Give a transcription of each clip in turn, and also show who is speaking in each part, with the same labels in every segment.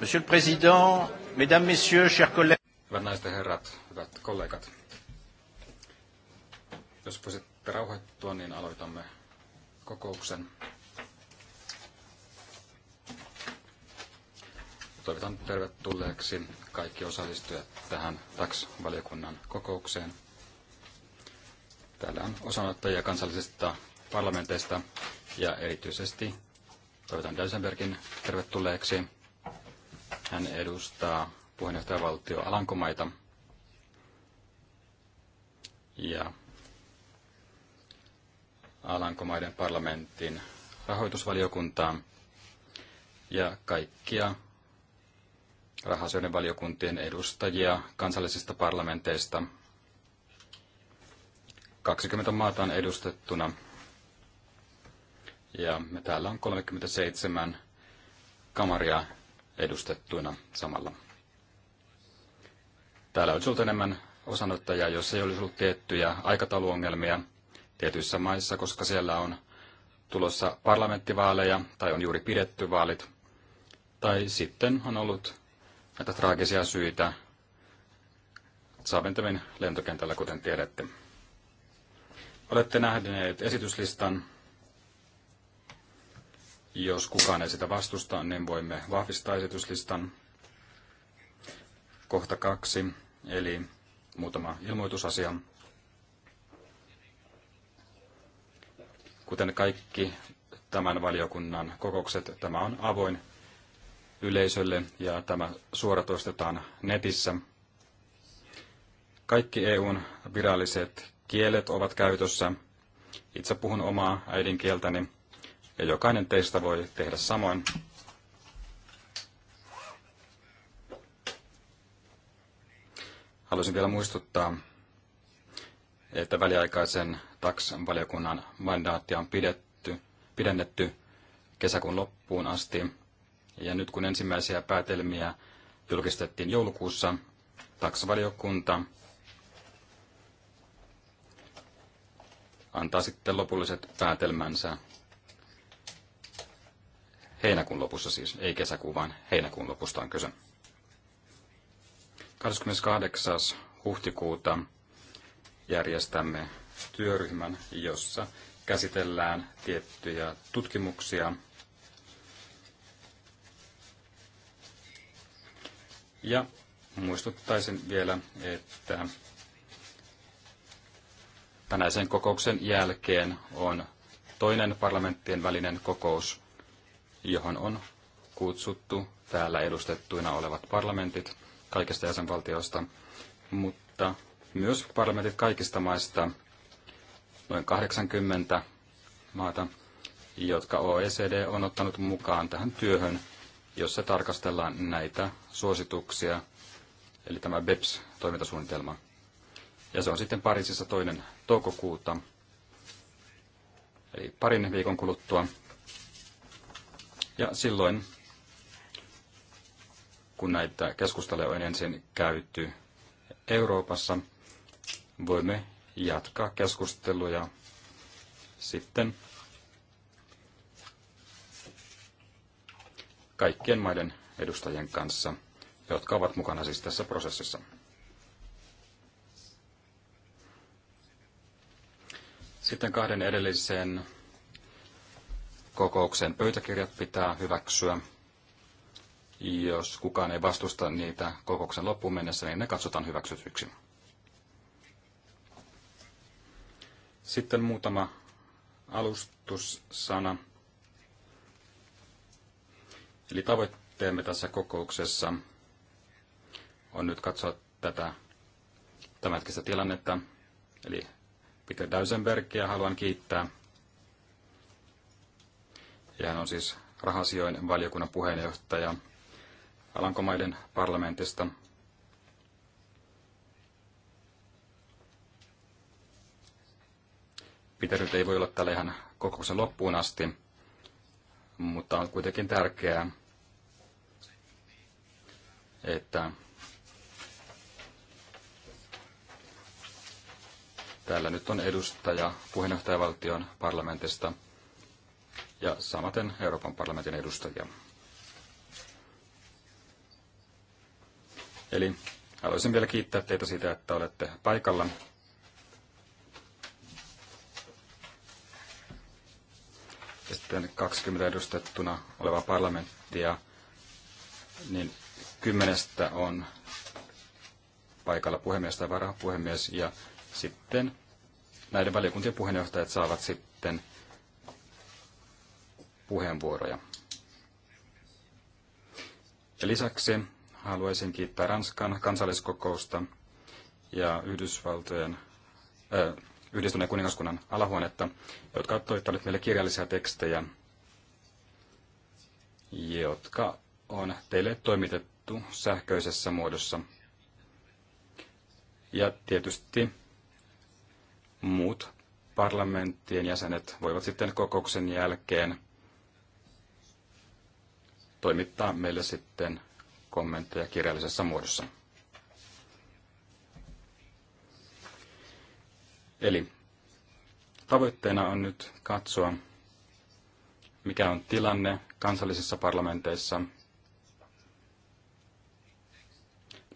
Speaker 1: Monsieur le Président, Mesdames, Messieurs, chers collègues. Hyvät naiset ja
Speaker 2: herrat, hyvät kollegat. Jos voisitte rauhoittua, niin aloitamme kokouksen. Toivotan tervetulleeksi kaikki osallistujat tähän TAX-valiokunnan kokoukseen. Täällä on osanottajia kansallisista parlamenteista ja erityisesti toivotan Delsenbergin tervetulleeksi hän edustaa puheenjohtajavaltio Alankomaita. Ja Alankomaiden parlamentin rahoitusvaliokuntaa ja kaikkia rahasioiden valiokuntien edustajia kansallisista parlamenteista. 20 maata on edustettuna ja me täällä on 37 kamaria edustettuina samalla. Täällä olisi ollut enemmän osanottajia, jos ei olisi ollut tiettyjä aikatauluongelmia tietyissä maissa, koska siellä on tulossa parlamenttivaaleja tai on juuri pidetty vaalit. Tai sitten on ollut näitä traagisia syitä Saaventamin lentokentällä, kuten tiedätte. Olette nähneet esityslistan. Jos kukaan ei sitä vastusta, niin voimme vahvistaa esityslistan. Kohta kaksi, eli muutama ilmoitusasia. Kuten kaikki tämän valiokunnan kokoukset, tämä on avoin yleisölle ja tämä suoratoistetaan netissä. Kaikki EUn viralliset kielet ovat käytössä. Itse puhun omaa äidinkieltäni ja jokainen teistä voi tehdä samoin. Haluaisin vielä muistuttaa, että väliaikaisen TAX-valiokunnan mandaattia on pidetty, pidennetty kesäkuun loppuun asti. Ja nyt kun ensimmäisiä päätelmiä julkistettiin joulukuussa, TAX-valiokunta antaa sitten lopulliset päätelmänsä heinäkuun lopussa siis, ei kesäkuun, vaan heinäkuun lopusta on kyse. 28. huhtikuuta järjestämme työryhmän, jossa käsitellään tiettyjä tutkimuksia. Ja muistuttaisin vielä, että tänäisen kokouksen jälkeen on toinen parlamenttien välinen kokous johon on kutsuttu täällä edustettuina olevat parlamentit kaikista jäsenvaltioista, mutta myös parlamentit kaikista maista, noin 80 maata, jotka OECD on ottanut mukaan tähän työhön, jossa tarkastellaan näitä suosituksia, eli tämä BEPS-toimintasuunnitelma. Ja se on sitten Pariisissa toinen toukokuuta, eli parin viikon kuluttua. Ja silloin, kun näitä keskusteluja on ensin käyty Euroopassa, voimme jatkaa keskusteluja sitten kaikkien maiden edustajien kanssa, jotka ovat mukana siis tässä prosessissa. Sitten kahden edellisen kokouksen pöytäkirjat pitää hyväksyä. Jos kukaan ei vastusta niitä kokouksen loppuun mennessä, niin ne katsotaan hyväksytyksi. Sitten muutama alustussana. Eli tavoitteemme tässä kokouksessa on nyt katsoa tätä tämänhetkistä tilannetta. Eli Peter Dausenbergia haluan kiittää ja hän on siis rahasioin valiokunnan puheenjohtaja Alankomaiden parlamentista. Peter ei voi olla täällä ihan kokouksen loppuun asti, mutta on kuitenkin tärkeää, että täällä nyt on edustaja puheenjohtajavaltion parlamentista – ja samaten Euroopan parlamentin edustajia. Eli haluaisin vielä kiittää teitä siitä, että olette paikalla. Ja sitten 20 edustettuna oleva parlamenttia, niin kymmenestä on paikalla puhemies tai varapuhemies ja sitten näiden valiokuntien puheenjohtajat saavat sitten puheenvuoroja. Ja lisäksi haluaisin kiittää Ranskan kansalliskokousta ja Yhdysvaltojen, äh, Yhdistyneen kuningaskunnan alahuonetta, jotka ovat meille kirjallisia tekstejä, jotka on teille toimitettu sähköisessä muodossa. Ja tietysti muut parlamenttien jäsenet voivat sitten kokouksen jälkeen toimittaa meille sitten kommentteja kirjallisessa muodossa. Eli tavoitteena on nyt katsoa, mikä on tilanne kansallisissa parlamenteissa,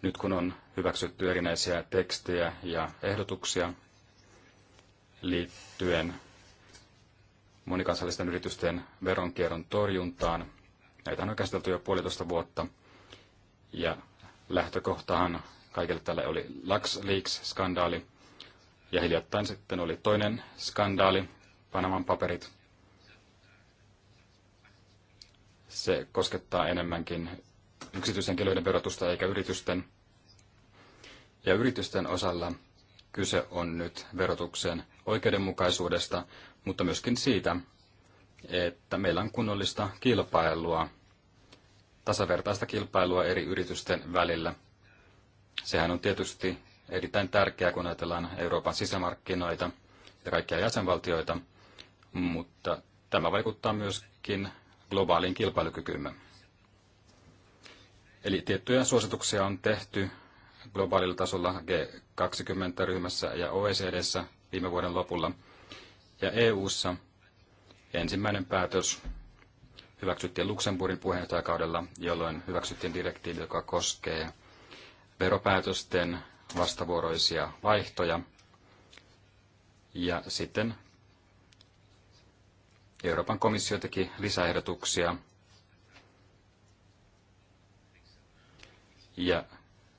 Speaker 2: nyt kun on hyväksytty erinäisiä tekstejä ja ehdotuksia liittyen monikansallisten yritysten veronkierron torjuntaan Näitä on käsitelty jo puolitoista vuotta. Ja lähtökohtahan kaikille tälle oli LuxLeaks-skandaali. Ja hiljattain sitten oli toinen skandaali, Panaman paperit. Se koskettaa enemmänkin yksityishenkilöiden verotusta eikä yritysten. Ja yritysten osalla kyse on nyt verotuksen oikeudenmukaisuudesta, mutta myöskin siitä, että meillä on kunnollista kilpailua, tasavertaista kilpailua eri yritysten välillä. Sehän on tietysti erittäin tärkeää, kun ajatellaan Euroopan sisämarkkinoita ja kaikkia jäsenvaltioita, mutta tämä vaikuttaa myöskin globaaliin kilpailukykyymme. Eli tiettyjä suosituksia on tehty globaalilla tasolla G20-ryhmässä ja OECDssä viime vuoden lopulla. Ja EU:ssa Ensimmäinen päätös hyväksyttiin Luxemburgin puheenjohtajakaudella, jolloin hyväksyttiin direktiivi, joka koskee veropäätösten vastavuoroisia vaihtoja. Ja sitten Euroopan komissio teki lisäehdotuksia. Ja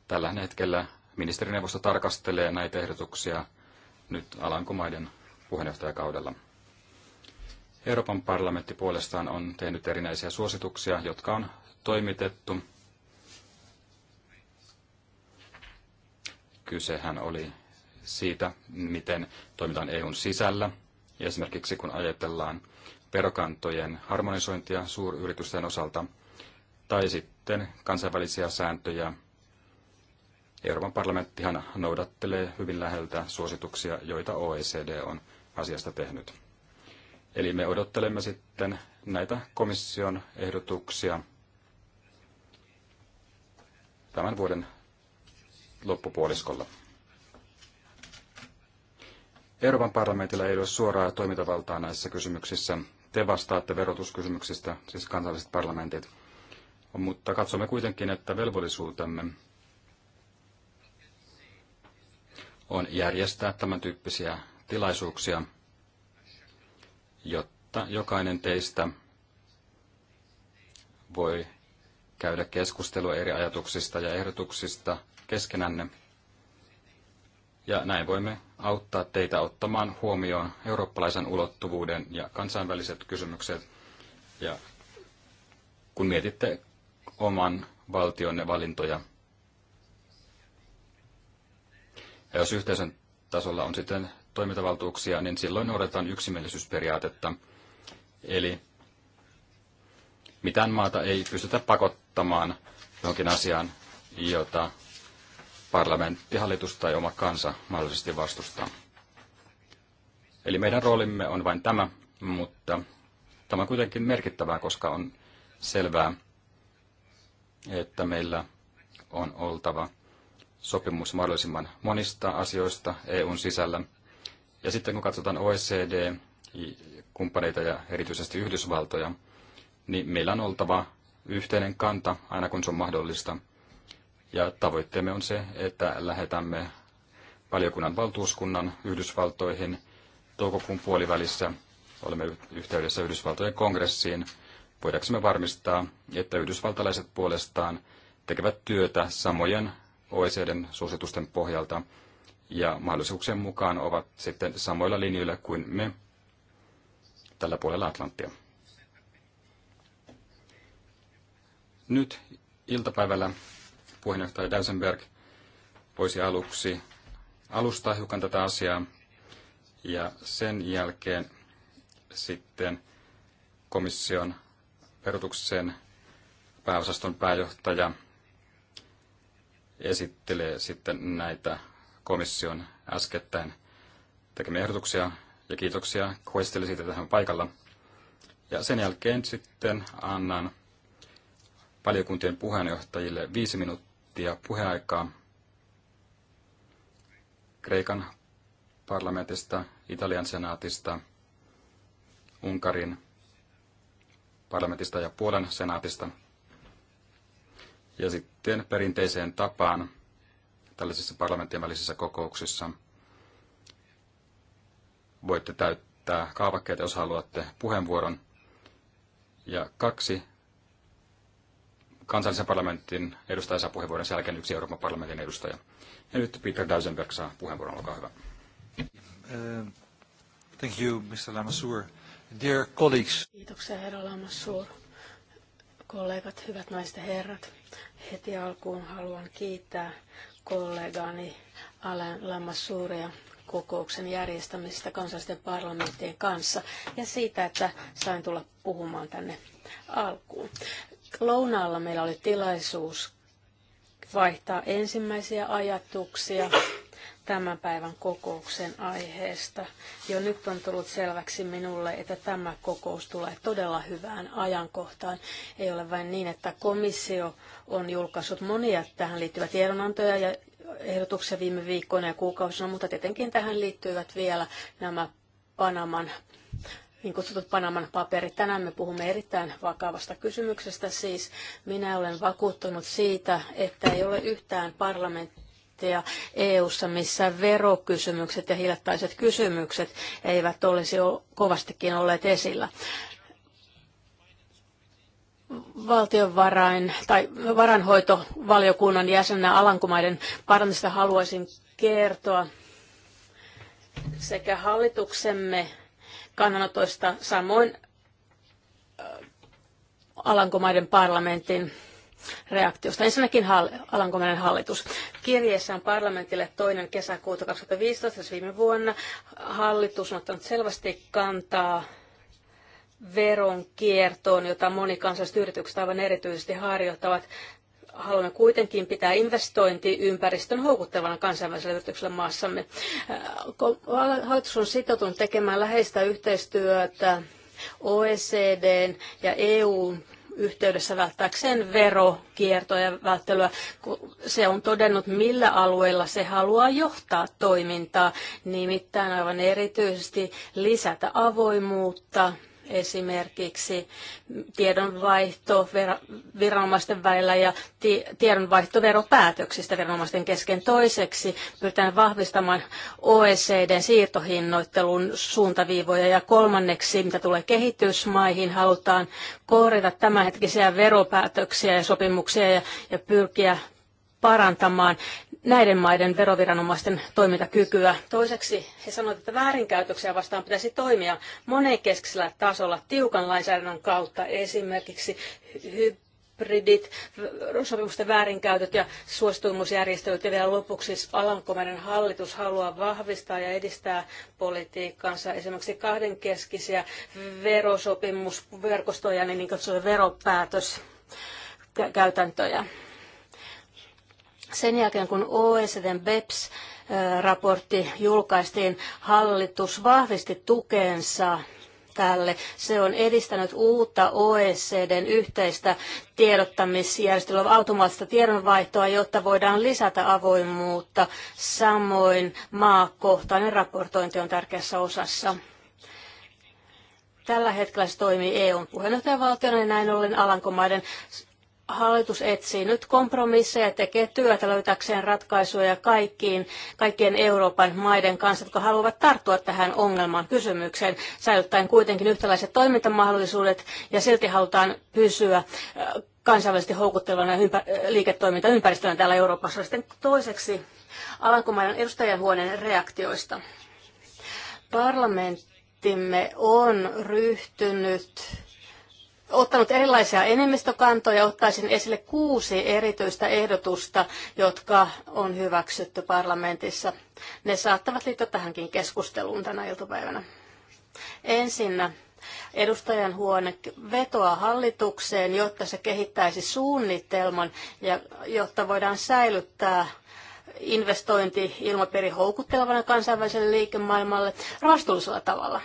Speaker 2: tällä hetkellä ministerineuvosto tarkastelee näitä ehdotuksia nyt Alankomaiden puheenjohtajakaudella. Euroopan parlamentti puolestaan on tehnyt erinäisiä suosituksia, jotka on toimitettu. Kysehän oli siitä, miten toimitaan EUn sisällä. Esimerkiksi kun ajatellaan verokantojen harmonisointia suuryritysten osalta tai sitten kansainvälisiä sääntöjä. Euroopan parlamenttihan noudattelee hyvin läheltä suosituksia, joita OECD on asiasta tehnyt. Eli me odottelemme sitten näitä komission ehdotuksia tämän vuoden loppupuoliskolla. Euroopan parlamentilla ei ole suoraa toimintavaltaa näissä kysymyksissä. Te vastaatte verotuskysymyksistä, siis kansalliset parlamentit. Mutta katsomme kuitenkin, että velvollisuutemme on järjestää tämän tyyppisiä tilaisuuksia – jotta jokainen teistä voi käydä keskustelua eri ajatuksista ja ehdotuksista keskenänne. Ja näin voimme auttaa teitä ottamaan huomioon eurooppalaisen ulottuvuuden ja kansainväliset kysymykset. Ja kun mietitte oman valtionne valintoja. Ja jos yhteisön tasolla on sitten toimintavaltuuksia, niin silloin noudatetaan yksimielisyysperiaatetta. Eli mitään maata ei pystytä pakottamaan johonkin asiaan, jota parlamentti, hallitus tai oma kansa mahdollisesti vastustaa. Eli meidän roolimme on vain tämä, mutta tämä on kuitenkin merkittävää, koska on selvää, että meillä on oltava sopimus mahdollisimman monista asioista EUn sisällä – ja sitten kun katsotaan OECD-kumppaneita ja erityisesti Yhdysvaltoja, niin meillä on oltava yhteinen kanta aina kun se on mahdollista. Ja tavoitteemme on se, että lähetämme valiokunnan valtuuskunnan Yhdysvaltoihin toukokuun puolivälissä. Olemme yhteydessä Yhdysvaltojen kongressiin. Voidaanko varmistaa, että yhdysvaltalaiset puolestaan tekevät työtä samojen OECDn suositusten pohjalta ja mahdollisuuksien mukaan ovat sitten samoilla linjoilla kuin me tällä puolella Atlanttia. Nyt iltapäivällä puheenjohtaja Dausenberg voisi aluksi alustaa hiukan tätä asiaa ja sen jälkeen sitten komission perutuksen pääosaston pääjohtaja esittelee sitten näitä komission äskettäin tekemiä ehdotuksia ja kiitoksia Questille siitä, että hän on paikalla. Ja sen jälkeen sitten annan valiokuntien puheenjohtajille viisi minuuttia puheaikaa Kreikan parlamentista, Italian senaatista, Unkarin parlamentista ja Puolan senaatista. Ja sitten perinteiseen tapaan tällaisissa parlamenttien välisissä kokouksissa. Voitte täyttää kaavakkeet jos haluatte puheenvuoron. Ja kaksi kansallisen parlamentin edustaja saa puheenvuoron, sen jälkeen yksi Euroopan parlamentin edustaja. Ja nyt Peter Dausenberg saa puheenvuoron, olkaa hyvä. Uh, thank you, Mr. Lamassur. Dear colleagues.
Speaker 3: Kiitoksia, herra Lamassur. Kollegat, hyvät naiset ja herrat. Heti alkuun haluan kiittää kollegaani Alain Lamassuuria kokouksen järjestämisestä kansallisten parlamenttien kanssa ja siitä, että sain tulla puhumaan tänne alkuun. Lounaalla meillä oli tilaisuus vaihtaa ensimmäisiä ajatuksia tämän päivän kokouksen aiheesta. Jo nyt on tullut selväksi minulle, että tämä kokous tulee todella hyvään ajankohtaan. Ei ole vain niin, että komissio on julkaissut monia tähän liittyviä tiedonantoja ja ehdotuksia viime viikkoina ja kuukausina, mutta tietenkin tähän liittyvät vielä nämä Panaman niin kutsutut Panaman paperit. Tänään me puhumme erittäin vakavasta kysymyksestä. Siis minä olen vakuuttunut siitä, että ei ole yhtään parlamentti parlamentteja EU-ssa, missä verokysymykset ja hiljattaiset kysymykset eivät olisi kovastikin olleet esillä valtionvarain tai varanhoitovaliokunnan jäsenenä Alankomaiden parlamentista haluaisin kertoa sekä hallituksemme kannanotoista samoin Alankomaiden parlamentin reaktiosta. Ensinnäkin hall- Alankomainen hallitus. Kirjeessään parlamentille toinen kesäkuuta 2015, siis viime vuonna, hallitus on ottanut selvästi kantaa veronkiertoon, jota monikansalliset yritykset aivan erityisesti harjoittavat. Haluamme kuitenkin pitää investointiympäristön houkuttavana kansainväliselle yritykselle maassamme. Äh, hallitus on sitoutunut tekemään läheistä yhteistyötä OECDn ja EUn yhteydessä välttääkseen verokiertoa ja välttelyä. Se on todennut, millä alueilla se haluaa johtaa toimintaa, nimittäin aivan erityisesti lisätä avoimuutta, esimerkiksi tiedonvaihto viranomaisten välillä ja tiedonvaihto veropäätöksistä viranomaisten kesken. Toiseksi pyritään vahvistamaan OECDn siirtohinnoittelun suuntaviivoja ja kolmanneksi, mitä tulee kehitysmaihin, halutaan korjata tämänhetkisiä veropäätöksiä ja sopimuksia ja, ja pyrkiä parantamaan näiden maiden veroviranomaisten toimintakykyä. Toiseksi he sanoivat, että väärinkäytöksiä vastaan pitäisi toimia monenkeskisellä tasolla tiukan lainsäädännön kautta, esimerkiksi hybridit, sopimusten väärinkäytöt ja suostumusjärjestelyt. Ja vielä lopuksi siis Alankomaiden hallitus haluaa vahvistaa ja edistää politiikkaansa esimerkiksi kahdenkeskisiä verosopimusverkostoja, niin, niin kutsuttuja veropäätöskäytäntöjä. Sen jälkeen kun OECDn BEPS-raportti julkaistiin, hallitus vahvisti tukeensa tälle. Se on edistänyt uutta OECDn yhteistä tiedottamisjärjestelmää, automaattista tiedonvaihtoa, jotta voidaan lisätä avoimuutta. Samoin maakohtainen raportointi on tärkeässä osassa. Tällä hetkellä se toimii EUn puheenjohtajavaltiona ja näin ollen Alankomaiden Hallitus etsii nyt kompromisseja, tekee työtä löytäkseen ratkaisuja kaikkiin, kaikkien Euroopan maiden kanssa, jotka haluavat tarttua tähän ongelmaan kysymykseen, säilyttäen kuitenkin yhtäläiset toimintamahdollisuudet ja silti halutaan pysyä äh, kansainvälisesti houkuttelevana ympä- äh, liiketoimintaympäristönä täällä Euroopassa. Sitten toiseksi Alankomaiden edustajahuoneen reaktioista. Parlamenttimme on ryhtynyt ottanut erilaisia enemmistökantoja. Ottaisin esille kuusi erityistä ehdotusta, jotka on hyväksytty parlamentissa. Ne saattavat liittyä tähänkin keskusteluun tänä iltapäivänä. Ensinnä edustajan huone vetoaa hallitukseen, jotta se kehittäisi suunnitelman ja jotta voidaan säilyttää investointi ilmapiiri houkuttelevana kansainväliselle liikemaailmalle vastuullisella tavalla.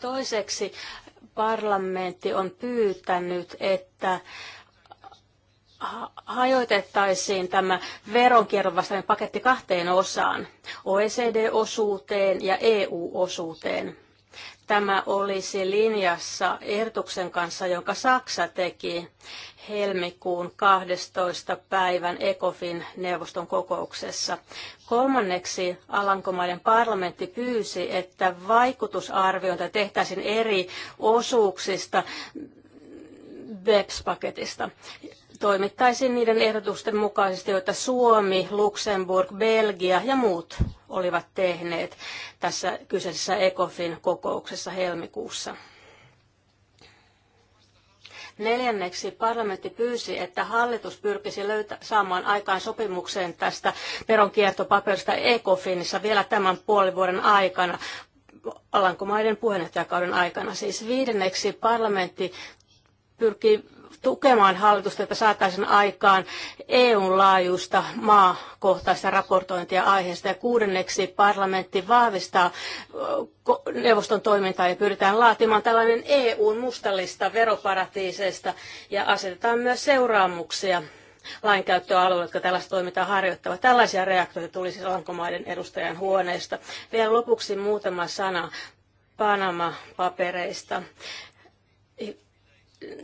Speaker 3: Toiseksi parlamentti on pyytänyt, että hajoitettaisiin tämä veronkierron vastainen paketti kahteen osaan, OECD-osuuteen ja EU-osuuteen. Tämä olisi linjassa ehdotuksen kanssa, jonka Saksa teki helmikuun 12. päivän ECOFIN neuvoston kokouksessa. Kolmanneksi Alankomaiden parlamentti pyysi, että vaikutusarviointa tehtäisiin eri osuuksista BEPS-paketista toimittaisiin niiden ehdotusten mukaisesti, joita Suomi, Luxemburg, Belgia ja muut olivat tehneet tässä kyseisessä ECOFIN kokouksessa helmikuussa. Neljänneksi parlamentti pyysi, että hallitus pyrkisi löytä, saamaan aikaan sopimukseen tästä veronkiertopaperista ECOFINissa vielä tämän puolen vuoden aikana. Alankomaiden puheenjohtajakauden aikana. Siis viidenneksi parlamentti pyrkii tukemaan hallitusta, että saataisiin aikaan EUn laajuista maakohtaista raportointia aiheesta. Ja kuudenneksi parlamentti vahvistaa neuvoston toimintaa ja pyritään laatimaan tällainen EUn mustalista veroparatiiseista ja asetetaan myös seuraamuksia lainkäyttöalueilla, jotka tällaista toimintaa harjoittavat. Tällaisia reaktioita tuli siis Alankomaiden edustajan huoneesta. Vielä lopuksi muutama sana Panama-papereista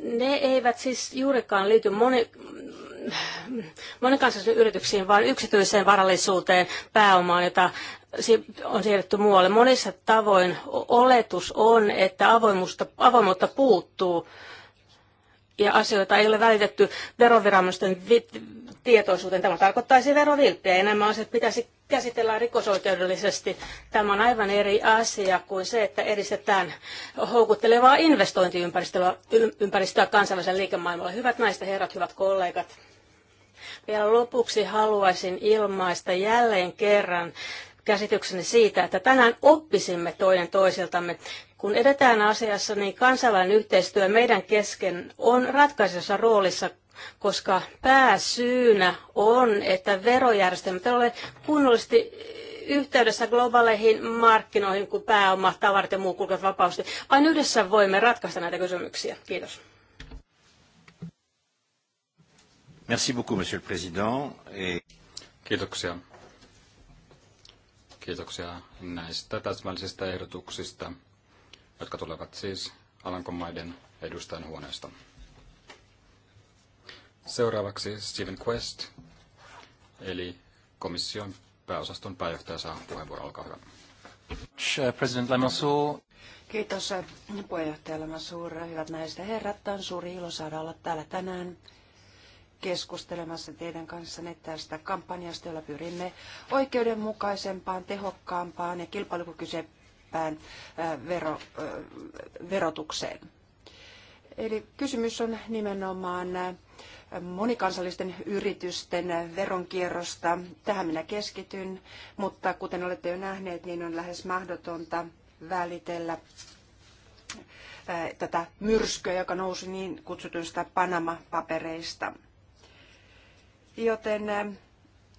Speaker 3: ne eivät siis juurikaan liity moni, monikansallisiin yrityksiin, vaan yksityiseen varallisuuteen, pääomaan, jota on siirretty muualle. Monissa tavoin oletus on, että avoimuutta, avoimuutta puuttuu ja asioita ei ole välitetty veroviranomaisten tietoisuuteen. Tämä tarkoittaisi verovilppiä ja nämä asiat pitäisi käsitellä rikosoikeudellisesti. Tämä on aivan eri asia kuin se, että edistetään houkuttelevaa investointiympäristöä ympäristöä kansainvälisellä liikemaailmalla. Hyvät naiset herrat, hyvät kollegat. Vielä lopuksi haluaisin ilmaista jälleen kerran käsitykseni siitä, että tänään oppisimme toinen toisiltamme. Kun edetään asiassa, niin kansainvälinen yhteistyö meidän kesken on ratkaisevassa roolissa koska pääsyynä on, että verojärjestelmät eivät ole kunnollisesti yhteydessä globaaleihin markkinoihin, kun pääoma, tavarat ja muu kulkevat vapaasti. Vain yhdessä voimme ratkaista näitä kysymyksiä. Kiitos.
Speaker 2: Merci beaucoup, monsieur le président. Kiitoksia. Kiitoksia näistä täsmällisistä ehdotuksista, jotka tulevat siis Alankomaiden edustajan huoneesta. Seuraavaksi Steven Quest, eli komission pääosaston pääjohtaja
Speaker 1: saa puheenvuoron. Olkaa hyvä. President Kiitos eh,
Speaker 4: puheenjohtaja Lamassoure. Hyvät naiset ja herrat, on suuri ilo saada olla täällä tänään keskustelemassa teidän kanssanne tästä kampanjasta, jolla pyrimme oikeudenmukaisempaan, tehokkaampaan ja kilpailukykyisempään eh, vero, eh, verotukseen. Eli kysymys on nimenomaan monikansallisten yritysten veronkierrosta. Tähän minä keskityn, mutta kuten olette jo nähneet, niin on lähes mahdotonta välitellä tätä myrskyä, joka nousi niin kutsutuista Panama-papereista. Joten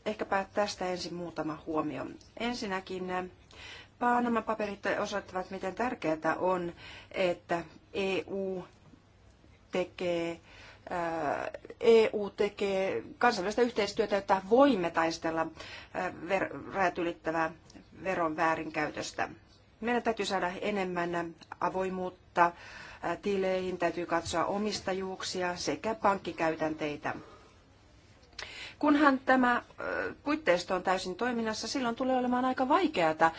Speaker 4: ehkäpä tästä ensin muutama huomio. Ensinnäkin Panama-paperit osoittavat, miten tärkeää on, että EU tekee EU tekee kansainvälistä yhteistyötä, jotta voimme taistella ver- rajat ylittävää veron väärinkäytöstä. Meidän täytyy saada enemmän avoimuutta tileihin, täytyy katsoa omistajuuksia sekä pankkikäytänteitä. Kunhan tämä puitteisto on täysin toiminnassa, silloin tulee olemaan aika vaikeata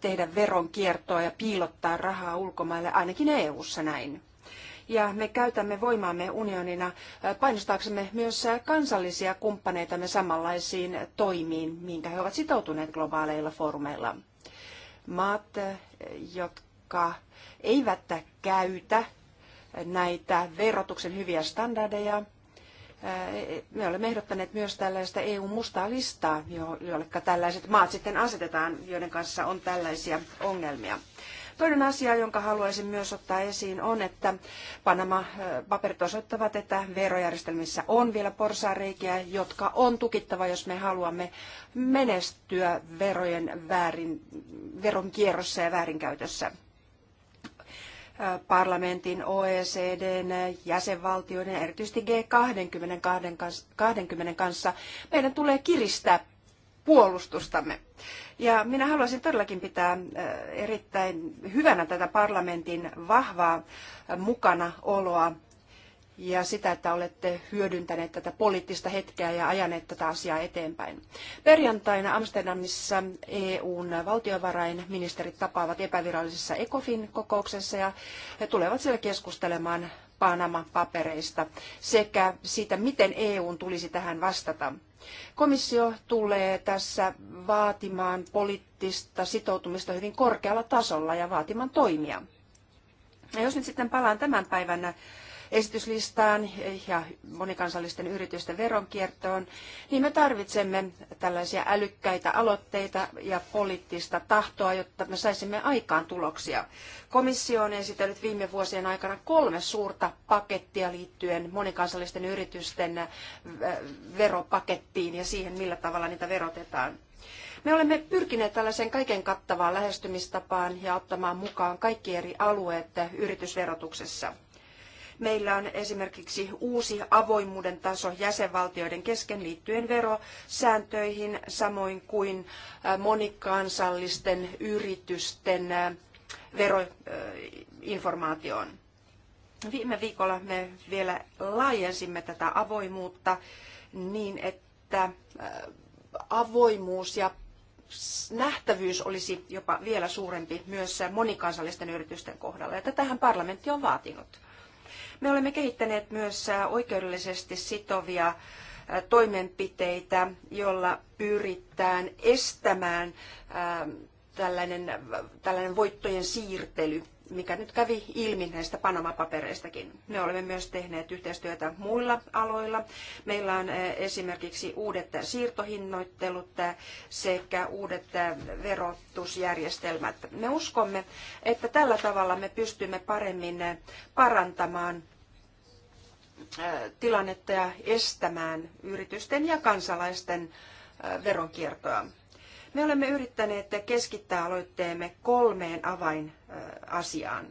Speaker 4: tehdä veronkiertoa ja piilottaa rahaa ulkomaille, ainakin EU-ssa näin ja me käytämme voimaamme unionina painostaaksemme myös kansallisia kumppaneitamme samanlaisiin toimiin, minkä he ovat sitoutuneet globaaleilla foorumeilla. Maat, jotka eivät käytä näitä verotuksen hyviä standardeja, me olemme ehdottaneet myös tällaista EU-mustaa listaa, jolle tällaiset maat sitten asetetaan, joiden kanssa on tällaisia ongelmia. Toinen asia, jonka haluaisin myös ottaa esiin, on, että Panama-paperit osoittavat, että verojärjestelmissä on vielä porsaanreikiä, jotka on tukittava, jos me haluamme menestyä verojen väärin, veron kierrossa ja väärinkäytössä parlamentin, OECDn, jäsenvaltioiden, erityisesti G20 kanssa, meidän tulee kiristää puolustustamme. Ja minä haluaisin todellakin pitää äh, erittäin hyvänä tätä parlamentin vahvaa äh, mukanaoloa ja sitä, että olette hyödyntäneet tätä poliittista hetkeä ja ajaneet tätä asiaa eteenpäin. Perjantaina Amsterdamissa EUn valtiovarainministerit tapaavat epävirallisessa ECOFIN-kokouksessa ja he tulevat siellä keskustelemaan Panama-papereista sekä siitä, miten EUn tulisi tähän vastata. Komissio tulee tässä vaatimaan poliittista sitoutumista hyvin korkealla tasolla ja vaatimaan toimia. Ja jos nyt sitten palaan tämän päivän esityslistaan ja monikansallisten yritysten veronkiertoon, niin me tarvitsemme tällaisia älykkäitä aloitteita ja poliittista tahtoa, jotta me saisimme aikaan tuloksia. Komissio on esitellyt viime vuosien aikana kolme suurta pakettia liittyen monikansallisten yritysten äh, veropakettiin ja siihen, millä tavalla niitä verotetaan. Me olemme pyrkineet tällaiseen kaiken kattavaan lähestymistapaan ja ottamaan mukaan kaikki eri alueet yritysverotuksessa. Meillä on esimerkiksi uusi avoimuuden taso jäsenvaltioiden kesken liittyen verosääntöihin, samoin kuin monikansallisten yritysten veroinformaatioon. Viime viikolla me vielä laajensimme tätä avoimuutta niin, että avoimuus ja nähtävyys olisi jopa vielä suurempi myös monikansallisten yritysten kohdalla. Ja tätähän parlamentti on vaatinut. Me olemme kehittäneet myös oikeudellisesti sitovia toimenpiteitä, jolla pyritään estämään tällainen, tällainen voittojen siirtely mikä nyt kävi ilmi näistä Panama-papereistakin. Me olemme myös tehneet yhteistyötä muilla aloilla. Meillä on eh, esimerkiksi uudet siirtohinnoittelut eh, sekä uudet eh, verotusjärjestelmät. Me uskomme, että tällä tavalla me pystymme paremmin parantamaan tilannetta ja estämään yritysten ja kansalaisten veronkiertoa. Me olemme yrittäneet keskittää aloitteemme kolmeen avainasiaan.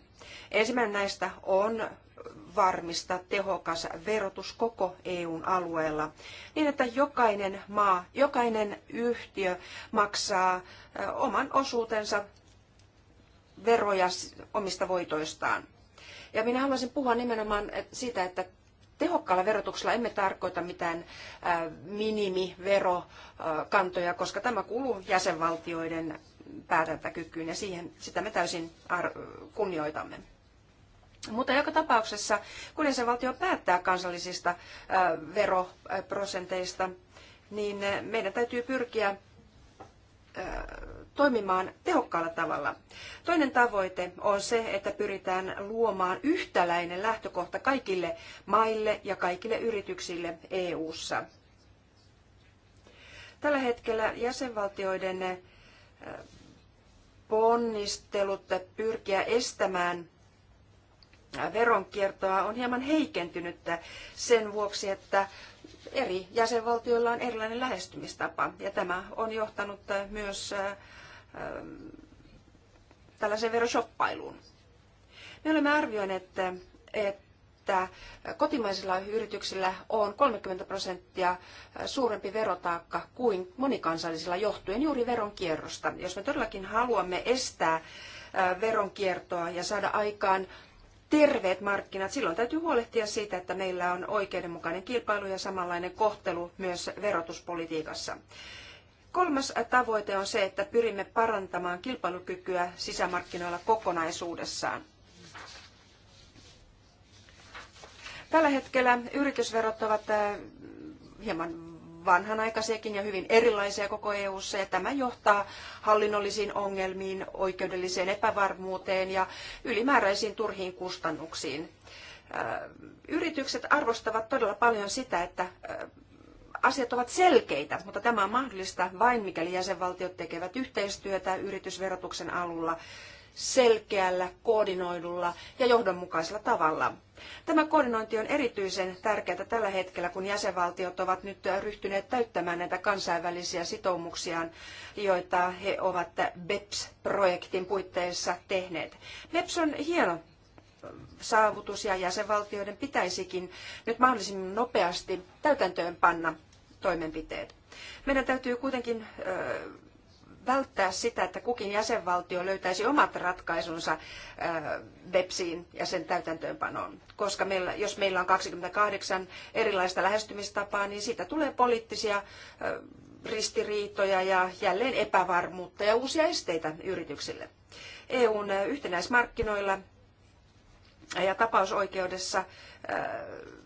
Speaker 4: Ensimmäinen näistä on varmistaa tehokas verotus koko EUn alueella, niin että jokainen maa, jokainen yhtiö maksaa oman osuutensa veroja omista voitoistaan. Ja minä haluaisin puhua nimenomaan siitä, että tehokkaalla verotuksella emme tarkoita mitään minimiverokantoja, koska tämä kuluu jäsenvaltioiden päätäntäkykyyn ja siihen, sitä me täysin kunnioitamme. Mutta joka tapauksessa, kun jäsenvaltio päättää kansallisista veroprosenteista, niin meidän täytyy pyrkiä toimimaan tehokkaalla tavalla. Toinen tavoite on se, että pyritään luomaan yhtäläinen lähtökohta kaikille maille ja kaikille yrityksille EU:ssa. Tällä hetkellä jäsenvaltioiden eh, ponnistelut pyrkiä estämään eh, veronkiertoa on hieman heikentynyt sen vuoksi, että eri jäsenvaltioilla on erilainen lähestymistapa. Ja tämä on johtanut eh, myös Ähm, tällaiseen veroshoppailuun. Me olemme arvioineet, että kotimaisilla yrityksillä on 30 prosenttia suurempi verotaakka kuin monikansallisilla johtuen juuri veronkierrosta. Jos me todellakin haluamme estää äh, veronkiertoa ja saada aikaan terveet markkinat, silloin täytyy huolehtia siitä, että meillä on oikeudenmukainen kilpailu ja samanlainen kohtelu myös verotuspolitiikassa. Kolmas tavoite on se, että pyrimme parantamaan kilpailukykyä sisämarkkinoilla kokonaisuudessaan. Tällä hetkellä yritysverot ovat äh, hieman vanhanaikaisiakin ja hyvin erilaisia koko EU-ssa, ja tämä johtaa hallinnollisiin ongelmiin, oikeudelliseen epävarmuuteen ja ylimääräisiin turhiin kustannuksiin. Äh, yritykset arvostavat todella paljon sitä, että äh, asiat ovat selkeitä, mutta tämä on mahdollista vain mikäli jäsenvaltiot tekevät yhteistyötä yritysverotuksen alulla selkeällä, koordinoidulla ja johdonmukaisella tavalla. Tämä koordinointi on erityisen tärkeää tällä hetkellä, kun jäsenvaltiot ovat nyt ryhtyneet täyttämään näitä kansainvälisiä sitoumuksiaan, joita he ovat BEPS-projektin puitteissa tehneet. BEPS on hieno saavutus ja jäsenvaltioiden pitäisikin nyt mahdollisimman nopeasti täytäntöönpanna toimenpiteet. Meidän täytyy kuitenkin välttää sitä, että kukin jäsenvaltio löytäisi omat ratkaisunsa BEPSiin ja sen täytäntöönpanoon. Koska meillä, jos meillä on 28 erilaista lähestymistapaa, niin siitä tulee poliittisia ristiriitoja ja jälleen epävarmuutta ja uusia esteitä yrityksille. EUn yhtenäismarkkinoilla ja tapausoikeudessa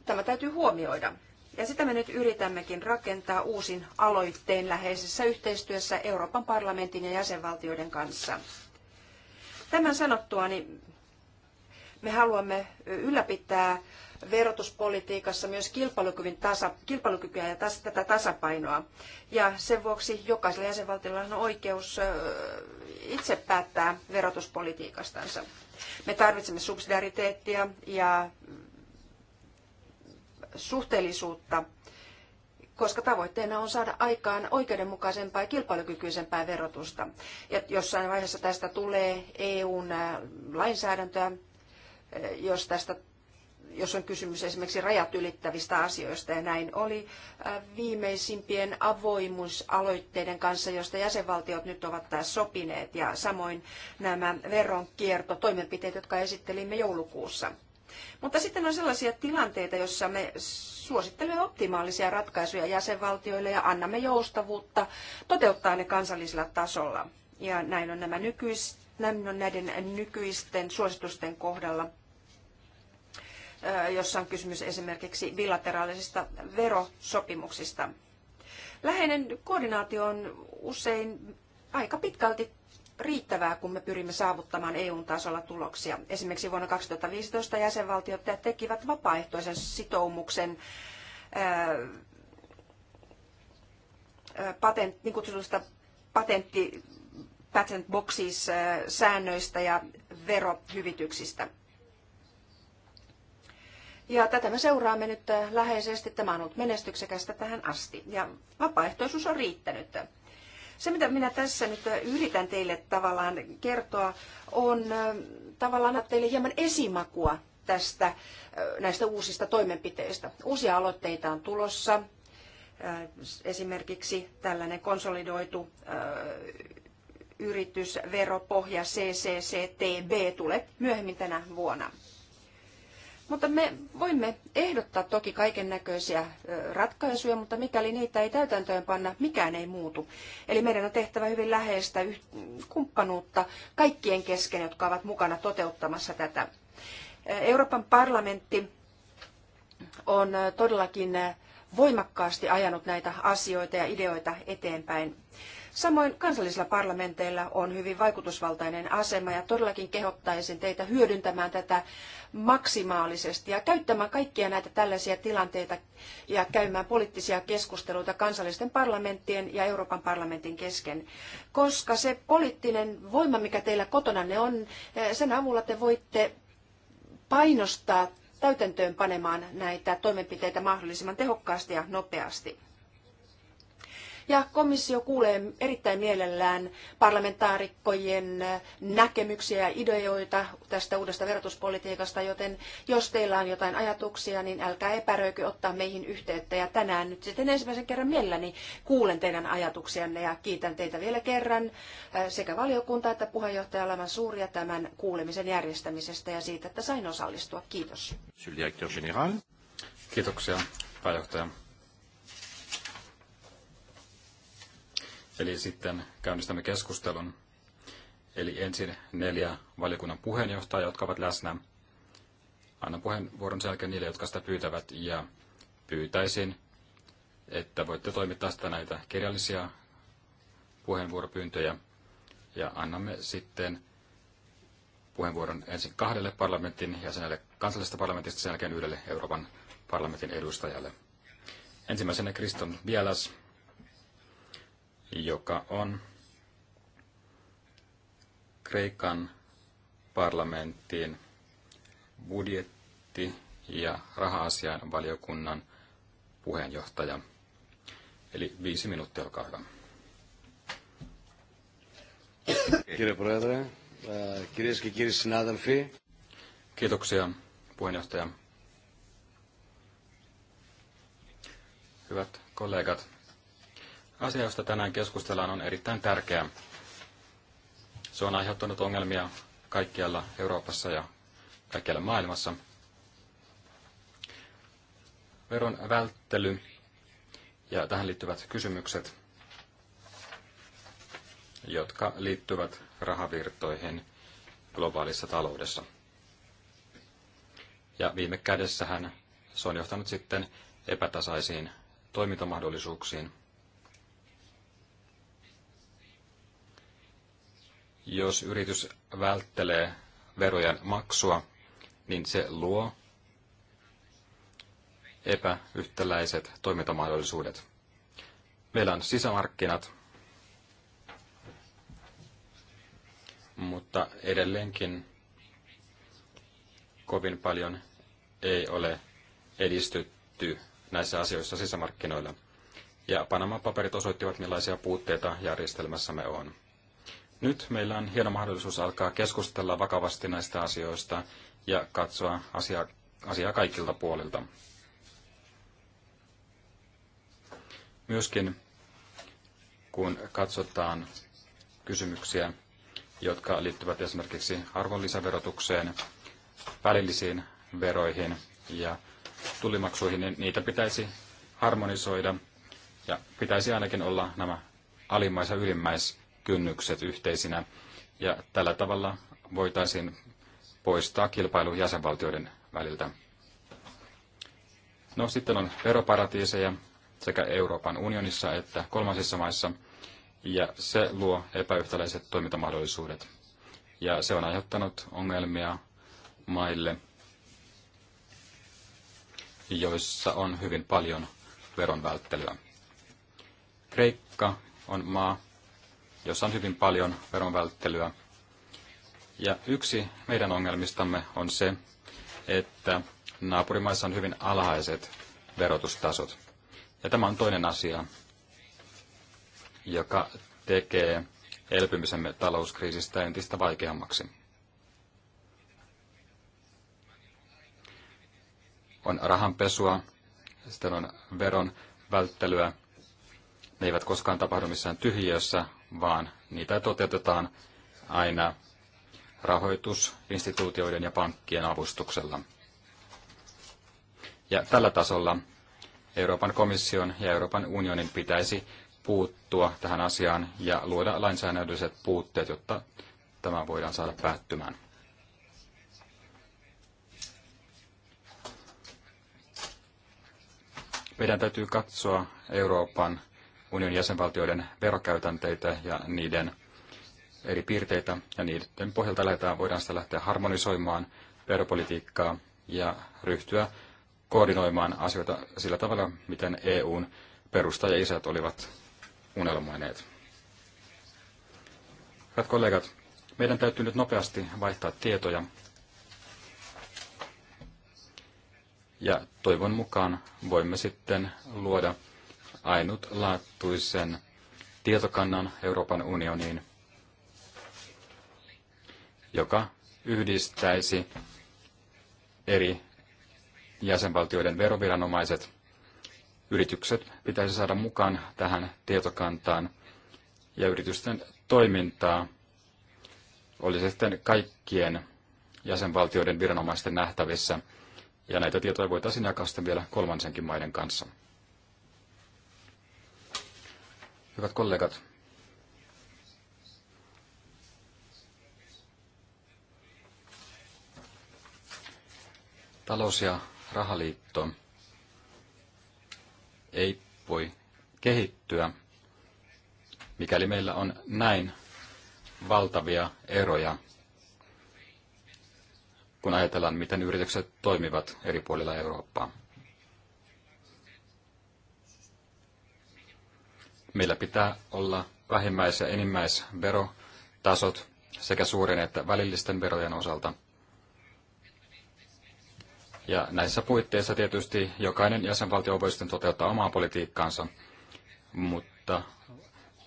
Speaker 4: tämä täytyy huomioida. Ja sitä me nyt yritämmekin rakentaa uusin aloitteen läheisessä yhteistyössä Euroopan parlamentin ja jäsenvaltioiden kanssa. Tämän sanottua niin me haluamme ylläpitää verotuspolitiikassa myös kilpailukyvyn tasa, kilpailukykyä ja tas, tätä tasapainoa. Ja sen vuoksi jokaisella jäsenvaltiolla on oikeus itse päättää verotuspolitiikastansa. Me tarvitsemme subsidiariteettia ja suhteellisuutta, koska tavoitteena on saada aikaan oikeudenmukaisempaa ja kilpailukykyisempää verotusta. Ja jossain vaiheessa tästä tulee EUn lainsäädäntöä, jos tästä jos on kysymys esimerkiksi rajat ylittävistä asioista, ja näin oli viimeisimpien avoimuusaloitteiden kanssa, joista jäsenvaltiot nyt ovat taas sopineet, ja samoin nämä veronkiertotoimenpiteet, jotka esittelimme joulukuussa. Mutta sitten on sellaisia tilanteita, joissa me suosittelemme optimaalisia ratkaisuja jäsenvaltioille ja annamme joustavuutta toteuttaa ne kansallisella tasolla. Ja näin on, nämä nykyis, näin on näiden nykyisten suositusten kohdalla jossa on kysymys esimerkiksi bilateraalisista verosopimuksista. Läheinen koordinaatio on usein aika pitkälti riittävää, kun me pyrimme saavuttamaan EU-tasolla tuloksia. Esimerkiksi vuonna 2015 jäsenvaltiot tekivät vapaaehtoisen sitoumuksen patent, niin kutsutusta patentti patent boxes säännöistä ja verohyvityksistä. Ja tätä me seuraamme nyt läheisesti. Tämä on ollut menestyksekästä tähän asti. Ja vapaaehtoisuus on riittänyt. Se, mitä minä tässä nyt yritän teille tavallaan kertoa, on tavallaan teille hieman esimakua tästä, näistä uusista toimenpiteistä. Uusia aloitteita on tulossa, esimerkiksi tällainen konsolidoitu yritysveropohja CCCTB tulee myöhemmin tänä vuonna. Mutta me voimme ehdottaa toki kaiken näköisiä ratkaisuja, mutta mikäli niitä ei täytäntöön panna, mikään ei muutu. Eli meidän on tehtävä hyvin läheistä kumppanuutta kaikkien kesken, jotka ovat mukana toteuttamassa tätä. Euroopan parlamentti on todellakin voimakkaasti ajanut näitä asioita ja ideoita eteenpäin. Samoin kansallisilla parlamenteilla on hyvin vaikutusvaltainen asema ja todellakin kehottaisin teitä hyödyntämään tätä maksimaalisesti ja käyttämään kaikkia näitä tällaisia tilanteita ja käymään poliittisia keskusteluita kansallisten parlamenttien ja Euroopan parlamentin kesken. Koska se poliittinen voima, mikä teillä kotonanne on, eh, sen avulla te voitte painostaa täytäntöön panemaan näitä toimenpiteitä mahdollisimman tehokkaasti ja nopeasti. Ja komissio kuulee erittäin mielellään parlamentaarikkojen näkemyksiä ja ideoita tästä uudesta verotuspolitiikasta, joten jos teillä on jotain ajatuksia, niin älkää epäröikö ottaa meihin yhteyttä. Ja tänään nyt sitten ensimmäisen kerran mielelläni kuulen teidän ajatuksianne ja kiitän teitä vielä kerran äh, sekä valiokuntaa että puheenjohtaja Laman suuria tämän kuulemisen järjestämisestä ja siitä, että sain osallistua. Kiitos.
Speaker 2: Kiitoksia, pääjohtaja. Eli sitten käynnistämme keskustelun. Eli ensin neljä valiokunnan puheenjohtajaa, jotka ovat läsnä. Annan puheenvuoron sen jälkeen niille, jotka sitä pyytävät, ja pyytäisin, että voitte toimittaa sitä näitä kirjallisia puheenvuoropyyntöjä, ja annamme sitten puheenvuoron ensin kahdelle parlamentin jäsenelle kansallisesta parlamentista, sen jälkeen yhdelle Euroopan parlamentin edustajalle. Ensimmäisenä Kriston Bielas, joka on Kreikan parlamenttiin budjetti- ja raha-asian valiokunnan puheenjohtaja. Eli viisi minuuttia, olkaa hyvä. Kiitoksia, puheenjohtaja. Hyvät kollegat, asia, josta tänään keskustellaan, on erittäin tärkeä. Se on aiheuttanut ongelmia kaikkialla Euroopassa ja kaikkialla maailmassa. Veron välttely ja tähän liittyvät kysymykset, jotka liittyvät rahavirtoihin globaalissa taloudessa. Ja viime kädessähän se on johtanut sitten epätasaisiin toimintamahdollisuuksiin Jos yritys välttelee verojen maksua, niin se luo epäyhtäläiset toimintamahdollisuudet. Meillä on sisämarkkinat, mutta edelleenkin kovin paljon ei ole edistytty näissä asioissa sisämarkkinoilla. Ja panama paperit osoittivat, millaisia puutteita järjestelmässämme on. Nyt meillä on hieno mahdollisuus alkaa keskustella vakavasti näistä asioista ja katsoa asiaa, asiaa kaikilta puolilta. Myöskin kun katsotaan kysymyksiä, jotka liittyvät esimerkiksi arvonlisäverotukseen, välillisiin veroihin ja tullimaksuihin, niin niitä pitäisi harmonisoida ja pitäisi ainakin olla nämä alimmais- ja ylimmäis kynnykset yhteisinä ja tällä tavalla voitaisiin poistaa kilpailu jäsenvaltioiden väliltä. No sitten on veroparatiiseja sekä Euroopan unionissa että kolmansissa maissa ja se luo epäyhtäläiset toimintamahdollisuudet. Ja se on aiheuttanut ongelmia maille, joissa on hyvin paljon veron välttelyä. Kreikka on maa, jossa on hyvin paljon veronvälttelyä. Ja yksi meidän ongelmistamme on se, että naapurimaissa on hyvin alhaiset verotustasot. Ja tämä on toinen asia, joka tekee elpymisemme talouskriisistä entistä vaikeammaksi. On rahanpesua, sitten on veron välttelyä. Ne eivät koskaan tapahdu missään tyhjiössä, vaan niitä toteutetaan aina rahoitusinstituutioiden ja pankkien avustuksella. Ja tällä tasolla Euroopan komission ja Euroopan unionin pitäisi puuttua tähän asiaan ja luoda lainsäädännölliset puutteet, jotta tämä voidaan saada päättymään. Meidän täytyy katsoa Euroopan unionin jäsenvaltioiden verokäytänteitä ja niiden eri piirteitä, ja niiden pohjalta lähdetään, voidaan sitä lähteä harmonisoimaan veropolitiikkaa ja ryhtyä koordinoimaan asioita sillä tavalla, miten EUn perustajaisät olivat unelmoineet. Hyvät kollegat, meidän täytyy nyt nopeasti vaihtaa tietoja. Ja toivon mukaan voimme sitten luoda ainutlaatuisen tietokannan Euroopan unioniin, joka yhdistäisi eri jäsenvaltioiden veroviranomaiset. Yritykset pitäisi saada mukaan tähän tietokantaan ja yritysten toimintaa olisi sitten kaikkien jäsenvaltioiden viranomaisten nähtävissä, ja näitä tietoja voitaisiin jakaa sitten vielä kolmansenkin maiden kanssa. Hyvät kollegat, talous- ja rahaliitto ei voi kehittyä, mikäli meillä on näin valtavia eroja, kun ajatellaan, miten yritykset toimivat eri puolilla Eurooppaa. Meillä pitää olla vähimmäis- ja enimmäisverotasot sekä suurin että välillisten verojen osalta. Ja näissä puitteissa tietysti jokainen jäsenvaltio voi sitten toteuttaa omaa politiikkaansa, mutta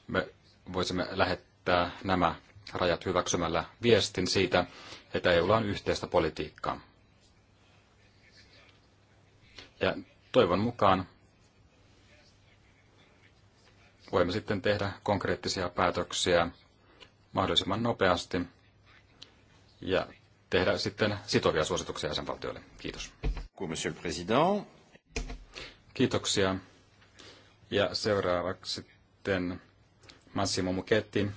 Speaker 2: me voisimme lähettää nämä rajat hyväksymällä viestin siitä, että EUlla on yhteistä politiikkaa. Ja toivon mukaan voimme sitten tehdä konkreettisia päätöksiä mahdollisimman nopeasti ja tehdä sitten sitovia suosituksia jäsenvaltioille. Kiitos. Kiitoksia. Ja seuraavaksi sitten Massimo Muketti,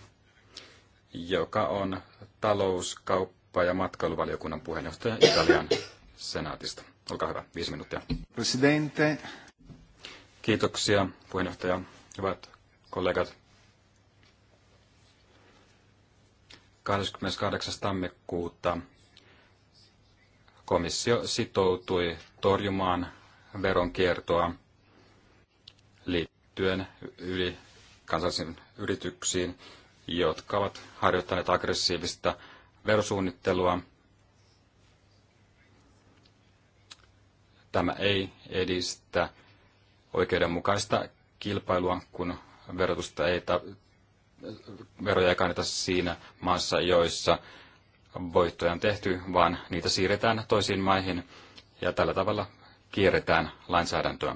Speaker 2: joka on talous, kauppa- ja matkailuvaliokunnan puheenjohtaja Italian senaatista. Olkaa hyvä, viisi minuuttia.
Speaker 1: Presidente. Kiitoksia
Speaker 2: puheenjohtaja. Hyvät kollegat. 28. tammikuuta komissio sitoutui torjumaan veronkiertoa liittyen yli kansallisiin yrityksiin, jotka ovat harjoittaneet aggressiivista verosuunnittelua. Tämä ei edistä oikeudenmukaista kilpailua, kun verotusta ei ta- veroja ei kanneta siinä maassa, joissa voittoja on tehty, vaan niitä siirretään toisiin maihin ja tällä tavalla kierretään lainsäädäntöä.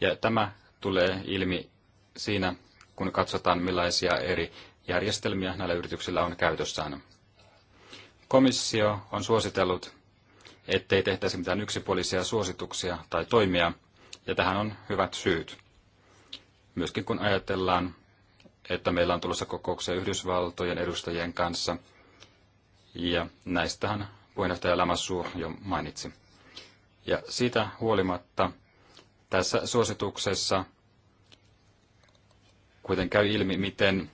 Speaker 2: Ja tämä tulee ilmi siinä, kun katsotaan millaisia eri järjestelmiä näillä yrityksillä on käytössään. Komissio on suositellut, ettei tehtäisi mitään yksipuolisia suosituksia tai toimia, ja tähän on hyvät syyt. Myöskin kun ajatellaan, että meillä on tulossa kokouksia Yhdysvaltojen edustajien kanssa, ja näistähän puheenjohtaja Lamassu jo mainitsi. Ja siitä huolimatta tässä suosituksessa kuitenkin käy ilmi, miten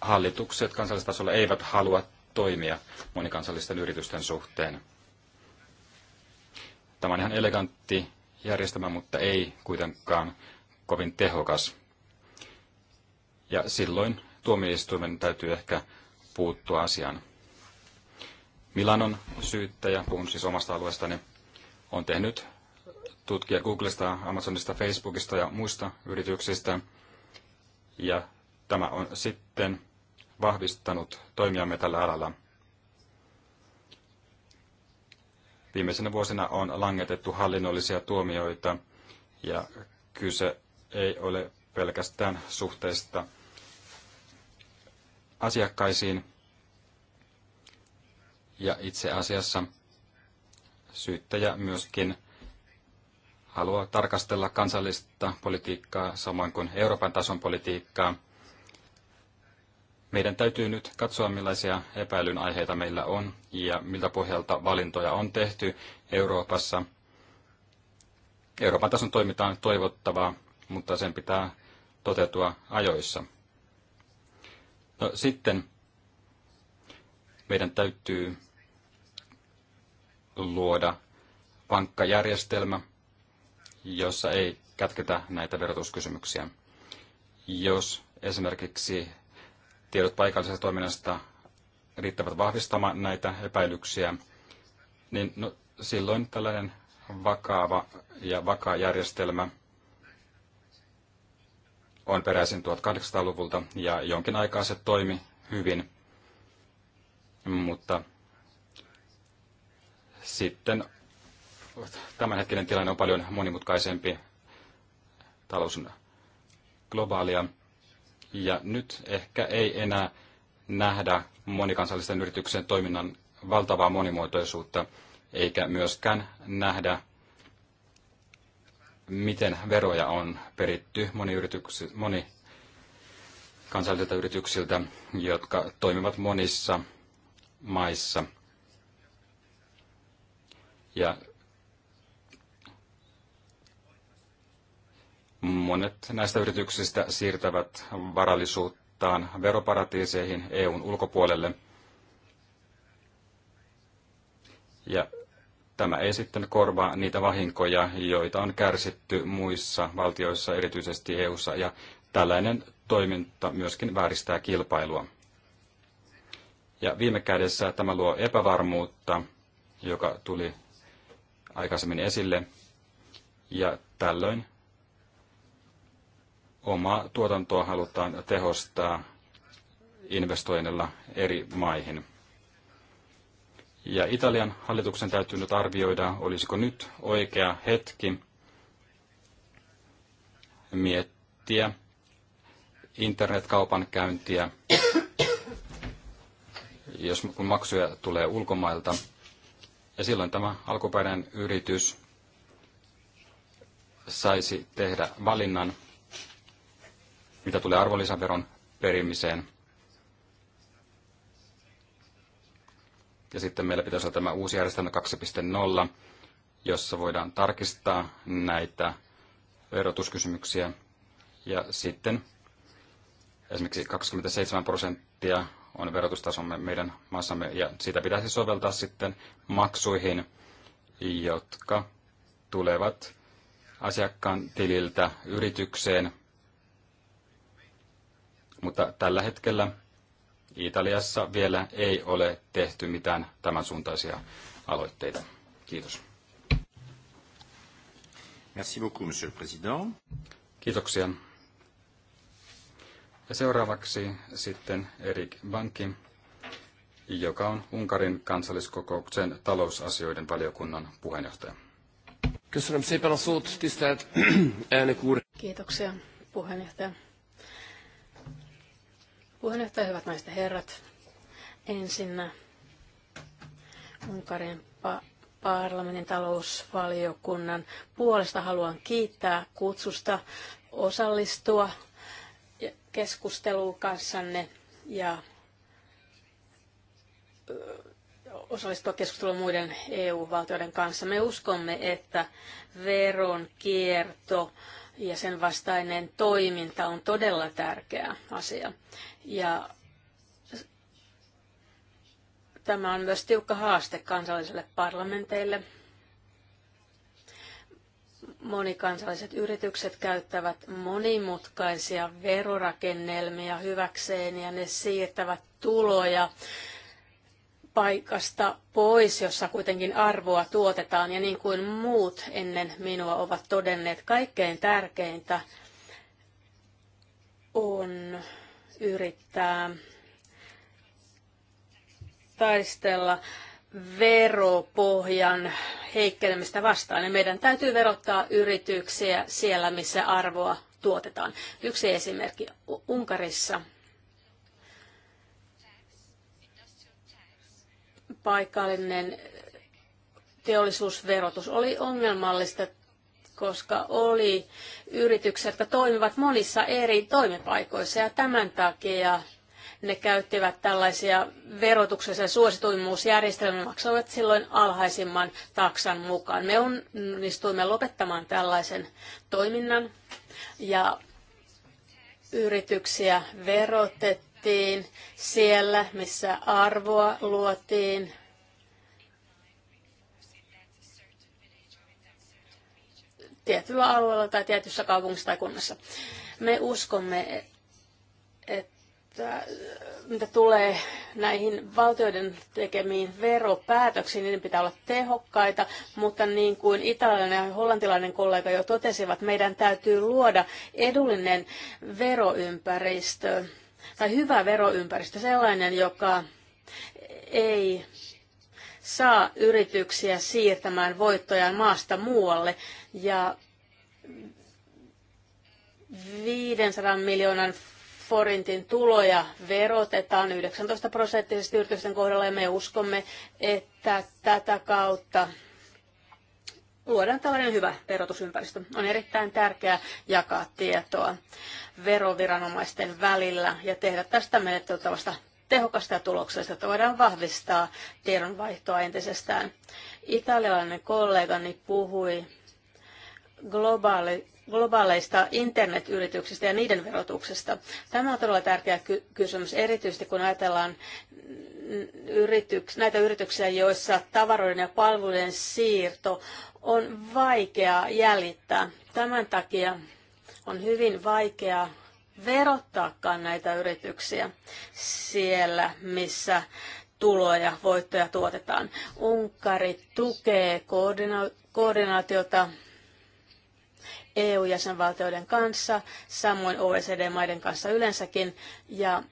Speaker 2: hallitukset kansallistasolla eivät halua toimia monikansallisten yritysten suhteen. Tämä on ihan elegantti järjestelmä, mutta ei kuitenkaan kovin tehokas. Ja silloin tuomioistuimen täytyy ehkä puuttua asiaan. Milanon syyttäjä, puhun siis omasta alueestani, on tehnyt tutkia Googlesta, Amazonista, Facebookista ja muista yrityksistä. Ja tämä on sitten vahvistanut toimijamme tällä alalla. Viimeisenä vuosina on langetettu hallinnollisia tuomioita ja kyse ei ole pelkästään suhteesta asiakkaisiin. Ja itse asiassa syyttäjä myöskin haluaa tarkastella kansallista politiikkaa samoin kuin Euroopan tason politiikkaa – meidän täytyy nyt katsoa, millaisia epäilyn aiheita meillä on ja miltä pohjalta valintoja on tehty Euroopassa. Euroopan tason toiminta toivottavaa, mutta sen pitää toteutua ajoissa. No, sitten meidän täytyy luoda vankka järjestelmä, jossa ei kätketä näitä verotuskysymyksiä. Jos esimerkiksi tiedot paikallisesta toiminnasta riittävät vahvistamaan näitä epäilyksiä, niin no, silloin tällainen vakava ja vakaa järjestelmä on peräisin 1800-luvulta ja jonkin aikaa se toimi hyvin, mutta sitten tämänhetkinen tilanne on paljon monimutkaisempi, talous on globaalia ja nyt ehkä ei enää nähdä monikansallisten yrityksen toiminnan valtavaa monimuotoisuutta, eikä myöskään nähdä, miten veroja on peritty moni monikansallisilta yrityksiltä, jotka toimivat monissa maissa. Ja Monet näistä yrityksistä siirtävät varallisuuttaan veroparatiiseihin EUn ulkopuolelle. Ja tämä ei sitten korvaa niitä vahinkoja, joita on kärsitty muissa valtioissa, erityisesti EUssa, ja tällainen toiminta myöskin vääristää kilpailua. Ja viime kädessä tämä luo epävarmuutta, joka tuli aikaisemmin esille, ja tällöin omaa tuotantoa halutaan tehostaa investoinnilla eri maihin. Ja Italian hallituksen täytyy nyt arvioida, olisiko nyt oikea hetki miettiä internetkaupan käyntiä, jos kun maksuja tulee ulkomailta. Ja silloin tämä alkuperäinen yritys saisi tehdä valinnan mitä tulee arvonlisäveron perimiseen, ja sitten meillä pitäisi olla tämä uusi järjestelmä 2.0, jossa voidaan tarkistaa näitä verotuskysymyksiä. Ja sitten esimerkiksi 27 prosenttia on verotustasomme meidän maassamme, ja sitä pitäisi soveltaa sitten maksuihin, jotka tulevat asiakkaan tililtä yritykseen – mutta tällä hetkellä Italiassa vielä ei ole tehty mitään tämän suuntaisia aloitteita. Kiitos. Merci beaucoup, monsieur le président. Kiitoksia. Ja seuraavaksi sitten Erik Banki, joka on Unkarin kansalliskokouksen talousasioiden valiokunnan puheenjohtaja.
Speaker 3: Kiitoksia, puheenjohtaja. Puheenjohtaja, hyvät naiset ja herrat. Ensinnä Unkarin pa- parlamentin talousvaliokunnan puolesta haluan kiittää kutsusta osallistua keskusteluun kanssanne ja osallistua keskusteluun muiden EU-valtioiden kanssa. Me uskomme, että veronkierto kierto ja sen vastainen toiminta on todella tärkeä asia. Ja tämä on myös tiukka haaste kansallisille parlamenteille. Monikansalliset yritykset käyttävät monimutkaisia verorakennelmia hyväkseen ja ne siirtävät tuloja paikasta pois, jossa kuitenkin arvoa tuotetaan ja niin kuin muut ennen minua ovat todenneet, kaikkein tärkeintä on yrittää taistella veropohjan heikkenemistä vastaan. Ja meidän täytyy verottaa yrityksiä siellä, missä arvoa tuotetaan. Yksi esimerkki Unkarissa paikallinen teollisuusverotus oli ongelmallista, koska oli yrityksiä, jotka toimivat monissa eri toimipaikoissa ja tämän takia ne käyttivät tällaisia verotuksessa suosituimmuusjärjestelmiä, maksoivat silloin alhaisimman taksan mukaan. Me onnistuimme lopettamaan tällaisen toiminnan ja yrityksiä verotettiin luotiin, siellä, missä arvoa luotiin. tietyllä alueella tai tietyssä kaupungissa tai kunnassa. Me uskomme, että mitä tulee näihin valtioiden tekemiin veropäätöksiin, niin pitää olla tehokkaita, mutta niin kuin italialainen ja hollantilainen kollega jo totesivat, meidän täytyy luoda edullinen veroympäristö tai hyvä veroympäristö, sellainen, joka ei saa yrityksiä siirtämään voittojaan maasta muualle ja 500 miljoonan forintin tuloja verotetaan 19 prosenttisesti yritysten kohdalla ja me uskomme, että tätä kautta luodaan tällainen hyvä verotusympäristö. On erittäin tärkeää jakaa tietoa veroviranomaisten välillä ja tehdä tästä menettelytavasta tehokasta ja tuloksellista, että voidaan vahvistaa tiedonvaihtoa entisestään. Italialainen kollegani puhui globaali, globaaleista internetyrityksistä ja niiden verotuksesta. Tämä on todella tärkeä ky- kysymys, erityisesti kun ajatellaan yrityks- näitä yrityksiä, joissa tavaroiden ja palveluiden siirto on vaikea jäljittää. Tämän takia on hyvin vaikea verottaakaan näitä yrityksiä siellä, missä tuloja, voittoja tuotetaan. Unkari tukee koordina- koordinaatiota EU-jäsenvaltioiden kanssa, samoin OECD-maiden kanssa yleensäkin, ja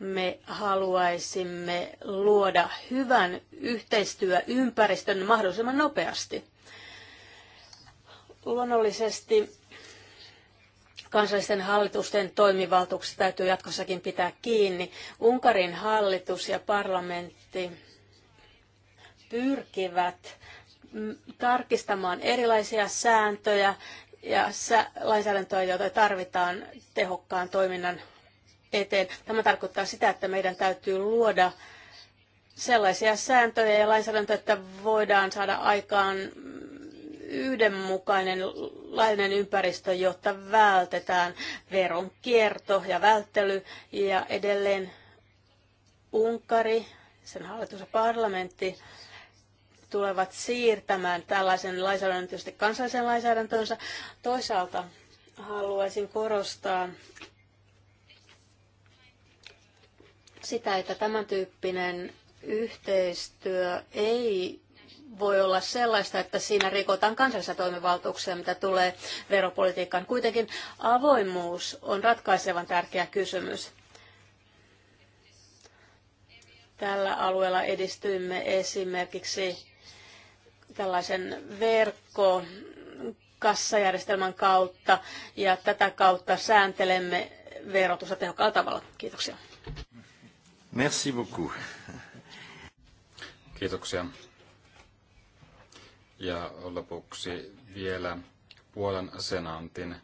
Speaker 3: me haluaisimme luoda hyvän yhteistyöympäristön mahdollisimman nopeasti. Luonnollisesti kansallisten hallitusten toimivaltuuksista täytyy jatkossakin pitää kiinni. Unkarin hallitus ja parlamentti pyrkivät tarkistamaan erilaisia sääntöjä ja lainsäädäntöä, joita tarvitaan tehokkaan toiminnan eteen. Tämä tarkoittaa sitä, että meidän täytyy luoda sellaisia sääntöjä ja lainsäädäntöä, että voidaan saada aikaan yhdenmukainen lainen ympäristö, jotta vältetään veronkierto ja välttely. Ja edelleen Unkari, sen hallitus ja parlamentti tulevat siirtämään tällaisen lainsäädännön tietysti kansalliseen lainsäädäntöönsä. Toisaalta haluaisin korostaa, sitä, että tämän tyyppinen yhteistyö ei voi olla sellaista, että siinä rikotaan kansallisia toimivaltuuksia, mitä tulee veropolitiikkaan. Kuitenkin avoimuus on ratkaisevan tärkeä kysymys. Tällä alueella edistyimme esimerkiksi tällaisen verkko kassajärjestelmän kautta ja tätä kautta sääntelemme verotusta tehokkaalla tavalla. Kiitoksia.
Speaker 1: Merci beaucoup.
Speaker 2: Kiitoksia. Ja lopuksi vielä Puolan senaatin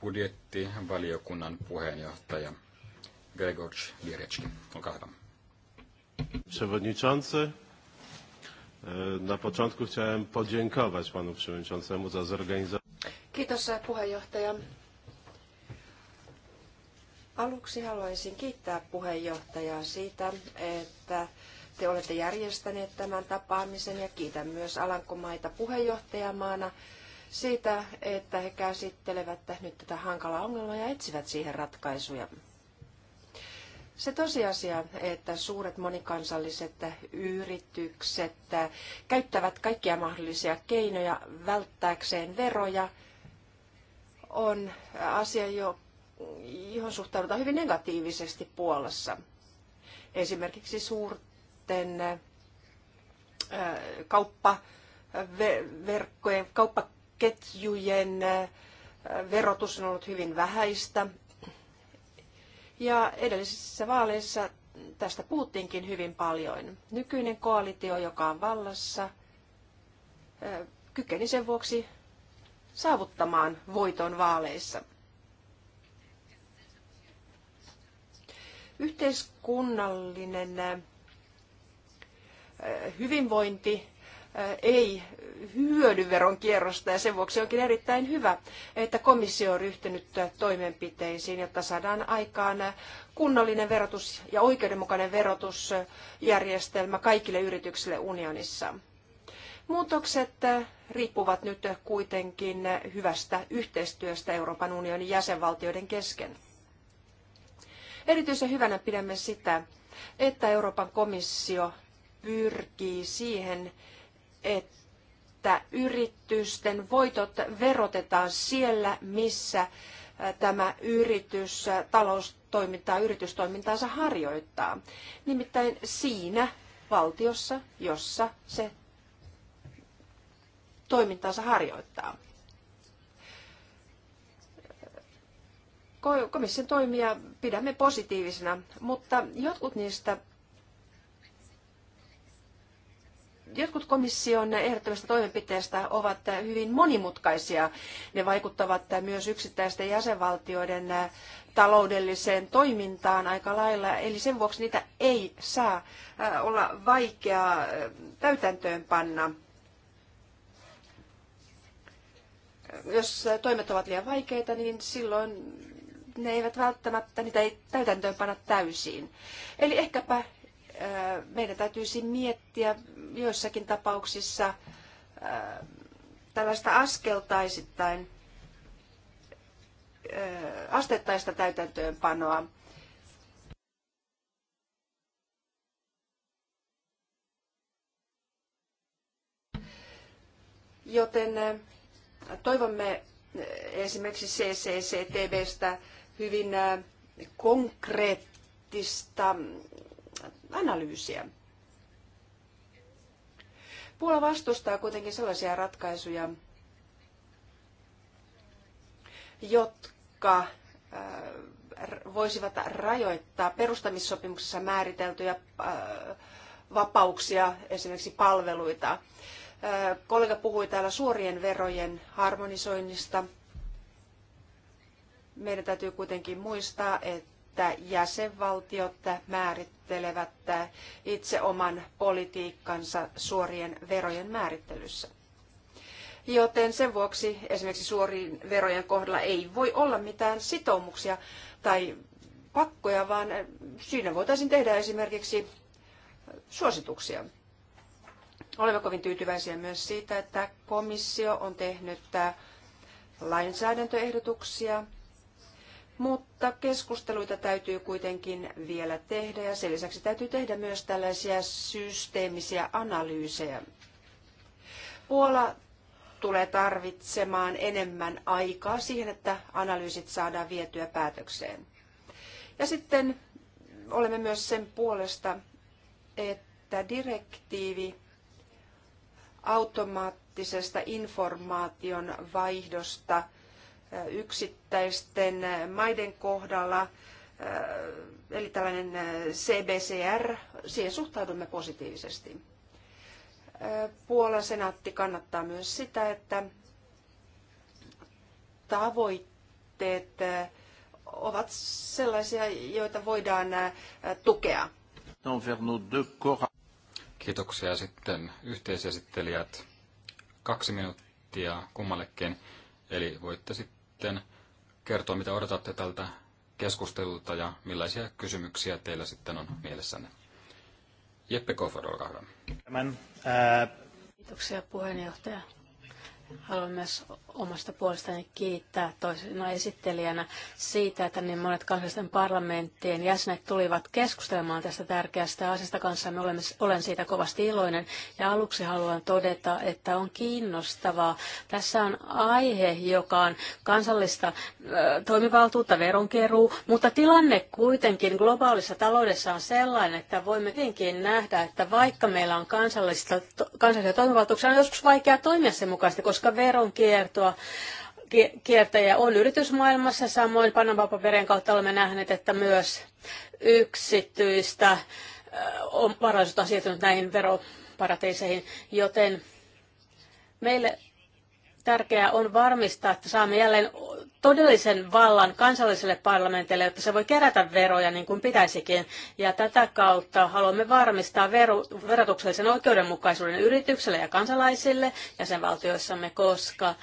Speaker 2: budjettivaliokunnan puheenjohtaja
Speaker 1: Gregor Wirecki. Olkaa hyvä. Przewodniczący, e, na początku chciałem podziękować panu przewodniczącemu za zorganizowanie.
Speaker 5: Kiitos
Speaker 4: e, puheenjohtaja. Aluksi haluaisin kiittää puheenjohtajaa siitä, että te olette järjestäneet tämän tapaamisen ja kiitän myös Alankomaita puheenjohtajamaana siitä, että he käsittelevät nyt tätä hankalaa ongelmaa ja etsivät siihen ratkaisuja. Se tosiasia, että suuret monikansalliset yritykset käyttävät kaikkia mahdollisia keinoja välttääkseen veroja, on asia, johon suhtaudutaan hyvin negatiivisesti Puolassa. Esimerkiksi suurten kauppaverkkojen, kauppaketjujen verotus on ollut hyvin vähäistä. Ja edellisissä vaaleissa tästä puhuttiinkin hyvin paljon. Nykyinen koalitio, joka on vallassa, kykeni sen vuoksi saavuttamaan voiton vaaleissa. Yhteiskunnallinen äh, hyvinvointi äh, ei hyödy veronkierrosta ja sen vuoksi onkin erittäin hyvä, että komissio on ryhtynyt toimenpiteisiin, jotta saadaan aikaan kunnollinen verotus ja oikeudenmukainen verotusjärjestelmä kaikille yrityksille unionissa. Muutokset äh, riippuvat nyt kuitenkin hyvästä yhteistyöstä Euroopan unionin jäsenvaltioiden kesken. Erityisen hyvänä pidämme sitä, että Euroopan komissio pyrkii siihen, että yritysten voitot verotetaan siellä, missä tämä yritys taloustoimintaa, yritystoimintaansa harjoittaa. Nimittäin siinä valtiossa, jossa se toimintaansa harjoittaa. komission toimia pidämme positiivisina, mutta jotkut niistä jotkut komission ehdottomista toimenpiteistä ovat hyvin monimutkaisia. Ne vaikuttavat myös yksittäisten jäsenvaltioiden taloudelliseen toimintaan aika lailla, eli sen vuoksi niitä ei saa äh, olla vaikea äh, täytäntöönpanna. Jos äh, toimet ovat liian vaikeita, niin silloin ne eivät välttämättä, niitä ei täytäntöönpana täysiin. Eli ehkäpä meidän täytyisi miettiä joissakin tapauksissa tällaista askeltaisittain, astettaista täytäntöönpanoa. Joten toivomme esimerkiksi CCCTBstä hyvin äh, konkreettista äh, analyysiä. Puola vastustaa kuitenkin sellaisia ratkaisuja, jotka äh, voisivat rajoittaa perustamissopimuksessa määriteltyjä vapauksia, esimerkiksi palveluita. Kollega puhui täällä suorien verojen harmonisoinnista – meidän täytyy kuitenkin muistaa, että jäsenvaltiot määrittelevät itse oman politiikkansa suorien verojen määrittelyssä. Joten sen vuoksi esimerkiksi suorien verojen kohdalla ei voi olla mitään sitoumuksia tai pakkoja, vaan siinä voitaisiin tehdä esimerkiksi suosituksia. Olemme kovin tyytyväisiä myös siitä, että komissio on tehnyt lainsäädäntöehdotuksia mutta keskusteluita täytyy kuitenkin vielä tehdä ja sen lisäksi täytyy tehdä myös tällaisia systeemisiä analyysejä. Puola tulee tarvitsemaan enemmän aikaa siihen, että analyysit saadaan vietyä päätökseen. Ja sitten olemme myös sen puolesta, että direktiivi automaattisesta informaation vaihdosta – yksittäisten maiden kohdalla, eli tällainen CBCR, siihen suhtaudumme positiivisesti. Puolan senaatti kannattaa myös sitä, että tavoitteet ovat sellaisia, joita voidaan tukea.
Speaker 2: Kiitoksia sitten yhteisesittelijät. Kaksi minuuttia kummallekin, eli voitte sitten sitten kertoa, mitä odotatte tältä keskustelulta ja millaisia kysymyksiä teillä sitten on mielessänne. Jeppe Kofor, olkaa hyvä.
Speaker 3: Kiitoksia puheenjohtaja. Haluan myös omasta puolestani kiittää toisena esittelijänä siitä, että niin monet kansallisten parlamenttien jäsenet tulivat keskustelemaan tästä tärkeästä asiasta kanssa. olen siitä kovasti iloinen ja aluksi haluan todeta, että on kiinnostavaa. Tässä on aihe, joka on kansallista toimivaltuutta, veronkeruu, mutta tilanne kuitenkin globaalissa taloudessa on sellainen, että voimme hyvinkin nähdä, että vaikka meillä on kansallista, kansallisia toimivaltuuksia, on joskus vaikea toimia sen mukaisesti, koska veronkierto ratkaisua kiertäjä on yritysmaailmassa. Samoin Panama-paperien kautta olemme nähneet, että myös yksityistä on varallisuutta siirtynyt näihin veroparatiiseihin, joten meille tärkeää on varmistaa, että saamme jälleen todellisen vallan kansalliselle parlamentille, jotta se voi kerätä veroja niin kuin pitäisikin. Ja tätä kautta haluamme varmistaa vero, verotuksellisen oikeudenmukaisuuden yritykselle ja kansalaisille jäsenvaltioissamme, koska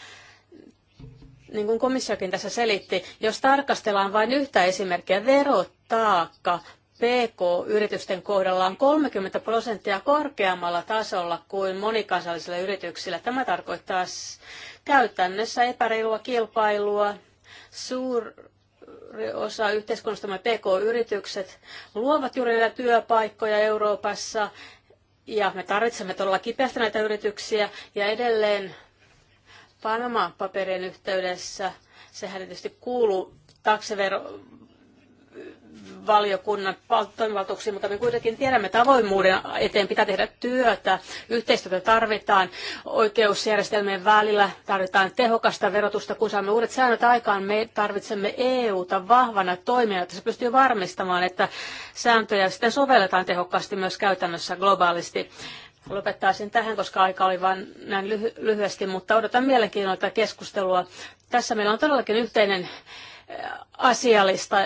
Speaker 3: niin kuin komissiokin tässä selitti, jos tarkastellaan vain yhtä esimerkkiä, verotaakka PK-yritysten kohdalla on 30 prosenttia korkeammalla tasolla kuin monikansallisilla yrityksillä. Tämä tarkoittaa käytännössä epäreilua kilpailua. Suuri osa yhteiskunnastamme PK-yritykset luovat juuri näitä työpaikkoja Euroopassa ja me tarvitsemme todella kipeästi näitä yrityksiä ja edelleen Panama-paperien yhteydessä, sehän tietysti kuuluu taksivero valiokunnan toimivaltuuksiin, mutta me kuitenkin tiedämme tavoimuuden eteen pitää tehdä työtä. Yhteistyötä tarvitaan oikeusjärjestelmien välillä, tarvitaan tehokasta verotusta. Kun saamme uudet säännöt aikaan, me tarvitsemme EUta vahvana toimijana, että se pystyy varmistamaan, että sääntöjä sitten sovelletaan tehokkaasti myös käytännössä globaalisti lopettaisin tähän, koska aika oli vain näin lyhy- lyhyesti, mutta odotan mielenkiinnolla tätä keskustelua. Tässä meillä on todellakin yhteinen eh, asialista,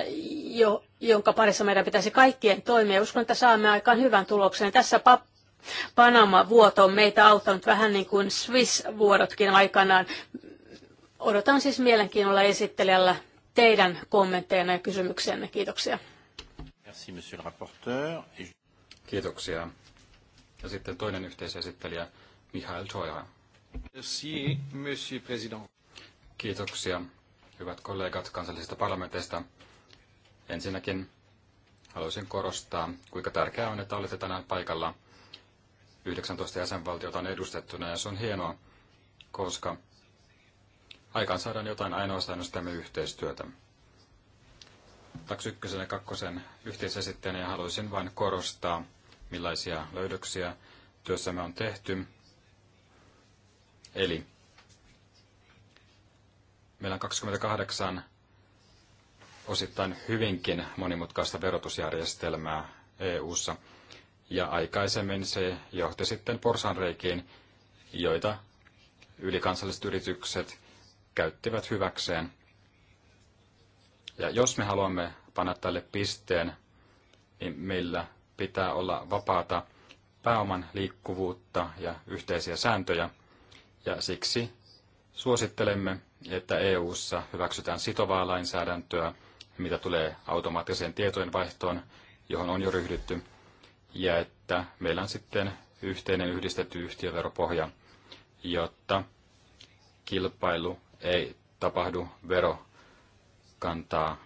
Speaker 3: jo, jonka parissa meidän pitäisi kaikkien toimia. Uskon, että saamme aikaan hyvän tuloksen. Tässä pap- Panama-vuoto on meitä auttanut vähän niin kuin Swiss-vuodotkin aikanaan. Odotan siis mielenkiinnolla esittelijällä teidän kommentteja ja kysymyksiänne. Kiitoksia.
Speaker 2: Merci, monsieur le rapporteur. Kiitoksia ja sitten toinen yhteisesittelijä, Mihail Toja.
Speaker 1: Merci, monsieur président.
Speaker 2: Kiitoksia, hyvät kollegat kansallisista parlamenteista. Ensinnäkin haluaisin korostaa, kuinka tärkeää on, että olette tänään paikalla. 19 jäsenvaltiota on edustettuna ja se on hienoa, koska aikaan saadaan jotain ainoastaan, jos teemme yhteistyötä. Taksi ykkösen ja kakkosen yhteisesittäjänä ja haluaisin vain korostaa, millaisia löydöksiä työssämme on tehty. Eli meillä on 28 osittain hyvinkin monimutkaista verotusjärjestelmää EU-ssa. ja aikaisemmin se johti sitten porsanreikiin, joita ylikansalliset yritykset käyttivät hyväkseen. Ja jos me haluamme panna tälle pisteen, niin meillä pitää olla vapaata pääoman liikkuvuutta ja yhteisiä sääntöjä, ja siksi suosittelemme, että EU:ssa hyväksytään sitovaa lainsäädäntöä, mitä tulee automaattiseen tietojen vaihtoon, johon on jo ryhdytty, ja että meillä on sitten yhteinen yhdistetty yhtiöveropohja, jotta kilpailu ei tapahdu verokantaa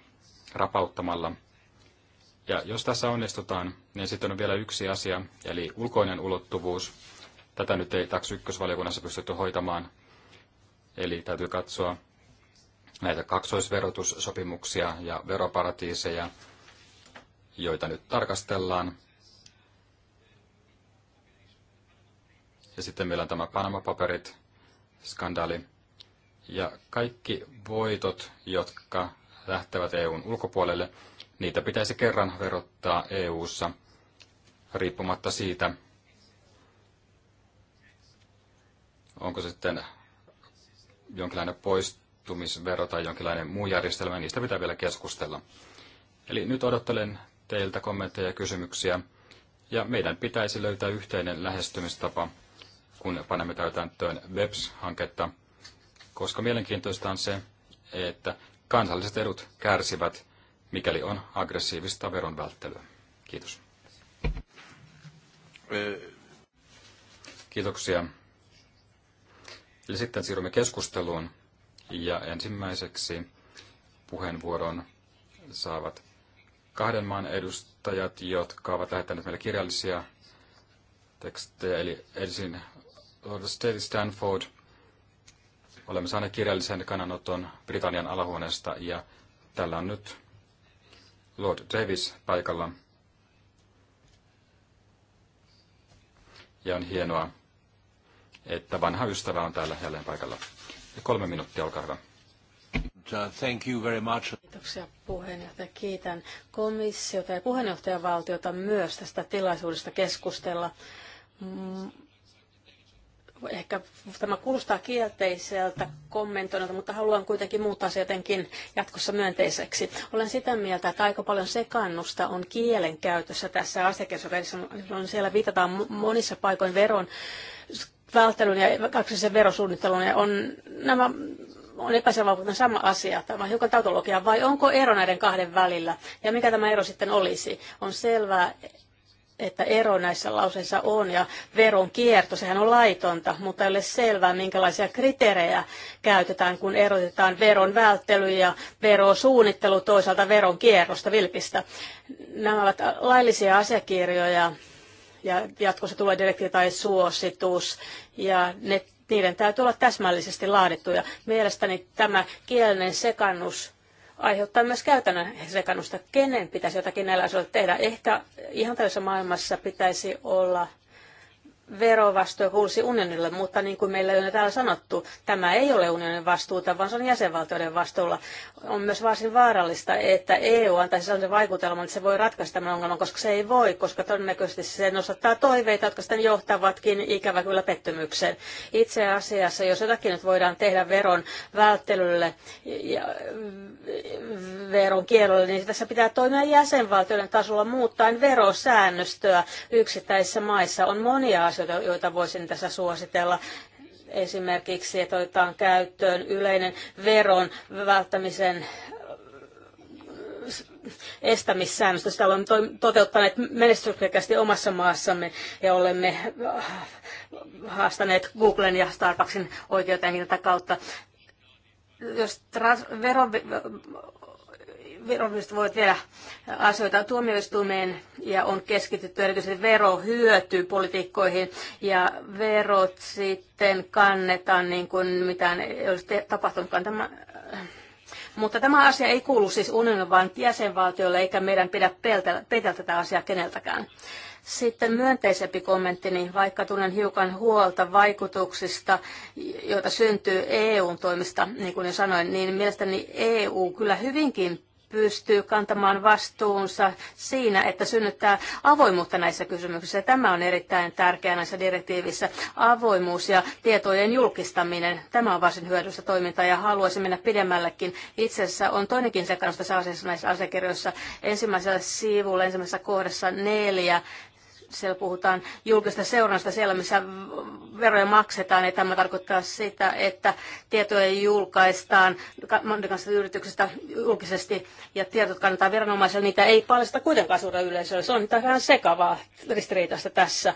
Speaker 2: rapauttamalla. Ja jos tässä onnistutaan, niin ja sitten on vielä yksi asia, eli ulkoinen ulottuvuus. Tätä nyt ei taks ykkösvaliokunnassa pystytty hoitamaan. Eli täytyy katsoa näitä kaksoisverotussopimuksia ja veroparatiiseja, joita nyt tarkastellaan. Ja sitten meillä on tämä Panama-paperit, skandaali. Ja kaikki voitot, jotka lähtevät EUn ulkopuolelle, niitä pitäisi kerran verottaa EUssa – riippumatta siitä, onko se sitten jonkinlainen poistumisvero tai jonkinlainen muu järjestelmä, niistä pitää vielä keskustella. Eli nyt odottelen teiltä kommentteja ja kysymyksiä, ja meidän pitäisi löytää yhteinen lähestymistapa, kun panemme täytäntöön WEBS-hanketta, koska mielenkiintoista on se, että kansalliset edut kärsivät, mikäli on aggressiivista veron välttelyä. Kiitos. Kiitoksia. Eli sitten siirrymme keskusteluun ja ensimmäiseksi puheenvuoron saavat kahden maan edustajat, jotka ovat lähettäneet meille kirjallisia tekstejä. Eli ensin Lord Stanford. Olemme saaneet kirjallisen kannanoton Britannian alahuoneesta ja tällä on nyt Lord Davis paikalla – ja on hienoa, että vanha ystävä on täällä jälleen paikalla. Ja kolme minuuttia,
Speaker 1: olkaa hyvä. Thank you very much.
Speaker 3: Kiitoksia puheenjohtaja. Kiitän komissiota ja puheenjohtajavaltiota myös tästä tilaisuudesta keskustella mm, ehkä tämä kuulostaa kielteiseltä kommentoinnilta, mutta haluan kuitenkin muuttaa se jotenkin jatkossa myönteiseksi. Olen sitä mieltä, että aika paljon sekannusta on kielen käytössä tässä asiakirjassa. Siellä viitataan monissa paikoin veron välttelyn ja kaksisen verosuunnittelun ja on nämä on epäselvä, mutta sama asia. Tämä on hiukan tautologia, vai onko ero näiden kahden välillä? Ja mikä tämä ero sitten olisi? On selvää, että ero näissä lauseissa on ja veron kierto, sehän on laitonta, mutta ei ole selvää, minkälaisia kriteerejä käytetään, kun erotetaan veron välttely ja verosuunnittelu toisaalta veron kierrosta, vilpistä. Nämä ovat laillisia asiakirjoja ja jatkossa tulee direktiivi tai suositus ja ne, niiden täytyy olla täsmällisesti laadittuja. Mielestäni tämä kielinen sekannus aiheuttaa myös käytännön sekannusta, kenen pitäisi jotakin näillä asioilla tehdä. Ehkä ihan tällaisessa maailmassa pitäisi olla verovastuu kuulisi unionille, mutta niin kuin meillä on jo täällä sanottu, tämä ei ole unionin vastuuta, vaan se on jäsenvaltioiden vastuulla. On myös varsin vaarallista, että EU antaisi sellaisen vaikutelman, että se voi ratkaista tämän ongelman, koska se ei voi, koska todennäköisesti se nostattaa toiveita, jotka sitten johtavatkin ikävä kyllä pettymykseen. Itse asiassa, jos jotakin nyt voidaan tehdä veron välttelylle ja veron kielolle, niin tässä pitää toimia jäsenvaltioiden tasolla muuttaen verosäännöstöä yksittäisissä maissa. On monia asioita asioita, joita voisin tässä suositella. Esimerkiksi, että otetaan käyttöön yleinen veron välttämisen äh, estämissäännöstä. Sitä olemme toteuttaneet menestyksekkäästi omassa maassamme ja olemme äh, haastaneet Googlen ja Starbucksin oikeuteen tätä kautta. Jos trans- veron viranomaiset voivat vielä asioita tuomioistuimeen ja on keskitytty erityisesti verohyötypolitiikkoihin ja verot sitten kannetaan niin kuin mitään ei olisi tapahtunutkaan. Tämä, mutta tämä asia ei kuulu siis unionin, vaan jäsenvaltiolle, eikä meidän pidä peltää, tätä asiaa keneltäkään. Sitten myönteisempi kommenttini, niin vaikka tunnen hiukan huolta vaikutuksista, joita syntyy EUn toimista, niin kuin jo sanoin, niin mielestäni EU kyllä hyvinkin pystyy kantamaan vastuunsa siinä, että synnyttää avoimuutta näissä kysymyksissä. Tämä on erittäin tärkeää näissä direktiivissä. Avoimuus ja tietojen julkistaminen, tämä on varsin hyödyllistä toimintaa ja haluaisin mennä pidemmällekin. Itse asiassa on toinenkin sekannusta tässä asiassa näissä asiakirjoissa. Ensimmäisellä sivulla, ensimmäisessä kohdassa neljä siellä puhutaan julkista seurannasta siellä, missä veroja maksetaan, ja tämä tarkoittaa sitä, että tietoja julkaistaan monikansasta yrityksestä julkisesti, ja tietot kannattaa viranomaisille, niitä ei paljasta kuitenkaan suurelle yleisölle. Se on vähän sekavaa ristiriitasta tässä.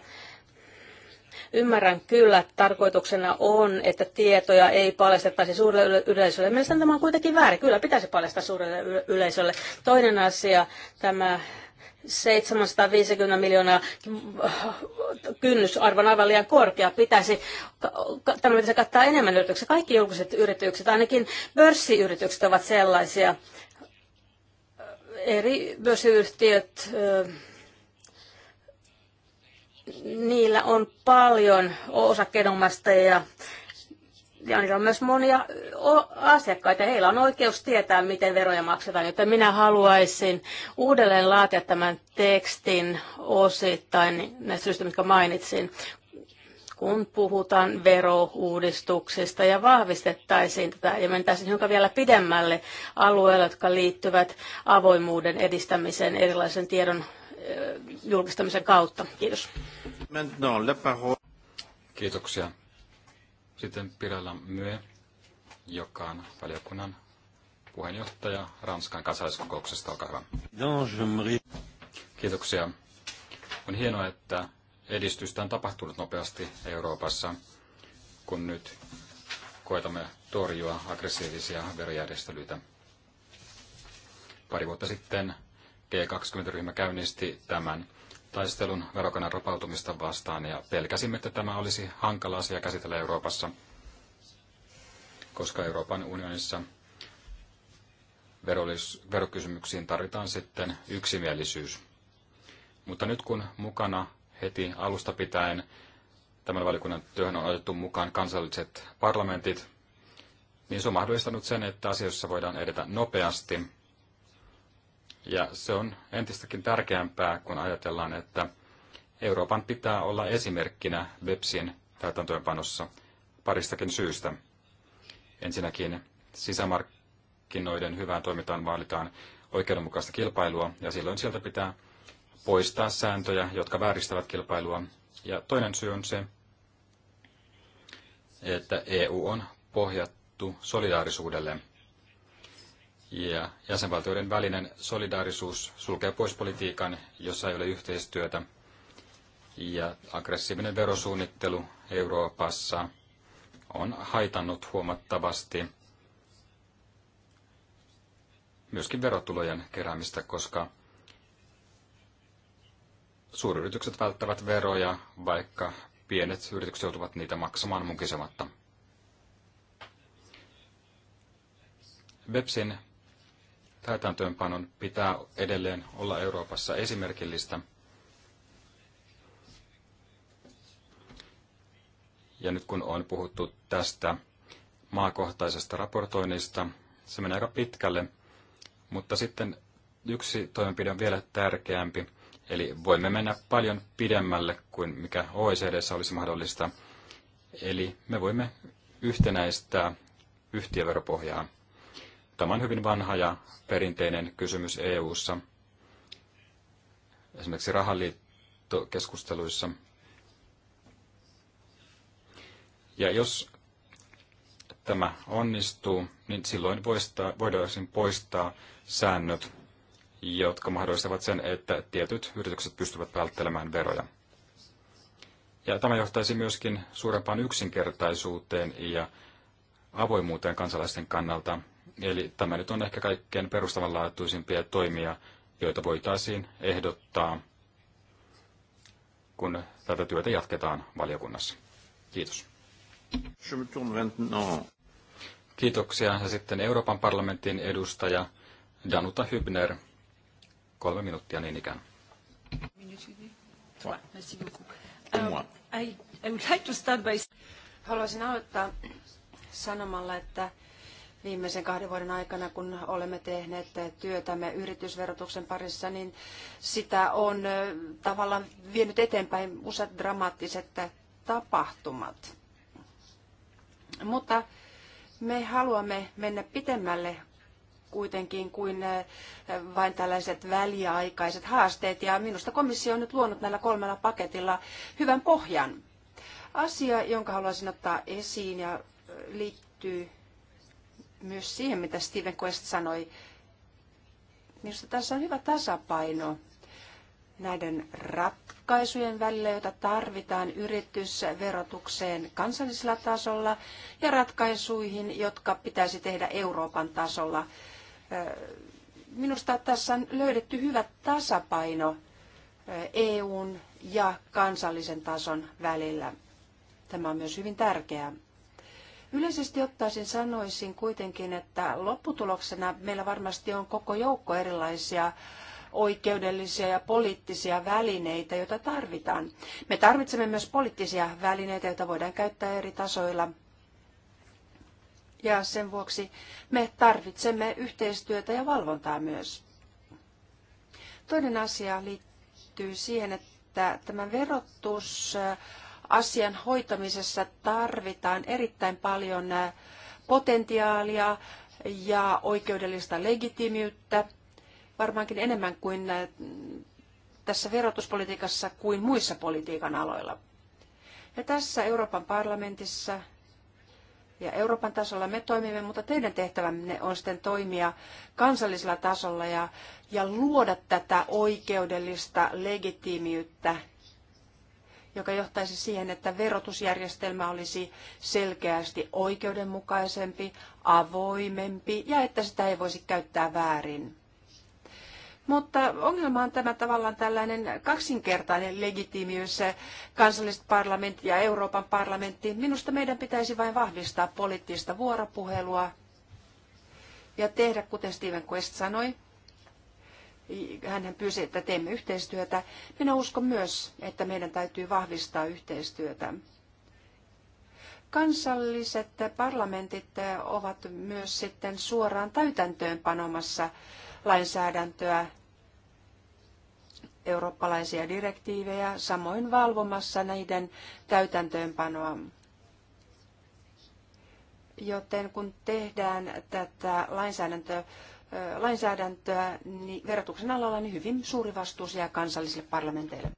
Speaker 3: Ymmärrän kyllä, että tarkoituksena on, että tietoja ei paljastettaisi suurelle yleisölle. Mielestäni tämä on kuitenkin väärin. Kyllä pitäisi paljastaa suurelle yleisölle. Toinen asia, tämä 750 miljoonaa kynnysarvon aivan liian korkea. Pitäisi, tämä pitäisi kattaa enemmän yrityksiä. Kaikki julkiset yritykset, ainakin pörssiyritykset ovat sellaisia. Eri pörssiyhtiöt, niillä on paljon osakkeenomistajia ja niillä on myös monia asiakkaita. Heillä on oikeus tietää, miten veroja maksetaan, joten minä haluaisin uudelleen laatia tämän tekstin osittain näistä syistä, mitkä mainitsin, kun puhutaan verouudistuksista ja vahvistettaisiin tätä ja mentäisiin hiukan vielä pidemmälle alueelle, jotka liittyvät avoimuuden edistämiseen erilaisen tiedon julkistamisen kautta. Kiitos.
Speaker 2: Kiitoksia. Sitten Pirella Myö, joka on valiokunnan puheenjohtaja Ranskan kansalaiskokouksesta. Olkaa hyvä. Kiitoksia. On hienoa, että edistystä on tapahtunut nopeasti Euroopassa, kun nyt koetamme torjua aggressiivisia verojärjestelyitä. Pari vuotta sitten G20-ryhmä käynnisti tämän taistelun verokannan rapautumista vastaan ja pelkäsimme, että tämä olisi hankala asia käsitellä Euroopassa, koska Euroopan unionissa verokysymyksiin tarvitaan sitten yksimielisyys. Mutta nyt kun mukana heti alusta pitäen tämän valikunnan työhön on otettu mukaan kansalliset parlamentit, niin se on mahdollistanut sen, että asioissa voidaan edetä nopeasti ja se on entistäkin tärkeämpää, kun ajatellaan, että Euroopan pitää olla esimerkkinä BEPSin täytäntöönpanossa paristakin syystä. Ensinnäkin sisämarkkinoiden hyvään toimintaan vaalitaan oikeudenmukaista kilpailua, ja silloin sieltä pitää poistaa sääntöjä, jotka vääristävät kilpailua. Ja toinen syy on se, että EU on pohjattu solidaarisuudelle – ja jäsenvaltioiden välinen solidaarisuus sulkee pois politiikan, jossa ei ole yhteistyötä. Ja aggressiivinen verosuunnittelu Euroopassa on haitannut huomattavasti myöskin verotulojen keräämistä, koska suuryritykset välttävät veroja, vaikka pienet yritykset joutuvat niitä maksamaan mukisematta. BEPSin täytäntöönpanon pitää edelleen olla Euroopassa esimerkillistä. Ja nyt kun on puhuttu tästä maakohtaisesta raportoinnista, se menee aika pitkälle, mutta sitten yksi toimenpide on vielä tärkeämpi, eli voimme mennä paljon pidemmälle kuin mikä OECDssä olisi mahdollista. Eli me voimme yhtenäistää yhtiöveropohjaa Tämä on hyvin vanha ja perinteinen kysymys EU:ssa. Esimerkiksi rahaliittokeskusteluissa. Ja jos tämä onnistuu, niin silloin poistaa, voidaan poistaa säännöt, jotka mahdollistavat sen, että tietyt yritykset pystyvät välttelemään veroja. Ja tämä johtaisi myöskin suurempaan yksinkertaisuuteen ja avoimuuteen kansalaisten kannalta, Eli tämä nyt on ehkä kaikkein perustavanlaatuisimpia toimia, joita voitaisiin ehdottaa, kun tätä työtä jatketaan valiokunnassa. Kiitos. Kiitoksia. Ja sitten Euroopan parlamentin edustaja Danuta Hübner. Kolme minuuttia niin ikään.
Speaker 5: Euh,
Speaker 4: Haluaisin aloittaa sanomalla, että viimeisen kahden vuoden aikana, kun olemme tehneet työtämme yritysverotuksen parissa, niin sitä on tavallaan vienyt eteenpäin useat dramaattiset tapahtumat. Mutta me haluamme mennä pitemmälle kuitenkin kuin vain tällaiset väliaikaiset haasteet. Ja minusta komissio on nyt luonut näillä kolmella paketilla hyvän pohjan. Asia, jonka haluaisin ottaa esiin ja liittyy myös siihen, mitä Steven Quest sanoi. Minusta tässä on hyvä tasapaino näiden ratkaisujen välillä, joita tarvitaan yritysverotukseen kansallisella tasolla ja ratkaisuihin, jotka pitäisi tehdä Euroopan tasolla. Minusta tässä on löydetty hyvä tasapaino EUn ja kansallisen tason välillä. Tämä on myös hyvin tärkeää. Yleisesti ottaisin sanoisin kuitenkin, että lopputuloksena meillä varmasti on koko joukko erilaisia oikeudellisia ja poliittisia välineitä, joita tarvitaan. Me tarvitsemme myös poliittisia välineitä, joita voidaan käyttää eri tasoilla. Ja sen vuoksi me tarvitsemme yhteistyötä ja valvontaa myös. Toinen asia liittyy siihen, että tämä verotus asian hoitamisessa tarvitaan erittäin paljon potentiaalia ja oikeudellista legitiimiyttä, varmaankin enemmän kuin tässä verotuspolitiikassa kuin muissa politiikan aloilla. Ja tässä Euroopan parlamentissa ja Euroopan tasolla me toimimme, mutta teidän tehtävänne on sitten toimia kansallisella tasolla ja, ja luoda tätä oikeudellista legitiimiyttä joka johtaisi siihen, että verotusjärjestelmä olisi selkeästi oikeudenmukaisempi, avoimempi ja että sitä ei voisi käyttää väärin. Mutta ongelma on tämä tavallaan tällainen kaksinkertainen legitiimiys, kansalliset parlamentti ja Euroopan parlamentti. Minusta meidän pitäisi vain vahvistaa poliittista vuoropuhelua ja tehdä, kuten Steven Quest sanoi, hän pyysi, että teemme yhteistyötä. Minä uskon myös, että meidän täytyy vahvistaa yhteistyötä. Kansalliset parlamentit ovat myös sitten suoraan täytäntöön panomassa lainsäädäntöä, eurooppalaisia direktiivejä, samoin valvomassa näiden täytäntöönpanoa. Joten kun tehdään tätä lainsäädäntöä, lainsäädäntöä niin verotuksen alalla, niin hyvin suuri vastuu jää kansallisille parlamenteille.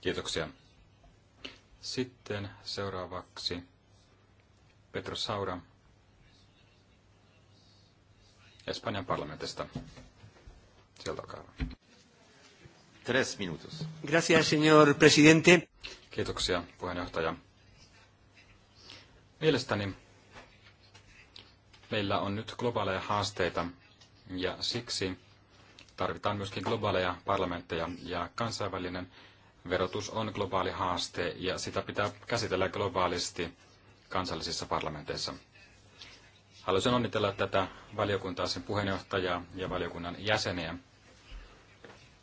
Speaker 2: Kiitoksia. Sitten seuraavaksi Petro Saura Espanjan parlamentista. Sieltä olkaa Tres minutos.
Speaker 5: Gracias, señor presidente.
Speaker 2: Kiitoksia, puheenjohtaja. Mielestäni Meillä on nyt globaaleja haasteita ja siksi tarvitaan myöskin globaaleja parlamentteja ja kansainvälinen verotus on globaali haaste ja sitä pitää käsitellä globaalisti kansallisissa parlamenteissa. Haluaisin onnitella tätä valiokuntaa, sen puheenjohtajaa ja valiokunnan jäseniä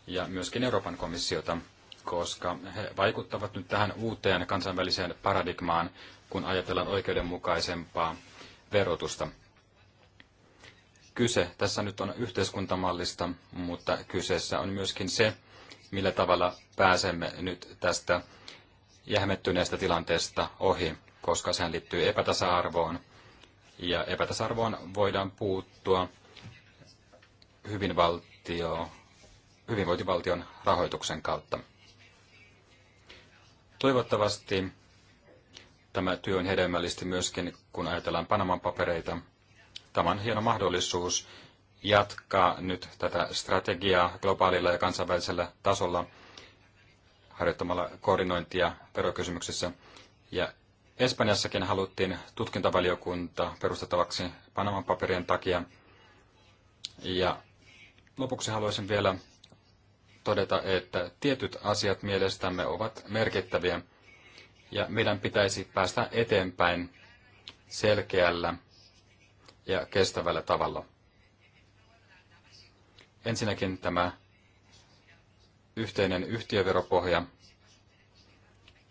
Speaker 2: ja myöskin Euroopan komissiota, koska he vaikuttavat nyt tähän uuteen kansainväliseen paradigmaan, kun ajatellaan oikeudenmukaisempaa verotusta kyse. Tässä nyt on yhteiskuntamallista, mutta kyseessä on myöskin se, millä tavalla pääsemme nyt tästä jähmettyneestä tilanteesta ohi, koska sehän liittyy epätasa-arvoon. Ja epätasa-arvoon voidaan puuttua hyvinvaltio, hyvinvointivaltion rahoituksen kautta. Toivottavasti tämä työ on hedelmällistä myöskin, kun ajatellaan Panaman papereita – Tämä on hieno mahdollisuus jatkaa nyt tätä strategiaa globaalilla ja kansainvälisellä tasolla harjoittamalla koordinointia verokysymyksissä. Ja Espanjassakin haluttiin tutkintavaliokunta perustettavaksi Panaman paperien takia. Ja lopuksi haluaisin vielä todeta, että tietyt asiat mielestämme ovat merkittäviä ja meidän pitäisi päästä eteenpäin selkeällä ja kestävällä tavalla. Ensinnäkin tämä yhteinen yhtiöveropohja.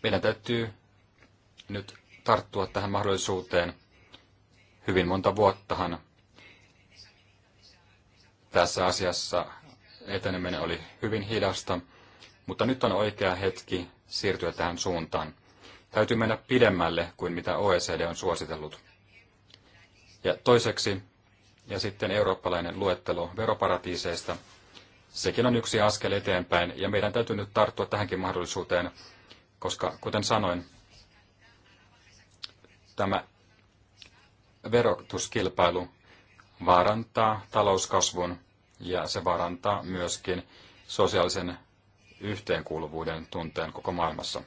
Speaker 2: Meidän täytyy nyt tarttua tähän mahdollisuuteen. Hyvin monta vuottahan tässä asiassa eteneminen oli hyvin hidasta, mutta nyt on oikea hetki siirtyä tähän suuntaan. Täytyy mennä pidemmälle kuin mitä OECD on suositellut. Ja toiseksi, ja sitten eurooppalainen luettelo veroparatiiseista. Sekin on yksi askel eteenpäin, ja meidän täytyy nyt tarttua tähänkin mahdollisuuteen, koska kuten sanoin, tämä verotuskilpailu vaarantaa talouskasvun ja se vaarantaa myöskin sosiaalisen yhteenkuuluvuuden tunteen koko maailmassa.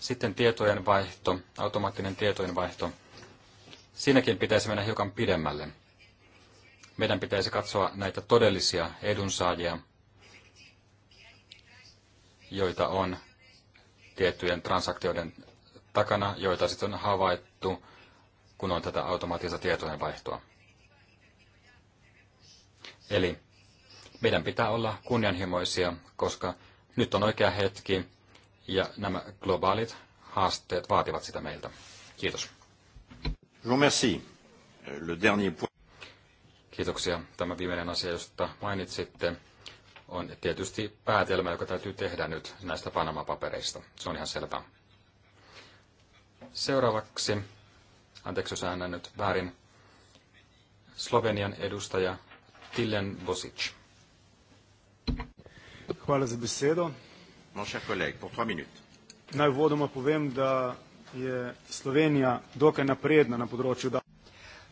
Speaker 2: Sitten tietojen vaihto, automaattinen tietojen vaihto. Siinäkin pitäisi mennä hiukan pidemmälle. Meidän pitäisi katsoa näitä todellisia edunsaajia, joita on tiettyjen transaktioiden takana, joita sitten on havaittu, kun on tätä automaattista tietojen vaihtoa. Eli meidän pitää olla kunnianhimoisia, koska nyt on oikea hetki ja nämä globaalit haasteet vaativat sitä meiltä. Kiitos. Kiitoksia. Tämä viimeinen asia, josta mainitsitte, on tietysti päätelmä, joka täytyy tehdä nyt näistä Panama-papereista. Se on ihan selvää. Seuraavaksi, anteeksi jos äänän nyt väärin, Slovenian edustaja Tillen Bosic.
Speaker 5: Hvala za besedo.
Speaker 1: Mon cher collègue, pour trois minutes.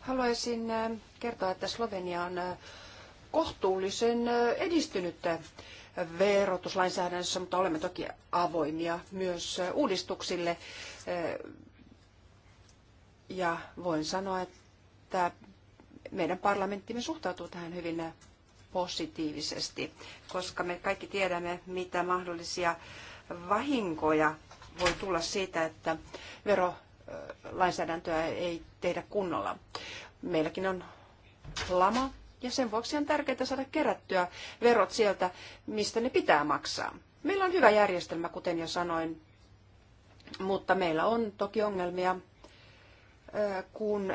Speaker 4: Haluaisin eh, kertoa, että Slovenia on eh, kohtuullisen eh, edistynyt verotuslainsäädännössä, mutta olemme toki avoimia myös uudistuksille. Ja voin sanoa, että meidän parlamenttimme suhtautuu tähän hyvin positiivisesti, koska me kaikki tiedämme, mitä mahdollisia vahinkoja voi tulla siitä, että verolainsäädäntöä ei tehdä kunnolla. Meilläkin on lama ja sen vuoksi on tärkeää saada kerättyä verot sieltä, mistä ne pitää maksaa. Meillä on hyvä järjestelmä, kuten jo sanoin, mutta meillä on toki ongelmia, kun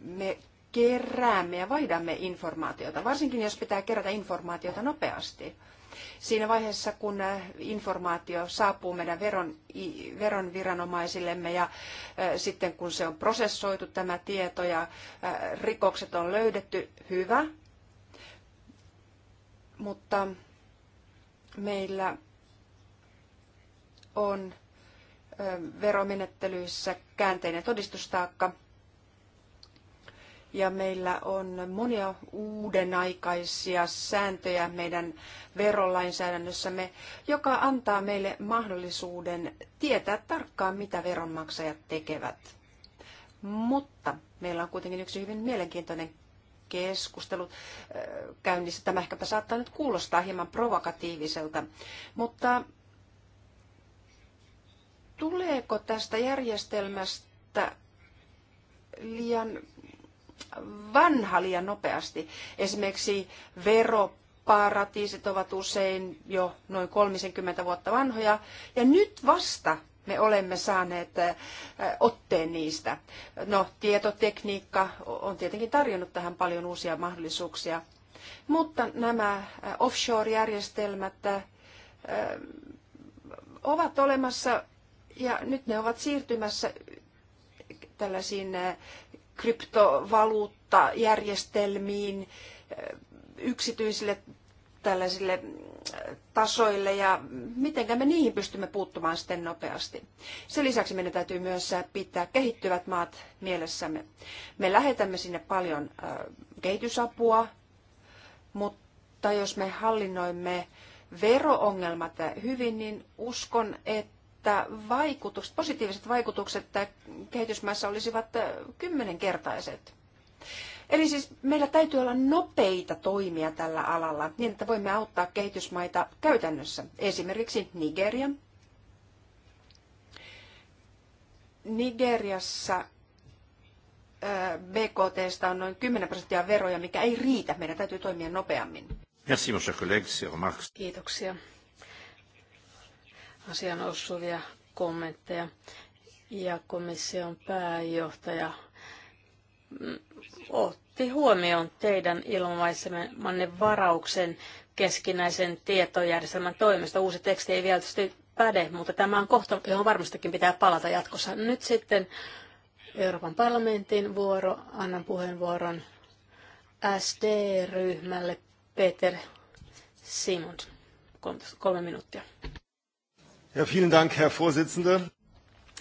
Speaker 4: me keräämme ja vaihdamme informaatiota, varsinkin jos pitää kerätä informaatiota nopeasti. Siinä vaiheessa, kun informaatio saapuu meidän veron, viranomaisillemme ja sitten kun se on prosessoitu tämä tieto ja rikokset on löydetty, hyvä. Mutta meillä on veromenettelyissä käänteinen todistustaakka – ja meillä on monia uudenaikaisia sääntöjä meidän verolainsäädännössämme, joka antaa meille mahdollisuuden tietää tarkkaan, mitä veronmaksajat tekevät. Mutta meillä on kuitenkin yksi hyvin mielenkiintoinen keskustelu käynnissä. Tämä ehkäpä saattaa nyt kuulostaa hieman provokatiiviselta, mutta tuleeko tästä järjestelmästä liian vanha liian nopeasti. Esimerkiksi veroparatiisit ovat usein jo noin 30 vuotta vanhoja ja nyt vasta me olemme saaneet äh, otteen niistä. No, tietotekniikka on tietenkin tarjonnut tähän paljon uusia mahdollisuuksia, mutta nämä äh, offshore-järjestelmät äh, ovat olemassa ja nyt ne ovat siirtymässä tällaisiin kryptovaluuttajärjestelmiin eh, yksityisille tällaisille eh, tasoille ja miten me niihin pystymme puuttumaan sitten nopeasti. Sen lisäksi meidän täytyy myös pitää kehittyvät maat mielessämme. Me lähetämme sinne paljon eh, kehitysapua, mutta jos me hallinnoimme veroongelmat hyvin, niin uskon, että että vaikutukset, positiiviset vaikutukset kehitysmaissa olisivat äh, kymmenenkertaiset. Eli siis meillä täytyy olla nopeita toimia tällä alalla, niin että voimme auttaa kehitysmaita käytännössä. Esimerkiksi Nigeria. Nigeriassa äh, BKT on noin 10 prosenttia veroja, mikä ei riitä. Meidän täytyy toimia nopeammin. Kiitoksia
Speaker 3: asian osuvia kommentteja. Ja komission pääjohtaja mm, otti huomioon teidän ilmaisemanne varauksen keskinäisen tietojärjestelmän toimesta. Uusi teksti ei vielä tietysti päde, mutta tämä on kohta, johon varmastikin pitää palata jatkossa. Nyt sitten Euroopan parlamentin vuoro. Annan puheenvuoron SD-ryhmälle Peter Simon. Kolme minuuttia.
Speaker 5: Ja, vielen Dank, Herr Vorsitzender.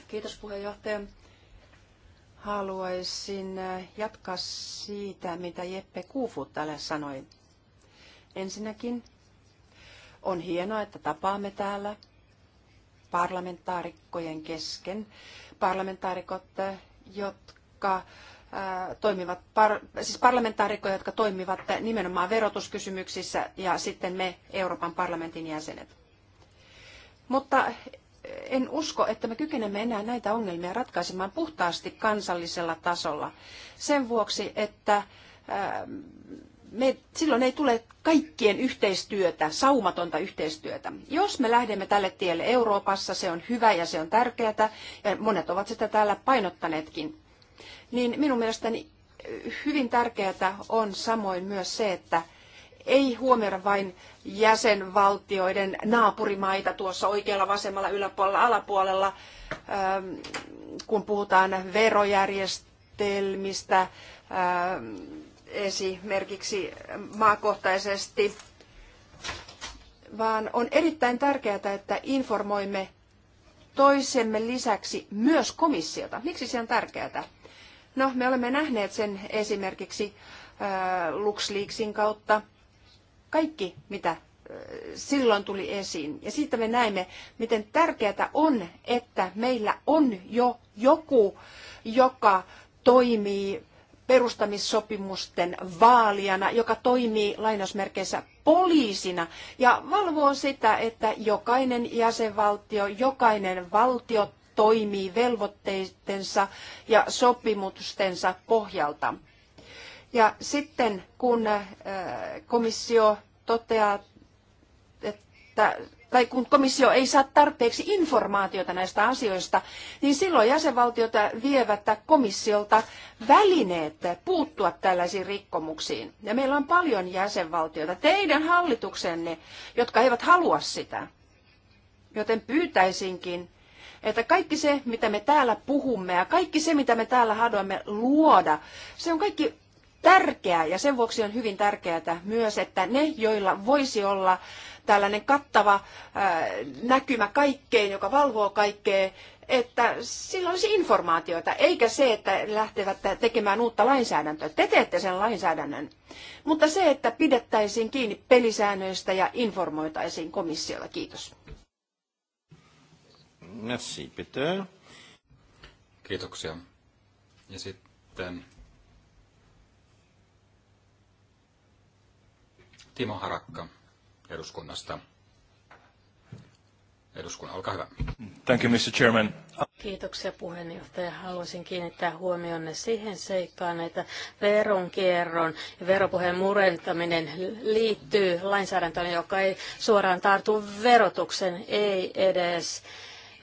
Speaker 4: Kiitos puheenjohtaja. Haluaisin äh, jatkaa siitä, mitä Jeppe Kuufut täällä sanoi. Ensinnäkin on hienoa, että tapaamme täällä parlamentaarikkojen kesken. Parlamentaarikot, äh, jotka äh, toimivat, par, siis parlamentaarikkoja, jotka toimivat nimenomaan verotuskysymyksissä ja sitten me Euroopan parlamentin jäsenet. Mutta en usko, että me kykenemme enää näitä ongelmia ratkaisemaan puhtaasti kansallisella tasolla. Sen vuoksi, että me, silloin ei tule kaikkien yhteistyötä, saumatonta yhteistyötä. Jos me lähdemme tälle tielle Euroopassa, se on hyvä ja se on tärkeää, ja monet ovat sitä täällä painottaneetkin, niin minun mielestäni hyvin tärkeää on samoin myös se, että ei huomioida vain jäsenvaltioiden naapurimaita tuossa oikealla, vasemmalla, yläpuolella, alapuolella, ähm, kun puhutaan verojärjestelmistä ähm, esimerkiksi maakohtaisesti, vaan on erittäin tärkeää, että informoimme toisemme lisäksi myös komissiota. Miksi se on tärkeää? No, me olemme nähneet sen esimerkiksi äh, LuxLeaksin kautta – kaikki, mitä silloin tuli esiin. Ja siitä me näimme, miten tärkeää on, että meillä on jo joku, joka toimii perustamissopimusten vaalijana, joka toimii lainausmerkeissä poliisina ja valvoo sitä, että jokainen jäsenvaltio, jokainen valtio toimii velvoitteidensa ja sopimustensa pohjalta. Ja sitten kun äh, komissio toteaa, että tai kun komissio ei saa tarpeeksi informaatiota näistä asioista, niin silloin jäsenvaltiot vievät komissiolta välineet puuttua tällaisiin rikkomuksiin. Ja meillä on paljon jäsenvaltioita, teidän hallituksenne, jotka eivät halua sitä. Joten pyytäisinkin, että kaikki se, mitä me täällä puhumme ja kaikki se, mitä me täällä haluamme luoda, se on kaikki tärkeää ja sen vuoksi on hyvin tärkeää myös, että ne, joilla voisi olla tällainen kattava äh, näkymä kaikkeen, joka valvoo kaikkea, että sillä olisi informaatiota, eikä se, että lähtevät tekemään uutta lainsäädäntöä. Te teette sen lainsäädännön. Mutta se, että pidettäisiin kiinni pelisäännöistä ja informoitaisiin komissiota. Kiitos.
Speaker 2: Merci, Peter. Kiitoksia. Ja sitten Timo Harakka eduskunnasta.
Speaker 1: Eduskunnan, olkaa hyvä. Thank you, Mr. Chairman.
Speaker 3: Kiitoksia puheenjohtaja. Haluaisin kiinnittää huomionne siihen seikkaan, että veronkierron ja veropuheen murentaminen liittyy lainsäädäntöön, joka ei suoraan tartu verotuksen, ei edes äh,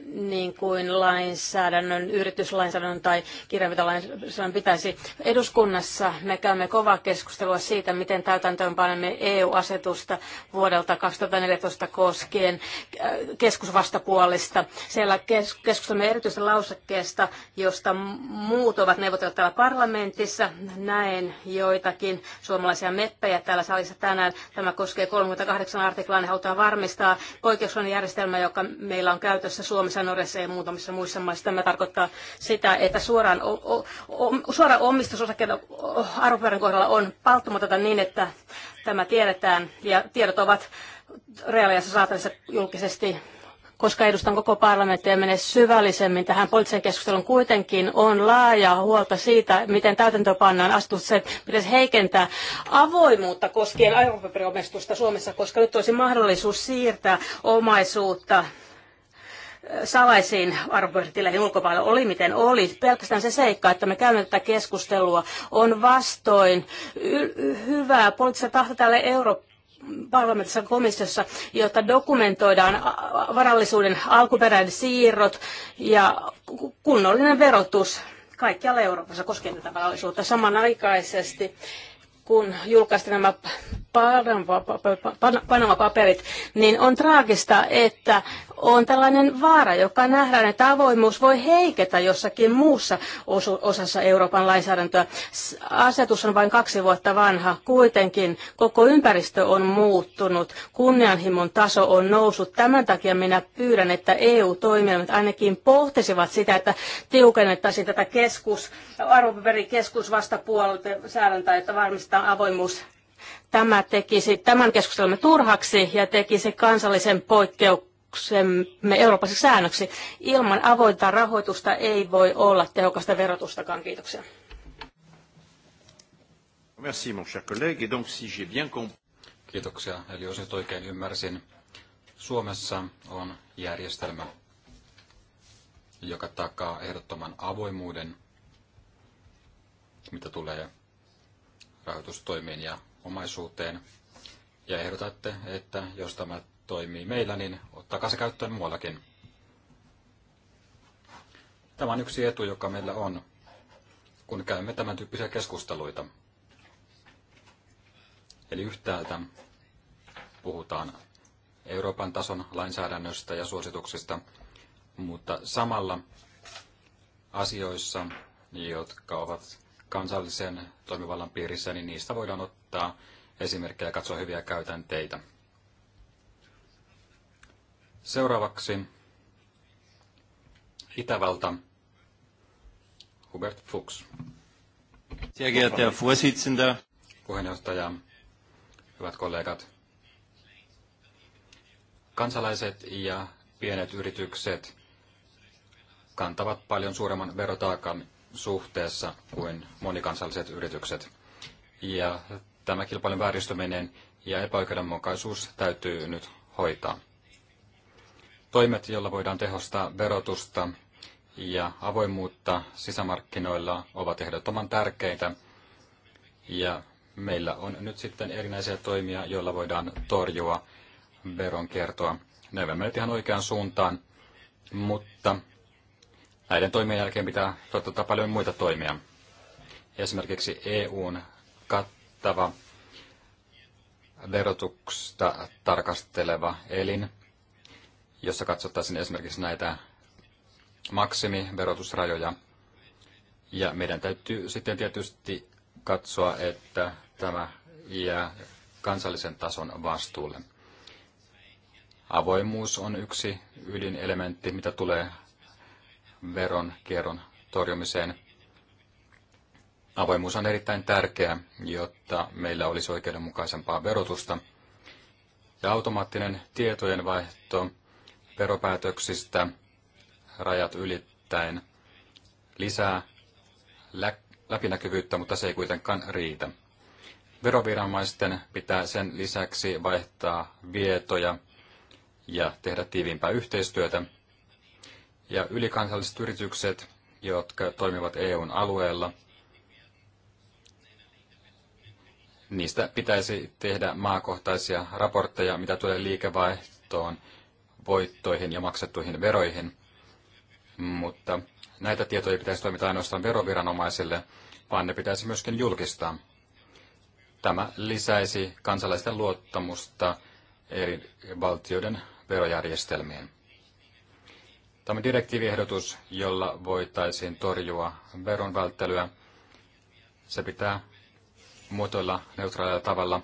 Speaker 3: niin kuin lainsäädännön, yrityslainsäädännön tai kirjanpitolainsäädännön pitäisi. Eduskunnassa me käymme kovaa keskustelua siitä, miten täytäntöön panemme EU-asetusta vuodelta 2014 koskien äh, keskusvastapuolista. Siellä keskustelemme erityisestä lausekkeesta, josta muut ovat neuvotelleet täällä parlamentissa. Näen joitakin suomalaisia meppejä täällä salissa tänään. Tämä koskee 38 artiklaa, ne halutaan varmistaa poikkeuksellinen järjestelmä, joka meillä on käytössä Suomessa Ruotsissa, ja muutamissa muissa maissa. Tämä tarkoittaa sitä, että suoraan, o, o, suoraan omistusosakkeiden arvopäärän kohdalla on palttumatonta niin, että tämä tiedetään ja tiedot ovat reaaliassa saatavissa julkisesti koska edustan koko parlamenttia ja menee syvällisemmin tähän poliittiseen keskusteluun, kuitenkin on laaja huolta siitä, miten täytäntöpannaan asetukset pitäisi heikentää avoimuutta koskien arvopaperiomistusta Suomessa, koska nyt olisi mahdollisuus siirtää omaisuutta salaisiin arvopaperitileihin ulkopuolelle oli miten oli. Pelkästään se seikka, että me käymme tätä keskustelua, on vastoin hyvää poliittista tahtoa tälle Euroopan parlamentissa komissiossa, jotta dokumentoidaan varallisuuden alkuperäiset siirrot ja kunnollinen verotus kaikkialla Euroopassa koskien tätä varallisuutta samanaikaisesti kun julkaisti nämä Panama-paperit, niin on traagista, että on tällainen vaara, joka nähdään, että avoimuus voi heiketä jossakin muussa osassa Euroopan lainsäädäntöä. Asetus on vain kaksi vuotta vanha. Kuitenkin koko ympäristö on muuttunut. Kunnianhimon taso on noussut. Tämän takia minä pyydän, että EU-toimijat ainakin pohtisivat sitä, että tiukennettaisiin tätä keskus, arvopaperikeskus vastapuolta säädäntöä, että varmistetaan tämä avoimuus tämä tekisi tämän keskustelun turhaksi ja tekisi kansallisen poikkeuksemme Euroopassa säännöksi. Ilman avointa rahoitusta ei voi olla tehokasta verotustakaan. Kiitoksia.
Speaker 1: Merci, mon cher collègue. Et donc, si j'ai
Speaker 2: bien Kiitoksia. Eli jos nyt oikein ymmärsin, Suomessa on järjestelmä, joka takaa ehdottoman avoimuuden, mitä tulee rahoitustoimiin ja omaisuuteen. Ja ehdotatte, että jos tämä toimii meillä, niin ottakaa se käyttöön muuallakin. Tämä on yksi etu, joka meillä on, kun käymme tämän tyyppisiä keskusteluita. Eli yhtäältä puhutaan Euroopan tason lainsäädännöstä ja suosituksista, mutta samalla asioissa, jotka ovat kansallisen toimivallan piirissä, niin niistä voidaan ottaa esimerkkejä ja katsoa hyviä käytänteitä. Seuraavaksi Itävalta. Hubert Fuchs.
Speaker 5: Sehr geehrter Herr
Speaker 2: Vorsitzender. Puheenjohtaja, hyvät kollegat. Kansalaiset ja pienet yritykset kantavat paljon suuremman verotaakan suhteessa kuin monikansalliset yritykset. Ja tämä kilpailun vääristyminen ja epäoikeudenmukaisuus täytyy nyt hoitaa. Toimet, joilla voidaan tehostaa verotusta ja avoimuutta sisämarkkinoilla, ovat ehdottoman tärkeitä. Ja meillä on nyt sitten erinäisiä toimia, joilla voidaan torjua veronkiertoa. Ne ovat ihan oikeaan suuntaan, mutta näiden toimien jälkeen pitää toteuttaa paljon muita toimia. Esimerkiksi EUn kattava verotusta tarkasteleva elin, jossa katsottaisiin esimerkiksi näitä maksimiverotusrajoja. Ja meidän täytyy sitten tietysti katsoa, että tämä jää kansallisen tason vastuulle. Avoimuus on yksi ydinelementti, mitä tulee veronkierron torjumiseen. Avoimuus on erittäin tärkeä, jotta meillä olisi oikeudenmukaisempaa verotusta. Ja automaattinen tietojenvaihto veropäätöksistä rajat ylittäen lisää läpinäkyvyyttä, mutta se ei kuitenkaan riitä. Veroviranomaisten pitää sen lisäksi vaihtaa vietoja ja tehdä tiiviimpää yhteistyötä, ja ylikansalliset yritykset, jotka toimivat EUn alueella, niistä pitäisi tehdä maakohtaisia raportteja, mitä tulee liikevaihtoon, voittoihin ja maksettuihin veroihin. Mutta näitä tietoja pitäisi toimita ainoastaan veroviranomaisille, vaan ne pitäisi myöskin julkistaa. Tämä lisäisi kansalaisten luottamusta eri valtioiden verojärjestelmiin. Tämä direktiiviehdotus, jolla voitaisiin torjua veronvälttelyä. Se pitää muotoilla neutraalilla tavalla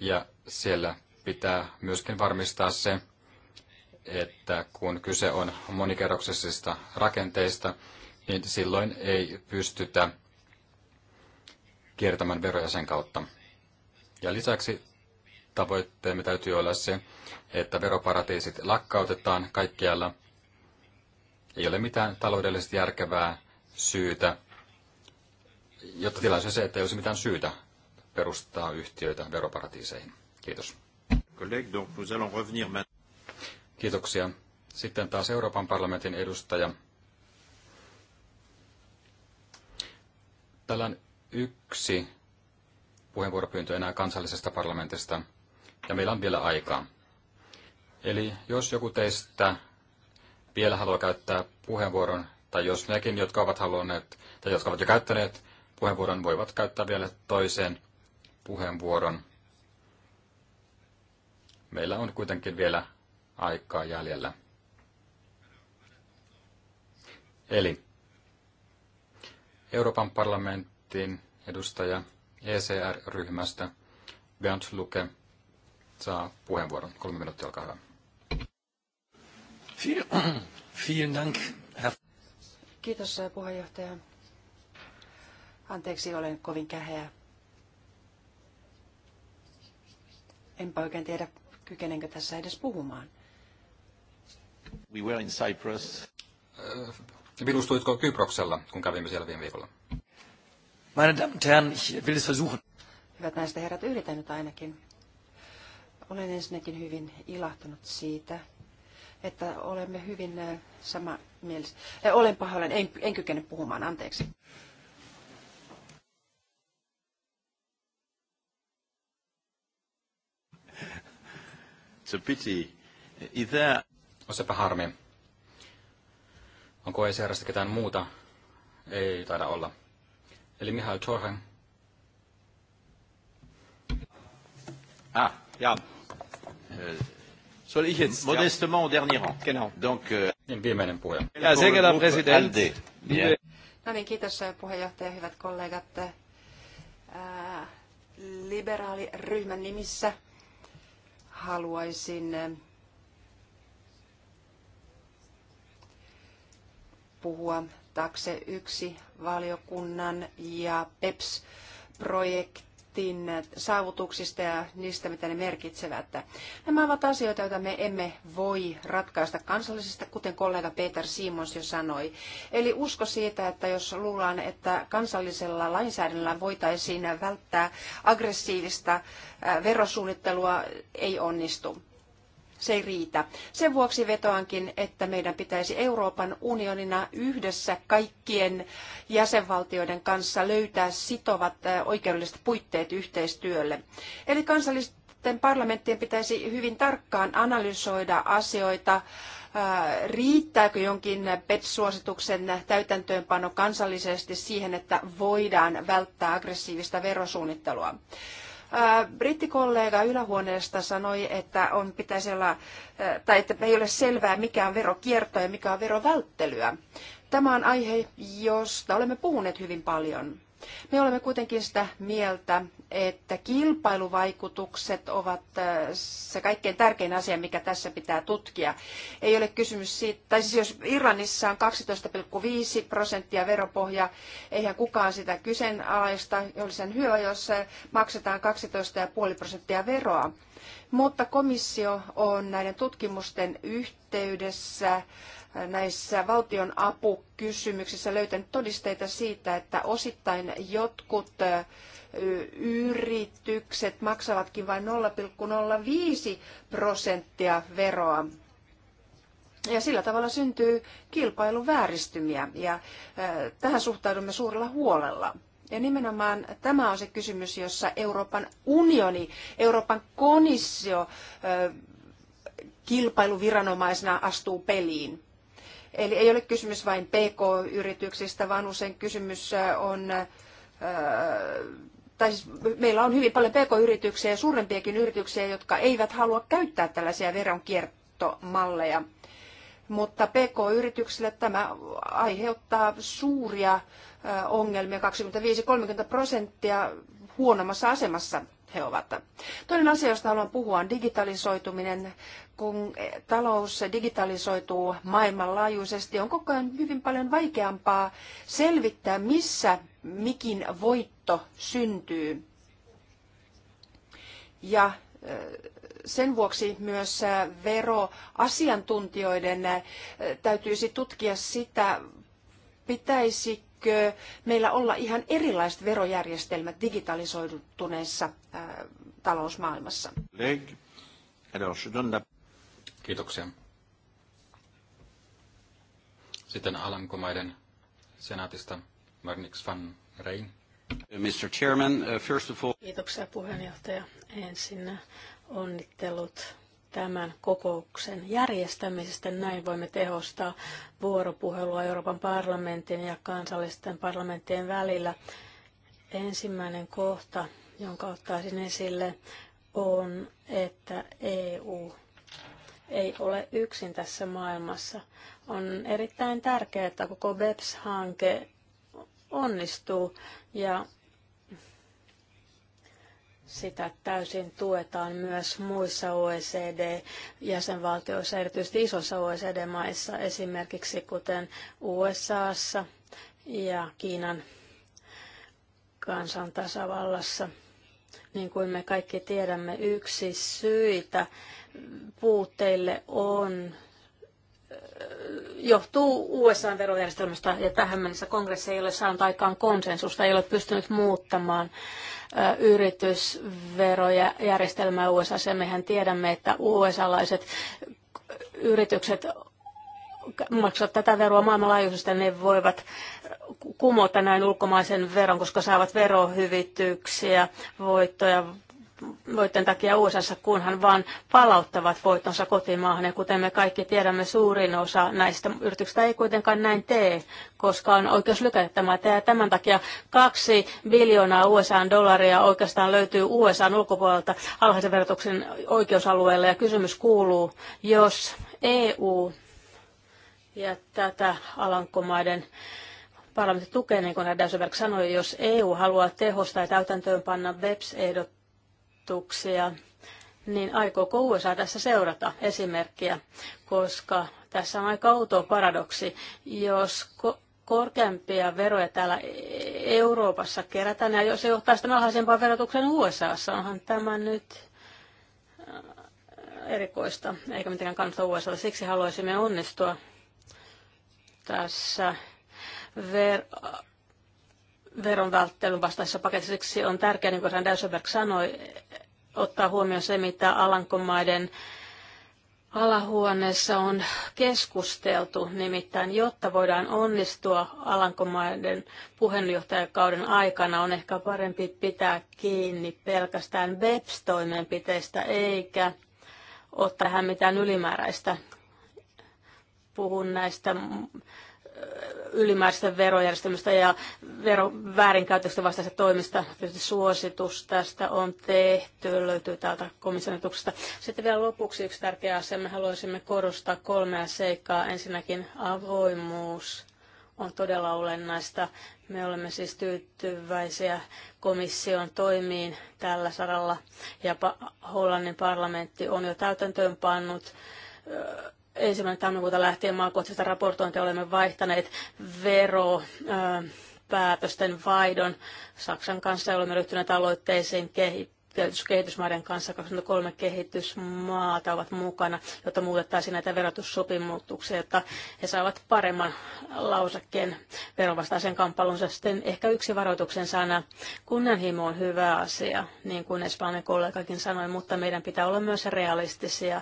Speaker 2: ja siellä pitää myöskin varmistaa se, että kun kyse on monikerroksisista rakenteista, niin silloin ei pystytä kiertämään veroja sen kautta. Ja lisäksi tavoitteemme täytyy olla se, että veroparatiisit lakkautetaan kaikkialla ei ole mitään taloudellisesti järkevää syytä, jotta tilanne on se, että ei olisi mitään syytä perustaa yhtiöitä veroparatiiseihin. Kiitos. Kiitoksia. Sitten taas Euroopan parlamentin edustaja. Täällä on yksi puheenvuoropyyntö enää kansallisesta parlamentista, ja meillä on vielä aikaa. Eli jos joku teistä vielä haluaa käyttää puheenvuoron, tai jos nekin, jotka ovat halunneet, tai jotka ovat jo käyttäneet puheenvuoron, voivat käyttää vielä toisen puheenvuoron. Meillä on kuitenkin vielä aikaa jäljellä. Eli Euroopan parlamentin edustaja ECR-ryhmästä Bernd Luke saa puheenvuoron. Kolme minuuttia, olkaa hyvä.
Speaker 5: Vielen Dank.
Speaker 4: Kiitos äh, puheenjohtaja. Anteeksi, olen kovin käheä. Enpä oikein tiedä, kykenenkö tässä edes puhumaan.
Speaker 2: We were in Cyprus. Äh, vilustuitko Kyproksella, kun kävimme siellä viime viikolla?
Speaker 5: Meine Damen und Herren, ich will es versuchen.
Speaker 4: Hyvät naiset ja herrat, yritän nyt ainakin. Olen ensinnäkin hyvin ilahtunut siitä, että olemme hyvin äh, sama mielessä. Äh, olen pahoillani, en, en kykene puhumaan, anteeksi.
Speaker 1: It's a pity. there... On sepä
Speaker 2: harmi. Onko ECRstä ketään muuta? Ei taida olla. Eli Mihail Torhen.
Speaker 1: Ah, ja. Äh, se oli jetzt modestement au dernier rang. Genau. Donc, euh, niin, viimeinen puhuja. Ja Segedä president. Yeah.
Speaker 4: No niin, kiitos äh, puheenjohtaja, hyvät kollegat. Ää, äh, liberaaliryhmän nimissä haluaisin äh, puhua takse yksi valiokunnan ja PEPS-projekti puhuttiin saavutuksista ja niistä, mitä ne merkitsevät. Nämä ovat asioita, joita me emme voi ratkaista kansallisesti, kuten kollega Peter Simons jo sanoi. Eli usko siitä, että jos luullaan, että kansallisella lainsäädännöllä voitaisiin välttää aggressiivista verosuunnittelua, ei onnistu se ei riitä. Sen vuoksi vetoankin, että meidän pitäisi Euroopan unionina yhdessä kaikkien jäsenvaltioiden kanssa löytää sitovat oikeudelliset puitteet yhteistyölle. Eli kansallisten parlamenttien pitäisi hyvin tarkkaan analysoida asioita, riittääkö jonkin PET-suosituksen täytäntöönpano kansallisesti siihen, että voidaan välttää aggressiivista verosuunnittelua. Äh, brittikollega ylähuoneesta sanoi, että on, pitäisi olla, äh, tai että ei ole selvää, mikä on verokiertoa ja mikä on verovälttelyä. Tämä on aihe, josta olemme puhuneet hyvin paljon. Me olemme kuitenkin sitä mieltä, että kilpailuvaikutukset ovat äh, se kaikkein tärkein asia, mikä tässä pitää tutkia. Ei ole kysymys siitä, tai siis jos Irlannissa on 12,5 prosenttia veropohja, eihän kukaan sitä kyseenalaista, olisi sen hyvä, jos maksetaan 12,5 prosenttia veroa. Mutta komissio on näiden tutkimusten yhteydessä äh, näissä valtion apukysymyksissä löytänyt todisteita siitä, että osittain jotkut äh, yritykset maksavatkin vain 0,05 prosenttia veroa. Ja sillä tavalla syntyy kilpailuvääristymiä ja äh, tähän suhtaudumme suurella huolella. Ja nimenomaan tämä on se kysymys, jossa Euroopan unioni, Euroopan komissio kilpailuviranomaisena astuu peliin. Eli ei ole kysymys vain PK-yrityksistä, vaan usein kysymys on, tai siis meillä on hyvin paljon PK-yrityksiä ja suurempiakin yrityksiä, jotka eivät halua käyttää tällaisia veronkiertomalleja mutta PK-yrityksille tämä aiheuttaa suuria ongelmia, 25-30 prosenttia huonommassa asemassa he ovat. Toinen asia, josta haluan puhua, on digitalisoituminen. Kun talous digitalisoituu maailmanlaajuisesti, on koko ajan hyvin paljon vaikeampaa selvittää, missä mikin voitto syntyy. Ja sen vuoksi myös äh, veroasiantuntijoiden äh, täytyisi tutkia sitä, pitäisikö meillä olla ihan erilaiset verojärjestelmät digitalisoituneessa äh, talousmaailmassa.
Speaker 1: Kiitoksia.
Speaker 2: Sitten Alankomaiden senaatista Marnix van Rein. Mr. Chairman, uh, first of all...
Speaker 3: Kiitoksia puheenjohtaja. Ensin Onnittelut tämän kokouksen järjestämisestä. Näin voimme tehostaa vuoropuhelua Euroopan parlamentin ja kansallisten parlamenttien välillä. Ensimmäinen kohta, jonka ottaisin esille, on, että EU ei ole yksin tässä maailmassa. On erittäin tärkeää, että koko BEPS-hanke onnistuu ja sitä täysin tuetaan myös muissa OECD-jäsenvaltioissa, erityisesti isoissa OECD-maissa, esimerkiksi kuten USAssa ja Kiinan kansantasavallassa. Niin kuin me kaikki tiedämme, yksi syitä puutteille on johtuu USAn verojärjestelmästä ja tähän mennessä kongressi ei ole saanut aikaan konsensusta, ei ole pystynyt muuttamaan yritysverojärjestelmää USA. Ja mehän tiedämme, että USA-laiset yritykset maksavat tätä veroa maailmanlaajuisesti, ne voivat kumota näin ulkomaisen veron, koska saavat verohyvityksiä, voittoja voitteen takia USA, kunhan vaan palauttavat voittonsa kotimaahan. Ja kuten me kaikki tiedämme, suurin osa näistä yrityksistä ei kuitenkaan näin tee, koska on oikeus lykätä tämä. Ja tämän takia kaksi biljoonaa USA-dollaria oikeastaan löytyy USAn ulkopuolelta alhaisen verotuksen oikeusalueelle. Ja kysymys kuuluu, jos EU ja tätä Alankomaiden parlamentti tukee, niin kuin Herr sanoi, jos EU haluaa tehostaa ja täytäntöönpanna BEPS-ehdot vaikutuksia, niin aikooko USA tässä seurata esimerkkiä, koska tässä on aika outo paradoksi. Jos ko- korkeampia veroja täällä Euroopassa kerätään, ja jos se johtaa sitten alhaisempaan verotukseen USAssa, onhan tämä nyt äh, erikoista, eikä mitenkään kannata USA. Siksi haluaisimme onnistua tässä ver- veron välttelyn vastaisessa paketissa. Siksi on tärkeää, niin kuin Däysenberg sanoi, ottaa huomioon se, mitä Alankomaiden alahuoneessa on keskusteltu, nimittäin jotta voidaan onnistua Alankomaiden puheenjohtajakauden aikana, on ehkä parempi pitää kiinni pelkästään BEPS-toimenpiteistä, eikä ottaa tähän mitään ylimääräistä. Puhun näistä ylimääräistä verojärjestelmistä ja veroväärinkäytöstä vastaisesta toimista. Tietysti suositus tästä on tehty, löytyy täältä komission Sitten vielä lopuksi yksi tärkeä asia. Me haluaisimme korostaa kolmea seikkaa. Ensinnäkin avoimuus on todella olennaista. Me olemme siis tyytyväisiä komission toimiin tällä saralla ja Hollannin parlamentti on jo täytäntöönpannut ensimmäinen tammikuuta lähtien maakohtaisesta raportointia olemme vaihtaneet vero päätösten vaihdon Saksan kanssa ja olemme ryhtyneet aloitteisiin kehitysmaiden kanssa. 23 kehitysmaata ovat mukana, jotta muutettaisiin näitä verotussopimuksia, jotta he saavat paremman lausekkeen verovastaisen kamppailunsa. Sitten ehkä yksi varoituksen sana. Kunnanhimo on hyvä asia, niin kuin espanjan kollegakin sanoi, mutta meidän pitää olla myös realistisia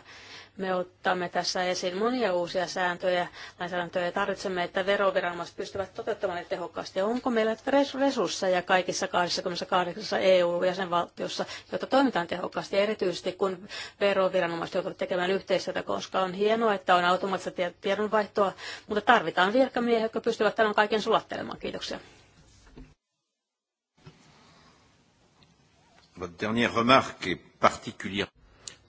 Speaker 3: me otamme tässä esiin monia uusia sääntöjä, lainsäädäntöjä ja tarvitsemme, että veroviranomaiset pystyvät toteuttamaan ne tehokkaasti. Onko meillä resursseja kaikissa 28 EU-jäsenvaltiossa, jotta toimitaan tehokkaasti, erityisesti kun veroviranomaiset joutuvat tekemään yhteistyötä, koska on hienoa, että on automaattista tiedonvaihtoa, mutta tarvitaan virkamiehiä, jotka pystyvät tämän kaiken sulattelemaan. Kiitoksia.
Speaker 1: Votre dernière remarque est
Speaker 2: particulière.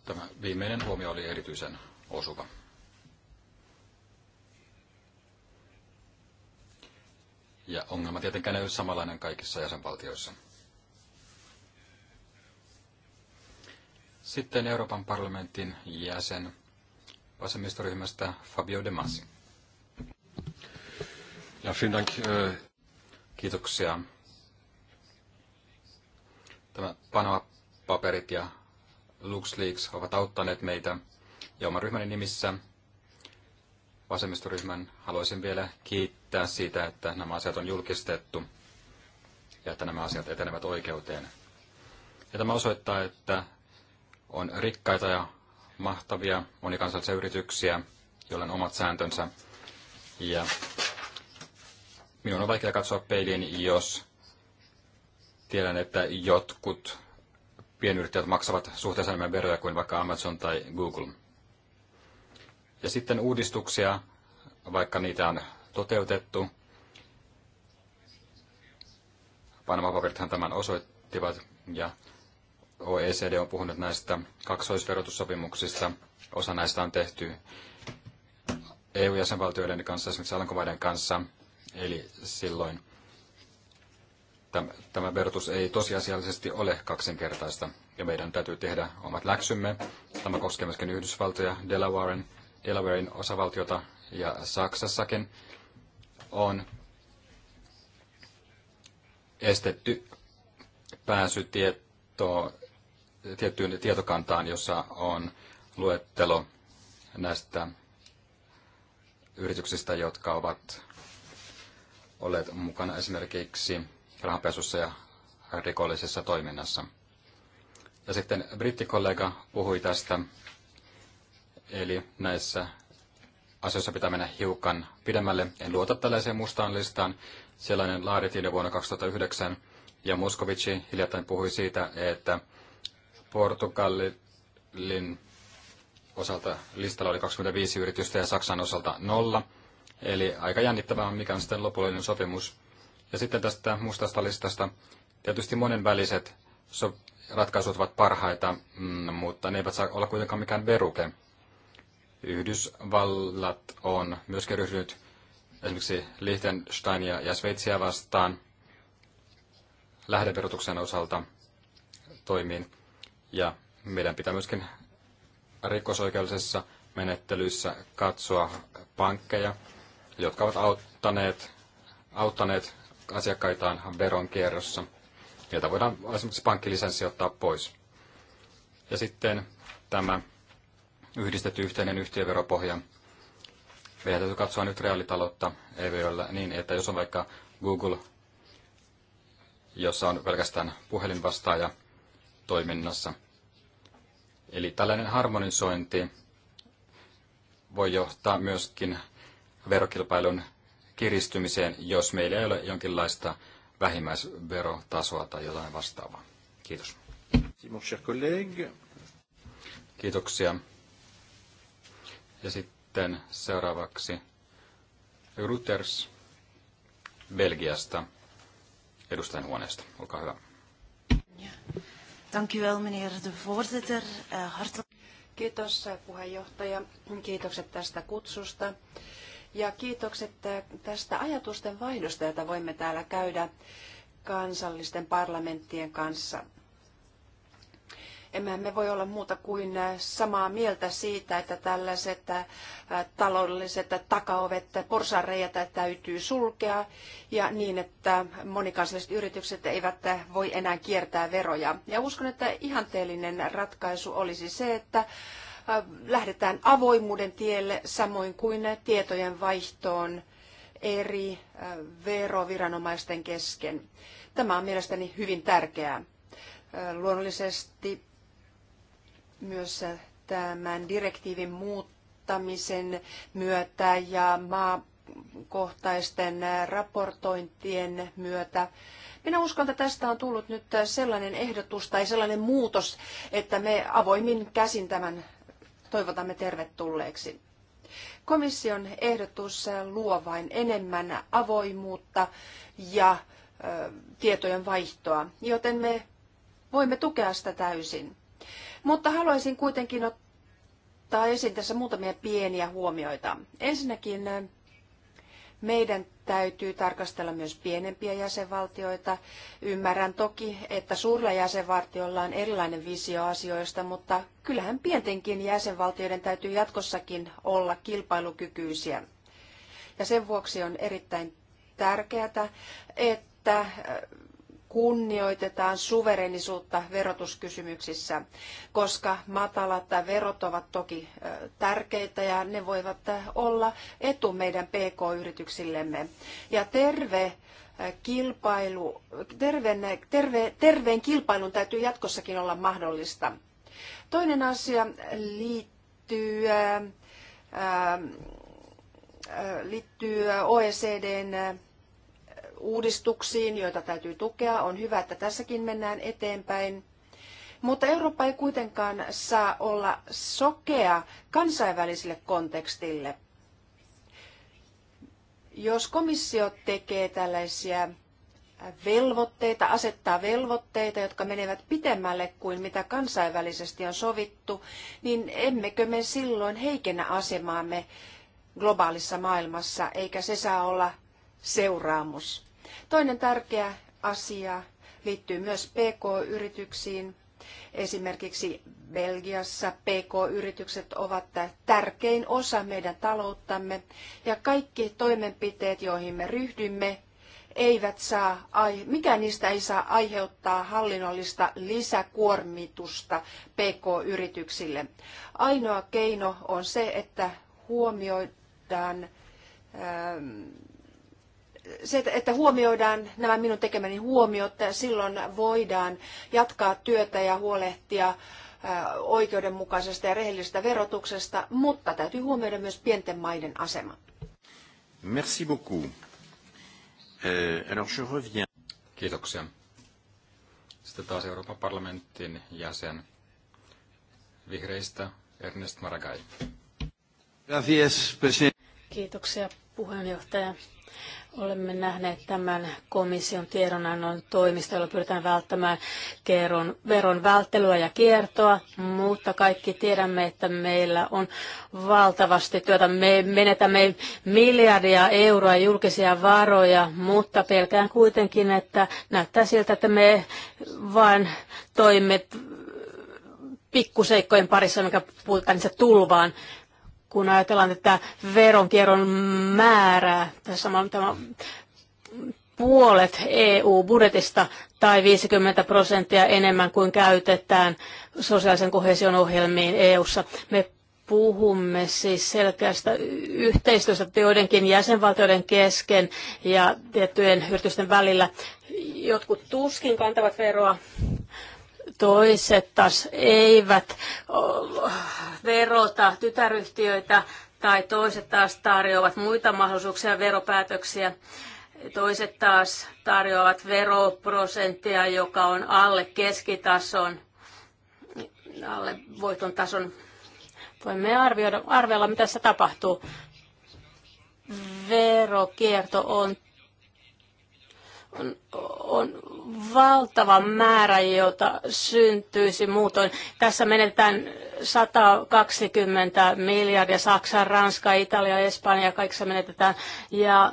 Speaker 2: Tämä viimeinen huomio oli erityisen osuva. Ja ongelma tietenkään ei ole samanlainen kaikissa jäsenvaltioissa. Sitten Euroopan parlamentin jäsen vasemmistoryhmästä Fabio De Masi. Ja Dank. Äh, Kiitoksia. Tämä panoa paperit ja LuxLeaks ovat auttaneet meitä. Ja oman ryhmäni nimissä vasemmistoryhmän haluaisin vielä kiittää siitä, että nämä asiat on julkistettu ja että nämä asiat etenevät oikeuteen. Ja tämä osoittaa, että on rikkaita ja mahtavia monikansallisia yrityksiä, joilla on omat sääntönsä. Ja minun on vaikea katsoa peiliin, jos tiedän, että jotkut pienyrittäjät maksavat suhteessa enemmän veroja kuin vaikka Amazon tai Google. Ja sitten uudistuksia, vaikka niitä on toteutettu. Panama-paperithan tämän osoittivat ja OECD on puhunut näistä kaksoisverotussopimuksista. Osa näistä on tehty EU-jäsenvaltioiden kanssa, esimerkiksi Alankovaiden kanssa, eli silloin tämä verotus ei tosiasiallisesti ole kaksinkertaista, ja meidän täytyy tehdä omat läksymme. Tämä koskee myöskin Yhdysvaltoja, Delawaren, Delawarein osavaltiota ja Saksassakin on estetty pääsy tieto, tiettyyn tietokantaan, jossa on luettelo näistä yrityksistä, jotka ovat olleet mukana esimerkiksi rahanpesussa ja rikollisessa toiminnassa. Ja sitten brittikollega puhui tästä, eli näissä asioissa pitää mennä hiukan pidemmälle. En luota tällaiseen mustaan listaan. Sellainen laadittiin jo vuonna 2009, ja Moskovici hiljattain puhui siitä, että Portugalin osalta listalla oli 25 yritystä ja Saksan osalta nolla. Eli aika jännittävää mikä on sitten lopullinen sopimus. Ja sitten tästä mustasta listasta. Tietysti monenväliset so- ratkaisut ovat parhaita, mm, mutta ne eivät saa olla kuitenkaan mikään veruke. Yhdysvallat on myöskin ryhdynyt esimerkiksi Liechtensteinia ja Sveitsiä vastaan lähdeverotuksen osalta toimiin. Ja meidän pitää myöskin rikosoikeudellisessa menettelyissä katsoa pankkeja, jotka ovat auttaneet, auttaneet asiakkaitaan veronkierrossa. Sieltä voidaan esimerkiksi pankkilisenssi ottaa pois. Ja sitten tämä yhdistetty yhteinen yhtiöveropohja. Meidän täytyy katsoa nyt reaalitaloutta EVOlla niin, että jos on vaikka Google, jossa on pelkästään puhelinvastaaja toiminnassa. Eli tällainen harmonisointi voi johtaa myöskin verokilpailun kiristymiseen, jos meillä ei ole jonkinlaista vähimmäisverotasoa tai jotain vastaavaa. Kiitos. Kiitoksia. Ja sitten seuraavaksi Reuters Belgiasta edustajan huoneesta. Olkaa hyvä.
Speaker 4: Dank wel, meneer de voorzitter. Eh, hartelijk... Kiitos eh, puheenjohtaja. Kiitokset tästä kutsusta. Ja kiitokset tästä ajatusten vaihdosta, jota voimme täällä käydä kansallisten parlamenttien kanssa. Emme me voi olla muuta kuin samaa mieltä siitä, että tällaiset äh, taloudelliset takaovet, porsareijät täytyy sulkea ja niin, että monikansalliset yritykset eivät voi enää kiertää veroja. Ja uskon, että ihanteellinen ratkaisu olisi se, että lähdetään avoimuuden tielle samoin kuin tietojen vaihtoon eri veroviranomaisten kesken. Tämä on mielestäni hyvin tärkeää. Luonnollisesti myös tämän direktiivin muuttamisen myötä ja maakohtaisten raportointien myötä. Minä uskon, että tästä on tullut nyt sellainen ehdotus tai sellainen muutos, että me avoimin käsin tämän toivotamme tervetulleeksi. Komission ehdotus luo vain enemmän avoimuutta ja tietojen vaihtoa, joten me voimme tukea sitä täysin. Mutta haluaisin kuitenkin ottaa esiin tässä muutamia pieniä huomioita. Ensinnäkin meidän täytyy tarkastella myös pienempiä jäsenvaltioita. Ymmärrän toki, että suurilla jäsenvaltioilla on erilainen visio asioista, mutta kyllähän pientenkin jäsenvaltioiden täytyy jatkossakin olla kilpailukykyisiä. Ja sen vuoksi on erittäin tärkeää, että kunnioitetaan suverenisuutta verotuskysymyksissä, koska matalat verot ovat toki tärkeitä ja ne voivat olla etu meidän PK-yrityksillemme. Ja terve kilpailu, terveen, terve, terveen kilpailun täytyy jatkossakin olla mahdollista. Toinen asia liittyy, ää, liittyy OECDn uudistuksiin, joita täytyy tukea. On hyvä, että tässäkin mennään eteenpäin. Mutta Eurooppa ei kuitenkaan saa olla sokea kansainväliselle kontekstille. Jos komissio tekee tällaisia velvoitteita, asettaa velvoitteita, jotka menevät pitemmälle kuin mitä kansainvälisesti on sovittu, niin emmekö me silloin heikennä asemaamme globaalissa maailmassa, eikä se saa olla seuraamus. Toinen tärkeä asia liittyy myös PK-yrityksiin. Esimerkiksi Belgiassa PK-yritykset ovat tärkein osa meidän talouttamme ja kaikki toimenpiteet, joihin me ryhdymme, eivät saa, mikä niistä ei saa aiheuttaa hallinnollista lisäkuormitusta PK-yrityksille. Ainoa keino on se, että huomioidaan ähm, se, että huomioidaan nämä minun tekemäni huomiot, silloin voidaan jatkaa työtä ja huolehtia oikeudenmukaisesta ja rehellisestä verotuksesta, mutta täytyy huomioida myös pienten maiden asema.
Speaker 1: Merci beaucoup. Euh, alors je reviens.
Speaker 2: Kiitoksia. Sitten taas Euroopan parlamentin jäsen vihreistä Ernest Gracias,
Speaker 3: Kiitoksia puheenjohtaja. Olemme nähneet tämän komission tiedonannon toimista, jolla pyritään välttämään keron, veron välttelyä ja kiertoa, mutta kaikki tiedämme, että meillä on valtavasti työtä. Me menetämme miljardia euroa julkisia varoja, mutta pelkään kuitenkin, että näyttää siltä, että me vain toimme pikkuseikkojen parissa, mikä puhutaan niissä tulvaan kun ajatellaan tätä veronkierron määrää, tässä on tämä puolet EU-budjetista tai 50 prosenttia enemmän kuin käytetään sosiaalisen kohesion ohjelmiin EU:ssa. Me puhumme siis selkeästä yhteistyöstä joidenkin jäsenvaltioiden kesken ja tiettyjen yritysten välillä. Jotkut tuskin kantavat veroa Toiset taas eivät verota tytäryhtiöitä tai toiset taas tarjoavat muita mahdollisuuksia veropäätöksiä. Toiset taas tarjoavat veroprosenttia, joka on alle keskitason, alle voiton tason. Voimme arvioida, arvella, mitä se tapahtuu. Verokierto on, on, on valtava määrä, jota syntyisi muutoin. Tässä menetään 120 miljardia, Saksa, Ranska, Italia, Espanja, kaikissa menetetään. Ja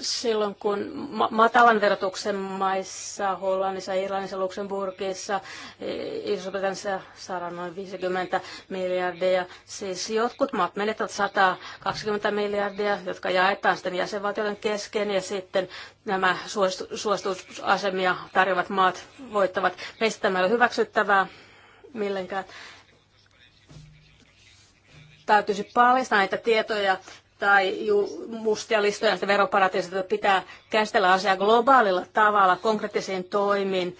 Speaker 3: silloin, kun matalan verotuksen maissa, Hollannissa, Irlannissa, Luxemburgissa, iso britannissa saadaan noin 50 miljardia. Siis jotkut maat menettävät 120 miljardia, jotka jaetaan sitten jäsenvaltioiden kesken ja sitten nämä suostusasemia tarjoavat maat voittavat. Meistä tämä ei ole hyväksyttävää millenkään täytyisi paljastaa näitä tietoja tai mustia listoja sitä veroparatiisit pitää käsitellä asiaa globaalilla tavalla, konkreettisiin toimiin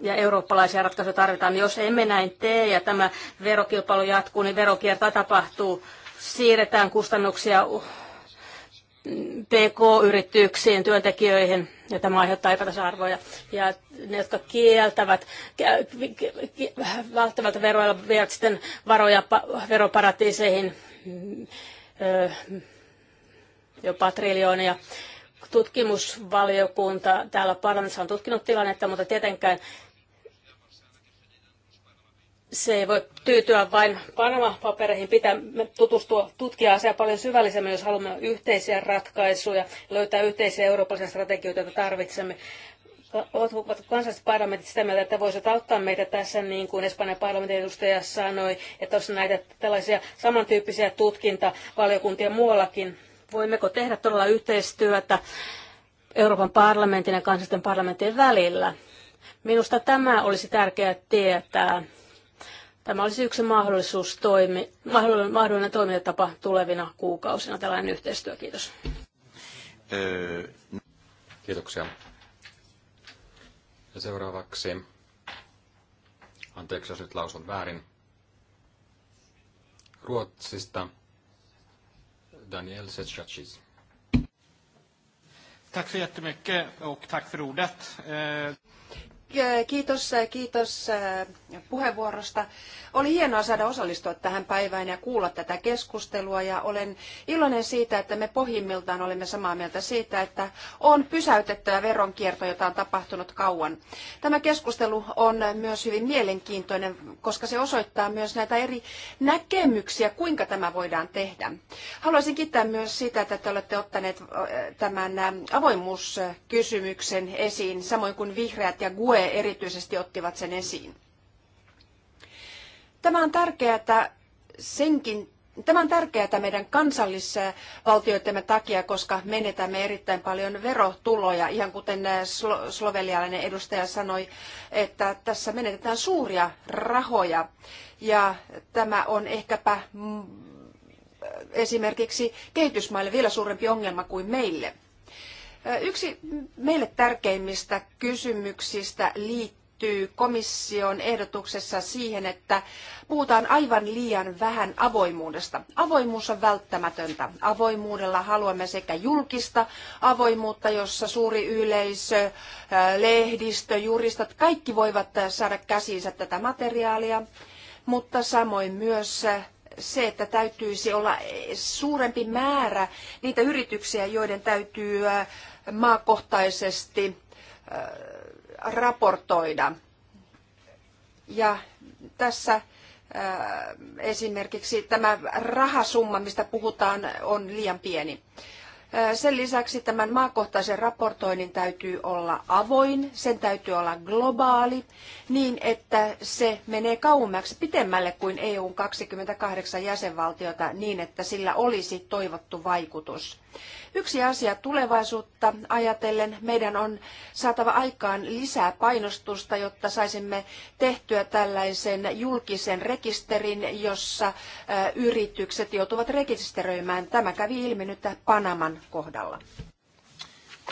Speaker 3: ja eurooppalaisia ratkaisuja tarvitaan. Jos emme näin tee ja tämä verokilpailu jatkuu, niin verokierta tapahtuu. Siirretään kustannuksia PK-yrityksiin, työntekijöihin, ja tämä aiheuttaa epätasa-arvoja. Ja ne, jotka kieltävät, välttämättä veroilla vievät sitten varoja veroparatiiseihin, jopa triljoonia. Tutkimusvaliokunta täällä parlamentissa on tutkinut tilannetta, mutta tietenkään se ei voi tyytyä vain Panama-papereihin. Pitää tutustua, tutkia asiaa paljon syvällisemmin, jos haluamme yhteisiä ratkaisuja, löytää yhteisiä eurooppalaisia strategioita, joita tarvitsemme. Oletko kansalliset parlamentit sitä mieltä, että voisit auttaa meitä tässä, niin kuin Espanjan parlamentin edustaja sanoi, että olisi näitä tällaisia samantyyppisiä tutkintavaliokuntia muuallakin? Voimmeko tehdä todella yhteistyötä Euroopan parlamentin ja kansallisten parlamentin välillä? Minusta tämä olisi tärkeää tietää. Tämä olisi yksi mahdollisuus toimi, mahdollinen, mahdollinen toimintatapa tulevina kuukausina, tällainen yhteistyö. Kiitos.
Speaker 2: Kiitoksia. Ja seuraavaksi, anteeksi jos nyt lausun väärin, Ruotsista Daniel Setschacis.
Speaker 1: Tack så jättemycket och tack för ordet.
Speaker 2: Eh,
Speaker 4: Kiitos, kiitos äh, puheenvuorosta. Oli hienoa saada osallistua tähän päivään ja kuulla tätä keskustelua ja olen iloinen siitä, että me pohjimmiltaan olemme samaa mieltä siitä, että on pysäytettävä veronkierto, jota on tapahtunut kauan. Tämä keskustelu on myös hyvin mielenkiintoinen, koska se osoittaa myös näitä eri näkemyksiä, kuinka tämä voidaan tehdä. Haluaisin kiittää myös sitä, että te olette ottaneet äh, tämän äh, avoimuuskysymyksen esiin, samoin kuin vihreät ja GUE Gue erityisesti ottivat sen esiin. Tämä on tärkeää, senkin Tämä on tärkeää meidän kansallisvaltioittemme takia, koska menetämme erittäin paljon verotuloja, ihan kuten äh, slovelialainen edustaja sanoi, että tässä menetetään suuria rahoja. Ja tämä on ehkäpä mm, äh, esimerkiksi kehitysmaille vielä suurempi ongelma kuin meille. Yksi meille tärkeimmistä kysymyksistä liittyy komission ehdotuksessa siihen, että puhutaan aivan liian vähän avoimuudesta. Avoimuus on välttämätöntä. Avoimuudella haluamme sekä julkista avoimuutta, jossa suuri yleisö, lehdistö, juristat, kaikki voivat saada käsiinsä tätä materiaalia, mutta samoin myös se, että täytyisi olla suurempi määrä niitä yrityksiä, joiden täytyy maakohtaisesti äh, raportoida. Ja tässä äh, esimerkiksi tämä rahasumma, mistä puhutaan, on liian pieni. Äh, sen lisäksi tämän maakohtaisen raportoinnin täytyy olla avoin, sen täytyy olla globaali, niin että se menee kauemmaksi pitemmälle kuin EUn 28 jäsenvaltiota niin, että sillä olisi toivottu vaikutus. Yksi asia tulevaisuutta ajatellen, meidän on saatava aikaan lisää painostusta, jotta saisimme tehtyä tällaisen julkisen rekisterin, jossa yritykset joutuvat rekisteröimään. Tämä kävi ilmi nyt Panaman kohdalla.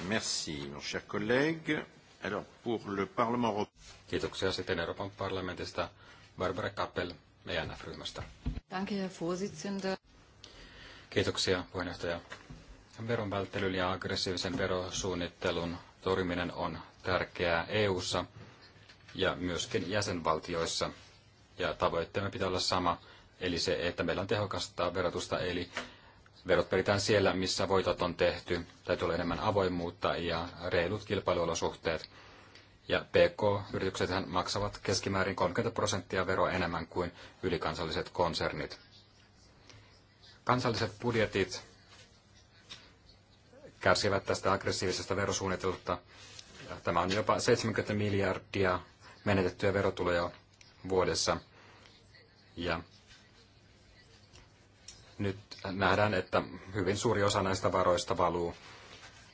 Speaker 1: Merci, mon cher collègue.
Speaker 2: Alors, pour le Parlement Kiitoksia sitten Euroopan parlamentista Barbara Kappel e ryhmästä Kiitoksia, puheenjohtaja välttelyn ja aggressiivisen verosuunnittelun torjuminen on tärkeää EU:ssa ja myöskin jäsenvaltioissa. Ja tavoitteemme pitää olla sama, eli se, että meillä on tehokasta verotusta, eli verot peritään siellä, missä voitot on tehty. Täytyy olla enemmän avoimuutta ja reilut kilpailuolosuhteet. Ja PK-yritykset maksavat keskimäärin 30 prosenttia veroa enemmän kuin ylikansalliset konsernit. Kansalliset budjetit kärsivät tästä aggressiivisesta verosuunnittelusta. Tämä on jopa 70 miljardia menetettyjä verotuloja vuodessa. Ja nyt nähdään, että hyvin suuri osa näistä varoista valuu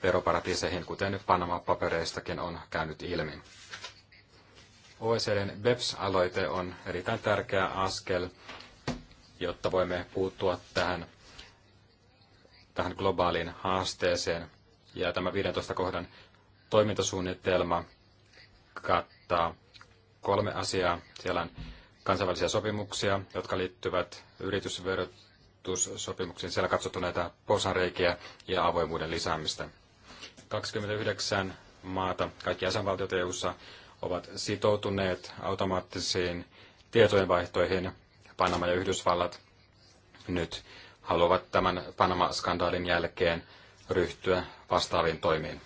Speaker 2: veroparatiiseihin, kuten Panama-papereistakin on käynyt ilmi. OECDn BEPS-aloite on erittäin tärkeä askel, jotta voimme puuttua tähän tähän globaaliin haasteeseen. Ja tämä 15 kohdan toimintasuunnitelma kattaa kolme asiaa. Siellä on kansainvälisiä sopimuksia, jotka liittyvät yritysverotussopimuksiin. Siellä katsottu näitä porsanreikiä ja avoimuuden lisäämistä. 29 maata, kaikki jäsenvaltiot eu ovat sitoutuneet automaattisiin tietojenvaihtoihin, Panama ja Yhdysvallat nyt haluavat tämän Panama-skandaalin jälkeen ryhtyä vastaaviin toimiin.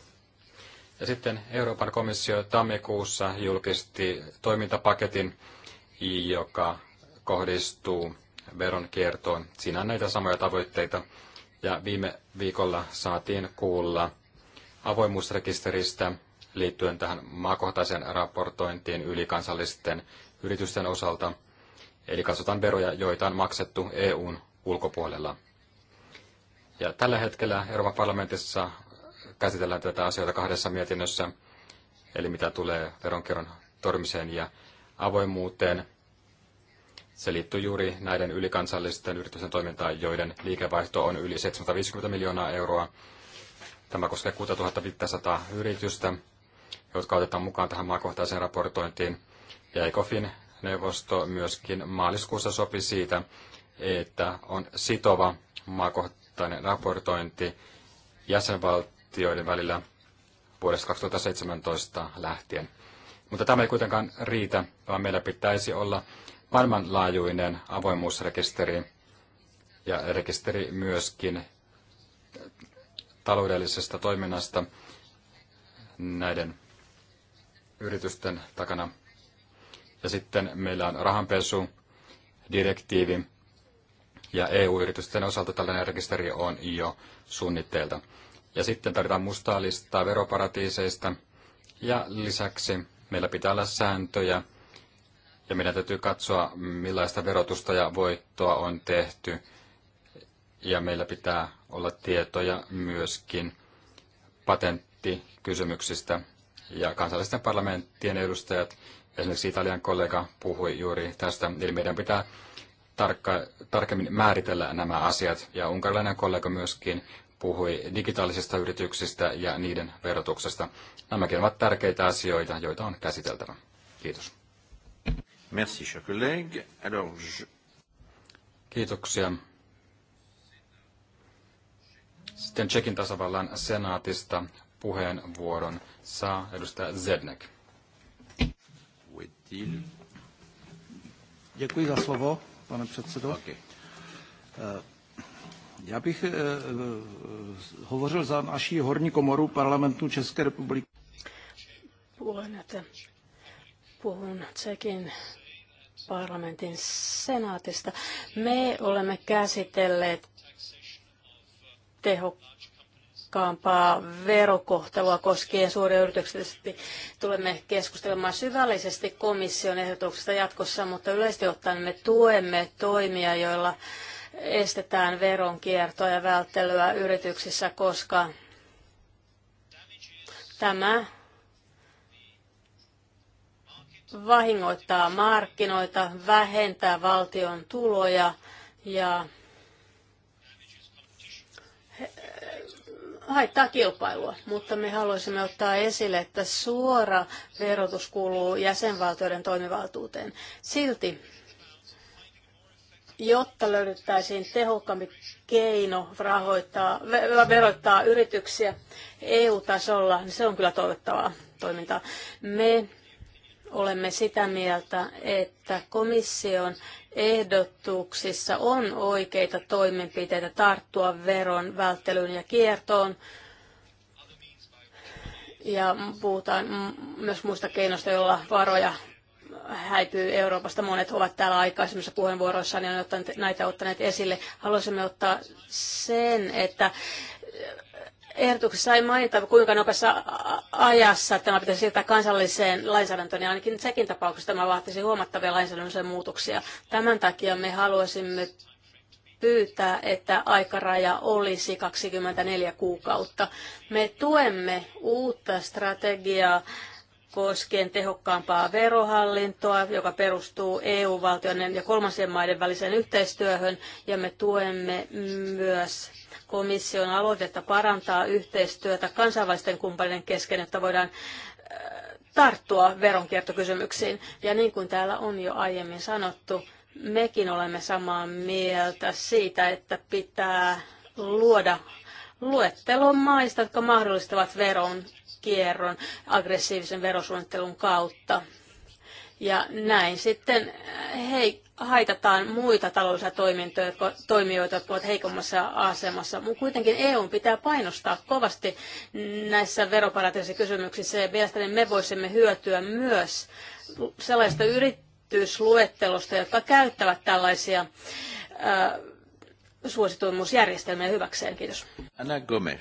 Speaker 2: Ja sitten Euroopan komissio tammikuussa julkisti toimintapaketin, joka kohdistuu veronkiertoon. Siinä on näitä samoja tavoitteita. Ja viime viikolla saatiin kuulla avoimuusrekisteristä liittyen tähän maakohtaiseen raportointiin ylikansallisten yritysten osalta. Eli katsotaan veroja, joita on maksettu EUn ulkopuolella. Ja tällä hetkellä Euroopan parlamentissa käsitellään tätä asioita kahdessa mietinnössä, eli mitä tulee veronkierron torjumiseen ja avoimuuteen. Se liittyy juuri näiden ylikansallisten yritysten toimintaan, joiden liikevaihto on yli 750 miljoonaa euroa. Tämä koskee 6500 yritystä, jotka otetaan mukaan tähän maakohtaiseen raportointiin. Ja ECOFIN neuvosto myöskin maaliskuussa sopi siitä, että on sitova maakohtainen raportointi jäsenvaltioiden välillä vuodesta 2017 lähtien. Mutta tämä ei kuitenkaan riitä, vaan meillä pitäisi olla maailmanlaajuinen avoimuusrekisteri ja rekisteri myöskin taloudellisesta toiminnasta näiden yritysten takana. Ja sitten meillä on rahanpesu, direktiivi, ja EU-yritysten osalta tällainen rekisteri on jo suunnitteilta. Ja sitten tarvitaan mustaa listaa veroparatiiseista. Ja lisäksi meillä pitää olla sääntöjä. Ja meidän täytyy katsoa, millaista verotusta ja voittoa on tehty. Ja meillä pitää olla tietoja myöskin patenttikysymyksistä. Ja kansallisten parlamenttien edustajat, esimerkiksi Italian kollega puhui juuri tästä, eli meidän pitää tarkka, tarkemmin määritellä nämä asiat. Ja unkarilainen kollega myöskin puhui digitaalisista yrityksistä ja niiden verotuksesta. Nämäkin ovat tärkeitä asioita, joita on käsiteltävä. Kiitos. Merci, cher collègue. Alors, je... Kiitoksia. Sitten Tsekin tasavallan senaatista puheenvuoron saa edustaja Zednek.
Speaker 5: Děkuji za slovo
Speaker 1: pane předsedo. Okay. Eh, já bych eh, eh, hovořil za naší horní komoru parlamentu České republiky.
Speaker 3: Puhun, puhun Tsekin parlamentin senaatista. Me olemme käsitelleet tehokkaasti tehokkaampaa verokohtelua koskien suuria yrityksiä. Tulemme keskustelemaan syvällisesti komission ehdotuksesta jatkossa, mutta yleisesti ottaen me tuemme toimia, joilla estetään veronkiertoa ja välttelyä yrityksissä, koska tämä vahingoittaa markkinoita, vähentää valtion tuloja ja haittaa kilpailua, mutta me haluaisimme ottaa esille, että suora verotus kuuluu jäsenvaltioiden toimivaltuuteen. Silti, jotta löydettäisiin tehokkaampi keino rahoittaa, verottaa yrityksiä EU-tasolla, niin se on kyllä toivottavaa toimintaa. Me olemme sitä mieltä, että komission ehdotuksissa on oikeita toimenpiteitä tarttua veron välttelyyn ja kiertoon. Ja puhutaan myös muista keinoista, joilla varoja häipyy Euroopasta. Monet ovat täällä aikaisemmissa ja niin ja näitä ottaneet esille. Haluaisimme ottaa sen, että ehdotuksessa ei mainita, kuinka nopeassa ajassa tämä pitäisi siirtää kansalliseen lainsäädäntöön, niin ainakin sekin tapauksessa tämä vaatisi huomattavia lainsäädännöllisiä muutoksia. Tämän takia me haluaisimme pyytää, että aikaraja olisi 24 kuukautta. Me tuemme uutta strategiaa koskien tehokkaampaa verohallintoa, joka perustuu EU-valtioiden ja kolmansien maiden väliseen yhteistyöhön, ja me tuemme myös komission aloitetta parantaa yhteistyötä kansainvälisten kumppaneiden kesken, että voidaan äh, tarttua veronkiertokysymyksiin. Ja niin kuin täällä on jo aiemmin sanottu, mekin olemme samaa mieltä siitä, että pitää luoda luettelo maista, jotka mahdollistavat veronkierron aggressiivisen verosuunnittelun kautta. Ja näin sitten äh, heik haitataan muita taloudellisia toimintoja, jotka, toimijoita, jotka ovat heikommassa asemassa. Mutta kuitenkin EU pitää painostaa kovasti näissä veroparatiisikysymyksissä ja mielestäni me voisimme hyötyä myös sellaista yritysluettelosta, jotka käyttävät tällaisia äh, suosituimmuusjärjestelmiä hyväkseen. Kiitos.
Speaker 2: Anna Gomes.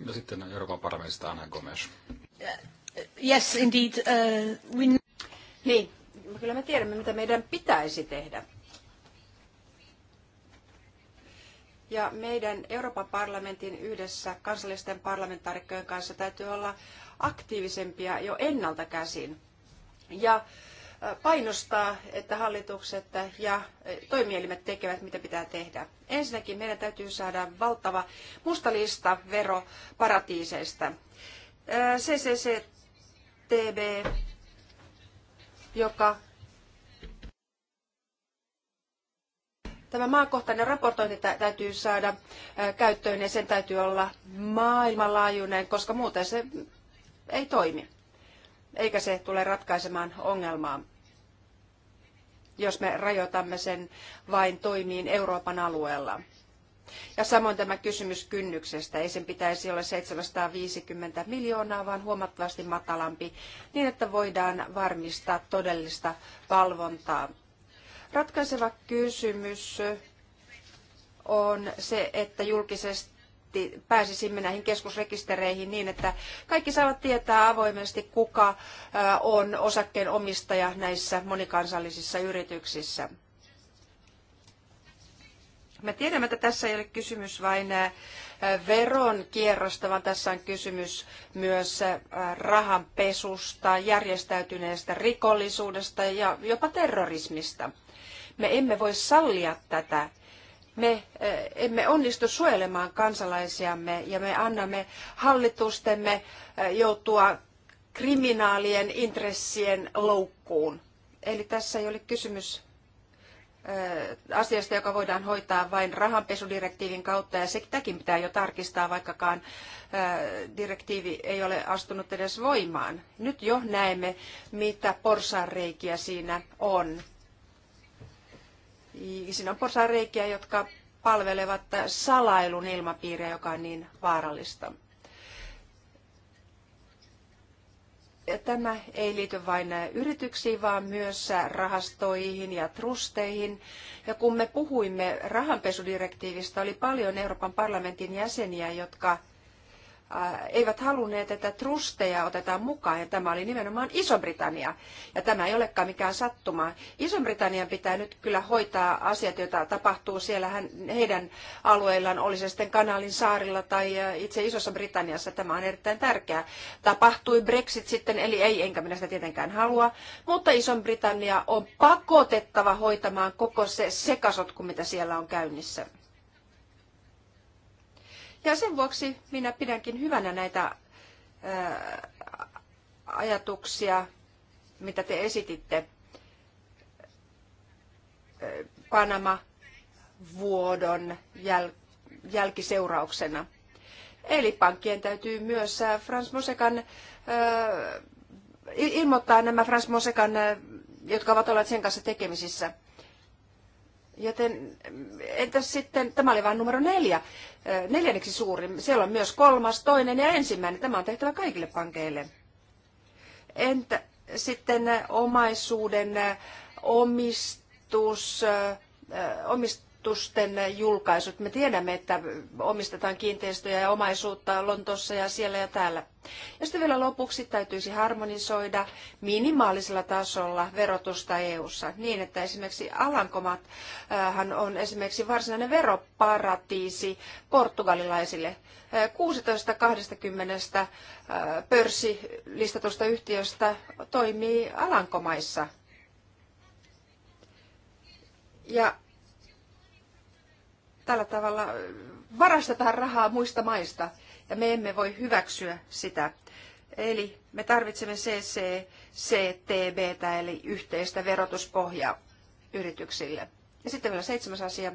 Speaker 2: Ja no sitten Euroopan parlamentista Anna Gomes.
Speaker 4: Yes, indeed. Uh, we... Niin, kyllä me tiedämme, mitä meidän pitäisi tehdä. Ja meidän Euroopan parlamentin yhdessä kansallisten parlamentaarikkojen kanssa täytyy olla aktiivisempia jo ennalta käsin ja painostaa, että hallitukset ja toimielimet tekevät, mitä pitää tehdä. Ensinnäkin meidän täytyy saada valtava mustalista veroparatiiseista. CCCTB joka tämä maakohtainen raportointi täytyy saada käyttöön ja sen täytyy olla maailmanlaajuinen, koska muuten se ei toimi. Eikä se tule ratkaisemaan ongelmaa, jos me rajoitamme sen vain toimiin Euroopan alueella. Ja samoin tämä kysymys kynnyksestä. Ei sen pitäisi olla 750 miljoonaa, vaan huomattavasti matalampi, niin että voidaan varmistaa todellista valvontaa. Ratkaiseva kysymys on se, että julkisesti pääsisimme näihin keskusrekistereihin niin, että kaikki saavat tietää avoimesti, kuka on osakkeenomistaja näissä monikansallisissa yrityksissä. Me tiedämme, että tässä ei ole kysymys vain äh, veron kierrosta, vaan tässä on kysymys myös äh, rahanpesusta, järjestäytyneestä rikollisuudesta ja jopa terrorismista. Me emme voi sallia tätä. Me äh, emme onnistu suojelemaan kansalaisiamme ja me annamme hallitustemme joutua kriminaalien intressien loukkuun. Eli tässä ei ole kysymys asiasta, joka voidaan hoitaa vain rahanpesudirektiivin kautta, ja sitäkin pitää jo tarkistaa, vaikkakaan direktiivi ei ole astunut edes voimaan. Nyt jo näemme, mitä porsaanreikiä siinä on. Siinä on porsaanreikiä, jotka palvelevat salailun ilmapiiriä, joka on niin vaarallista. tämä ei liity vain yrityksiin, vaan myös rahastoihin ja trusteihin. Ja kun me puhuimme rahanpesudirektiivistä, oli paljon Euroopan parlamentin jäseniä, jotka Äh, eivät halunneet, että trusteja otetaan mukaan, ja tämä oli nimenomaan Iso-Britannia. Ja tämä ei olekaan mikään sattuma. Iso-Britannian pitää nyt kyllä hoitaa asiat, joita tapahtuu siellä heidän alueillaan, oli se sitten Kanalin saarilla tai äh, itse Isossa Britanniassa. Tämä on erittäin tärkeää. Tapahtui Brexit sitten, eli ei, enkä minä sitä tietenkään halua, mutta Iso-Britannia on pakotettava hoitamaan koko se sekasotku, mitä siellä on käynnissä. Ja sen vuoksi minä pidänkin hyvänä näitä ää, ajatuksia, mitä te esititte. Panama-vuodon jäl, jälkiseurauksena. Eli pankkien täytyy myös Frans Mosekan ilmoittaa nämä Frans Mosekan, jotka ovat olleet sen kanssa tekemisissä – Joten entäs sitten, tämä oli vain numero neljä, neljänneksi suurin. Siellä on myös kolmas, toinen ja ensimmäinen. Tämä on tehtävä kaikille pankeille. Entä sitten omaisuuden omistus, omist, ilmoitusten julkaisut. Me tiedämme, että omistetaan kiinteistöjä ja omaisuutta Lontossa ja siellä ja täällä. Ja sitten vielä lopuksi täytyisi harmonisoida minimaalisella tasolla verotusta EU-ssa niin, että esimerkiksi Alankomathan äh, on esimerkiksi varsinainen veroparatiisi portugalilaisille. 16-20 äh, äh, pörssilistatusta yhtiöstä toimii Alankomaissa. Ja tällä tavalla äh, varastetaan rahaa muista maista ja me emme voi hyväksyä sitä. Eli me tarvitsemme CCCTB, eli yhteistä verotuspohjaa yrityksille. Ja sitten vielä seitsemäs asia.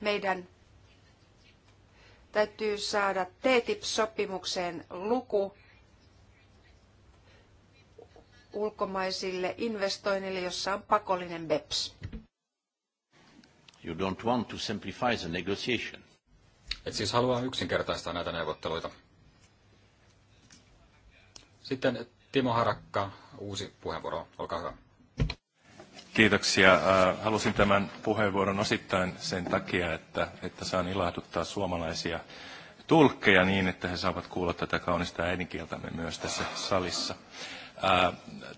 Speaker 4: Meidän täytyy saada TTIP-sopimukseen luku ulkomaisille investoinnille, jossa on pakollinen BEPS.
Speaker 1: You don't want to simplify the negotiation. Et siis haluaa
Speaker 2: yksinkertaistaa näitä neuvotteluita. Sitten Timo Harakka, uusi puheenvuoro. Olkaa hyvä.
Speaker 1: Kiitoksia. Äh, halusin tämän puheenvuoron osittain sen takia, että, että saan ilahduttaa suomalaisia tulkkeja niin, että he saavat kuulla tätä kaunista äidinkieltämme myös tässä salissa.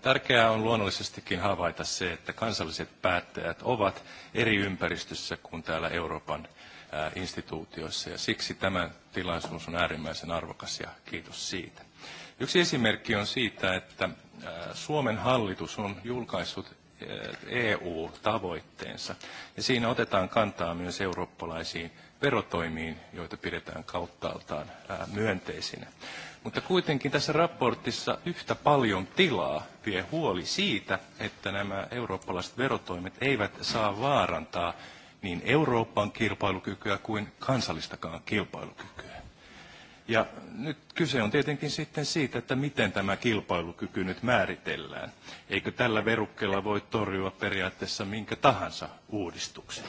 Speaker 1: Tärkeää on luonnollisestikin havaita se, että kansalliset päättäjät ovat eri ympäristössä kuin täällä Euroopan instituutioissa, ja siksi tämä tilaisuus on äärimmäisen arvokas, ja kiitos siitä. Yksi esimerkki on siitä, että Suomen hallitus on julkaissut EU-tavoitteensa. Ja siinä otetaan kantaa myös eurooppalaisiin verotoimiin, joita pidetään kauttaaltaan myönteisinä. Mutta kuitenkin tässä raportissa yhtä paljon tilaa vie huoli siitä, että nämä eurooppalaiset verotoimet eivät saa vaarantaa niin Euroopan kilpailukykyä kuin kansallistakaan kilpailukykyä. Ja nyt kyse on tietenkin sitten siitä, että miten tämä kilpailukyky nyt määritellään. Eikö tällä verukkeella voi torjua periaatteessa minkä tahansa uudistuksen?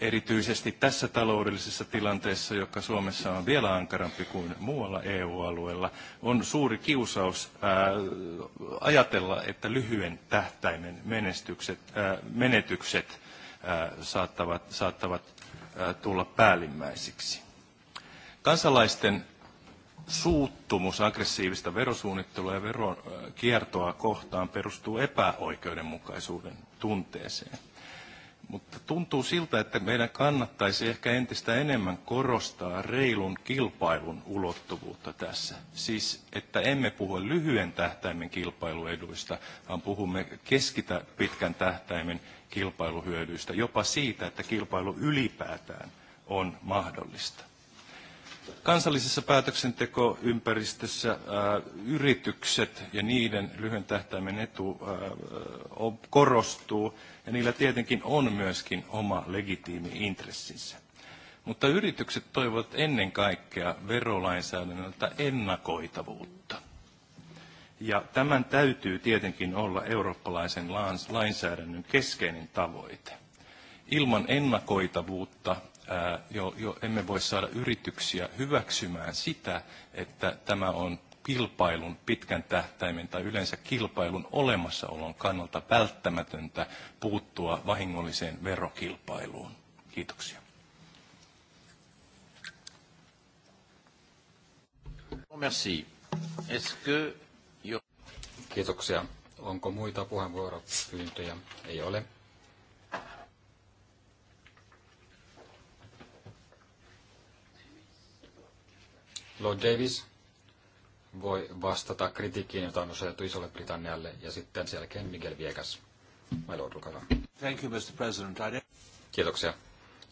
Speaker 1: Erityisesti tässä taloudellisessa tilanteessa, joka Suomessa on vielä ankarampi kuin muualla EU-alueella, on suuri kiusaus ää, äh, ajatella, että lyhyen tähtäimen menestykset, ää, äh, menetykset ää, äh, saattavat, saattavat ää, tulla päällimmäisiksi. Kansalaisten suuttumus aggressiivista verosuunnittelua ja veronkiertoa kohtaan perustuu epäoikeudenmukaisuuden tunteeseen. Mutta tuntuu siltä, että meidän kannattaisi ehkä entistä enemmän korostaa reilun kilpailun ulottuvuutta tässä. Siis, että emme puhu lyhyen tähtäimen kilpailueduista, vaan puhumme keskitä pitkän tähtäimen kilpailuhyödyistä, jopa siitä, että kilpailu ylipäätään on mahdollista kansallisessa päätöksentekoympäristössä äh, yritykset ja niiden lyhyen tähtäimen etu äh, korostuu, ja niillä tietenkin on myöskin oma legitiimi intressinsä. Mutta yritykset toivovat ennen kaikkea verolainsäädännöltä ennakoitavuutta. Ja tämän täytyy tietenkin olla eurooppalaisen lainsäädännön keskeinen tavoite. Ilman ennakoitavuutta jo emme voi saada yrityksiä hyväksymään sitä, että tämä on kilpailun pitkän tähtäimen tai yleensä kilpailun olemassaolon kannalta välttämätöntä puuttua vahingolliseen verokilpailuun. Kiitoksia. Merci.
Speaker 2: Kiitoksia. Onko muita puheenvuoropyyntöjä? Ei ole. Lord Davis voi vastata kritiikkiin, jota on osoitettu Isolle Britannialle, ja sitten sen jälkeen Miguel Viegas. My Lord, olkaa Thank you, Mr. President. I Kiitoksia.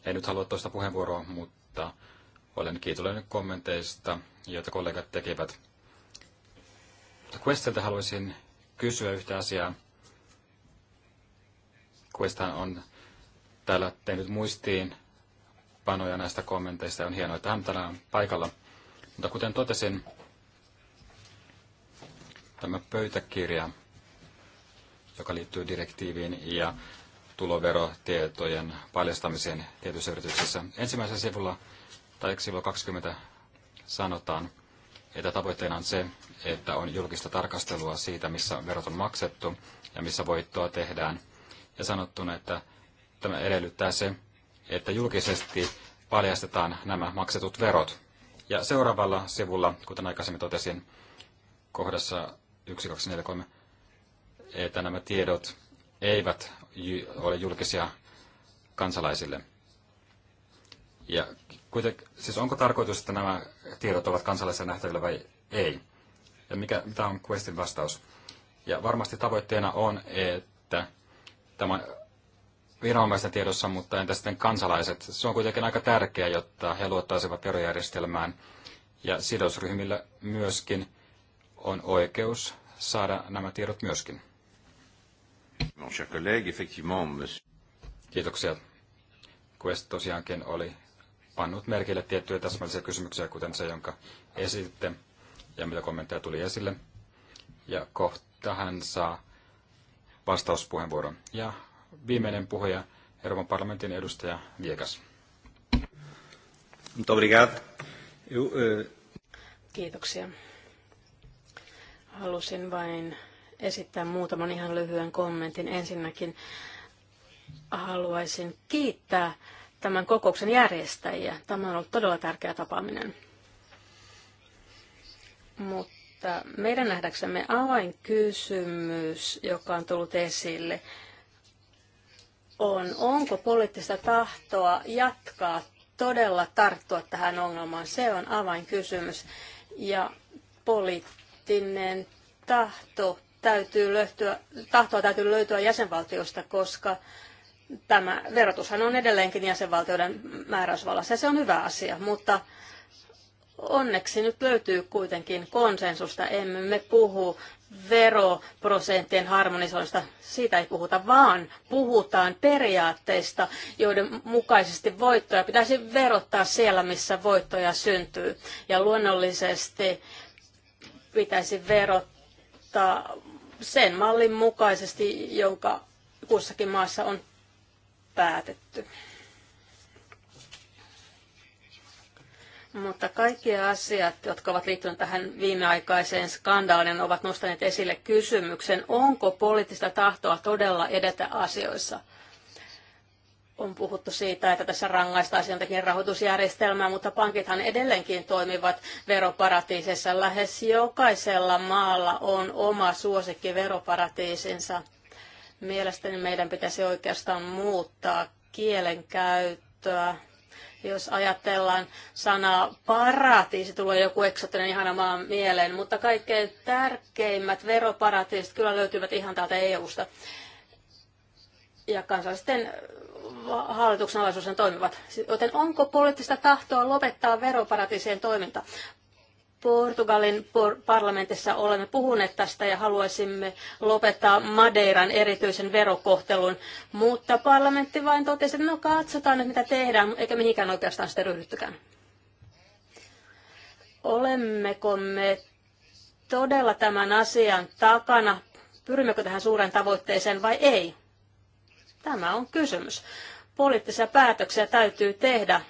Speaker 2: En nyt halua toista puheenvuoroa, mutta olen kiitollinen kommenteista, joita kollegat tekevät. Mutta Questeltä haluaisin kysyä yhtä asiaa. Questhan on täällä tehnyt muistiin panoja näistä kommenteista. On hienoa, että hän tänään paikalla. Mutta kuten totesin, tämä pöytäkirja, joka liittyy direktiiviin ja tuloverotietojen paljastamiseen tietyissä yrityksissä. Ensimmäisellä sivulla tai sivulla 20 sanotaan, että tavoitteena on se, että on julkista tarkastelua siitä, missä verot on maksettu ja missä voittoa tehdään. Ja sanottuna, että tämä edellyttää se, että julkisesti paljastetaan nämä maksetut verot. Ja seuraavalla sivulla, kuten aikaisemmin totesin, kohdassa 1243, että nämä tiedot eivät ole julkisia kansalaisille. Ja kuten, siis onko tarkoitus, että nämä tiedot ovat kansalaisille nähtävillä vai ei? Ja mikä, mitä on Questin vastaus? Ja varmasti tavoitteena on, että tämä viranomaisten tiedossa, mutta entä sitten kansalaiset? Se on kuitenkin aika tärkeää, jotta he luottaisivat verojärjestelmään. Ja sidosryhmillä myöskin on oikeus saada nämä tiedot myöskin. Mon cher collègue, effectivement, monsieur... Kiitoksia. Quest tosiaankin oli pannut merkille tiettyjä täsmällisiä kysymyksiä, kuten se, jonka esitte, ja mitä kommentteja tuli esille. Ja kohta hän saa vastauspuheenvuoron. Ja viimeinen puhuja, Euroopan parlamentin edustaja Viekas. Eh,
Speaker 3: Kiitoksia. Halusin vain esittää muutaman ihan lyhyen kommentin. Ensinnäkin haluaisin kiittää tämän kokouksen järjestäjiä. Tämä on ollut todella tärkeä tapaaminen. Mutta meidän nähdäksemme avainkysymys, joka on tullut esille, on, onko poliittista tahtoa jatkaa todella tarttua tähän ongelmaan. Se on avainkysymys. Ja poliittinen tahto täytyy löytyä, tahtoa täytyy löytyä jäsenvaltiosta, koska tämä verotushan on edelleenkin jäsenvaltioiden määräysvallassa ja se on hyvä asia, mutta Onneksi nyt löytyy kuitenkin konsensusta. Emme me puhu veroprosenttien harmonisoinnista, siitä ei puhuta, vaan puhutaan periaatteista, joiden mukaisesti voittoja pitäisi verottaa siellä, missä voittoja syntyy. Ja luonnollisesti pitäisi verottaa sen mallin mukaisesti, jonka kussakin maassa on päätetty. Mutta kaikki asiat, jotka ovat liittyneet tähän viimeaikaiseen skandaaliin, ovat nostaneet esille kysymyksen, onko poliittista tahtoa todella edetä asioissa. On puhuttu siitä, että tässä rangaistaan jotenkin rahoitusjärjestelmää, mutta pankithan edelleenkin toimivat veroparatiisissa. Lähes jokaisella maalla on oma suosikki veroparatiisinsa. Mielestäni meidän pitäisi oikeastaan muuttaa kielenkäyttöä jos ajatellaan sanaa paratiisi, tulee joku eksotinen ihana maa mieleen, mutta kaikkein tärkeimmät veroparatiisit kyllä löytyvät ihan täältä EU-sta. Ja kansallisten hallituksen alaisuus toimivat. Joten onko poliittista tahtoa lopettaa veroparatiisien toiminta? Portugalin parlamentissa olemme puhuneet tästä ja haluaisimme lopettaa Madeiran erityisen verokohtelun, mutta parlamentti vain totesi, että no katsotaan nyt mitä tehdään, eikä mihinkään oikeastaan sitä ryhdyttykään. Olemmeko me todella tämän asian takana? Pyrimmekö tähän suureen tavoitteeseen vai ei? Tämä on kysymys. Poliittisia päätöksiä täytyy tehdä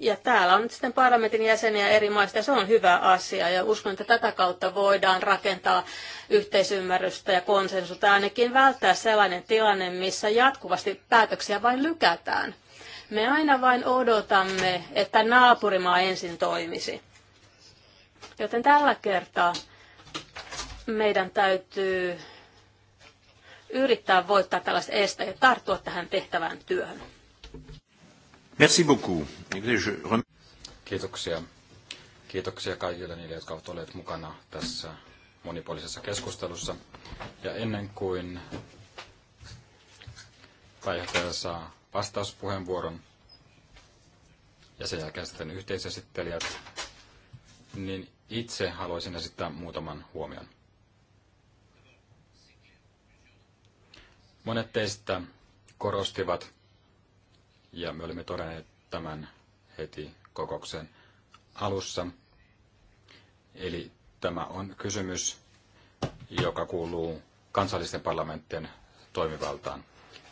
Speaker 3: ja täällä on nyt sitten parlamentin jäseniä eri maista ja se on hyvä asia ja uskon, että tätä kautta voidaan rakentaa yhteisymmärrystä ja konsensusta ja ainakin välttää sellainen tilanne, missä jatkuvasti päätöksiä vain lykätään. Me aina vain odotamme, että naapurimaa ensin toimisi. Joten tällä kertaa meidän täytyy yrittää voittaa tällaiset esteet ja tarttua tähän tehtävään työhön.
Speaker 1: Merci beaucoup. Kiitoksia.
Speaker 2: Kiitoksia kaikille niille, jotka ovat olleet mukana tässä monipuolisessa keskustelussa. Ja ennen kuin pääjohtaja saa vastauspuheenvuoron ja sen jälkeen sitten yhteisesittelijät, niin itse haluaisin esittää muutaman huomion. Monet teistä korostivat ja me olimme todenneet tämän heti kokouksen alussa. Eli tämä on kysymys, joka kuuluu kansallisten parlamenttien toimivaltaan.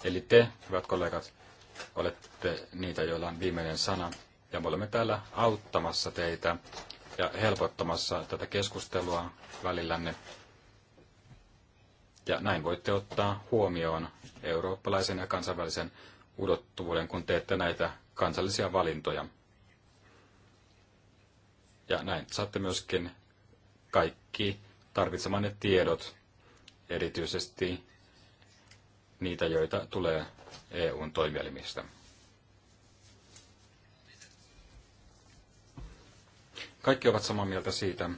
Speaker 2: Eli te, hyvät kollegat, olette niitä, joilla on viimeinen sana, ja me olemme täällä auttamassa teitä ja helpottamassa tätä keskustelua välillänne. Ja näin voitte ottaa huomioon eurooppalaisen ja kansainvälisen ulottuvuuden, kun teette näitä kansallisia valintoja. Ja näin saatte myöskin kaikki tarvitsemanne tiedot, erityisesti niitä, joita tulee EUn toimielimistä. Kaikki ovat samaa mieltä siitä,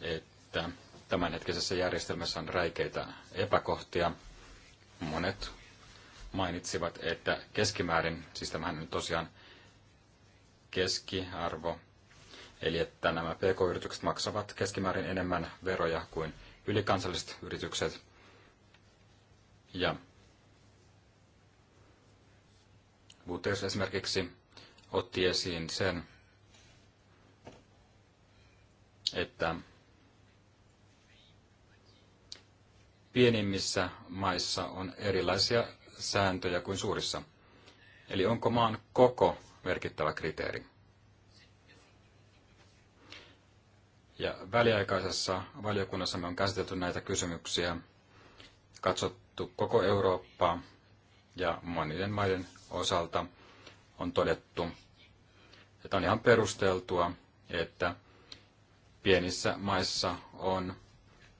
Speaker 2: että tämänhetkisessä järjestelmässä on räikeitä epäkohtia. Monet mainitsivat, että keskimäärin, siis tämähän nyt tosiaan keskiarvo, eli että nämä pk-yritykset maksavat keskimäärin enemmän veroja kuin ylikansalliset yritykset. Ja Buteus esimerkiksi otti esiin sen, että pienimmissä maissa on erilaisia sääntöjä kuin suurissa. Eli onko maan koko merkittävä kriteeri? Ja väliaikaisessa valiokunnassa me on käsitelty näitä kysymyksiä, katsottu koko Eurooppaa ja monien maiden osalta on todettu, että on ihan perusteltua, että pienissä maissa on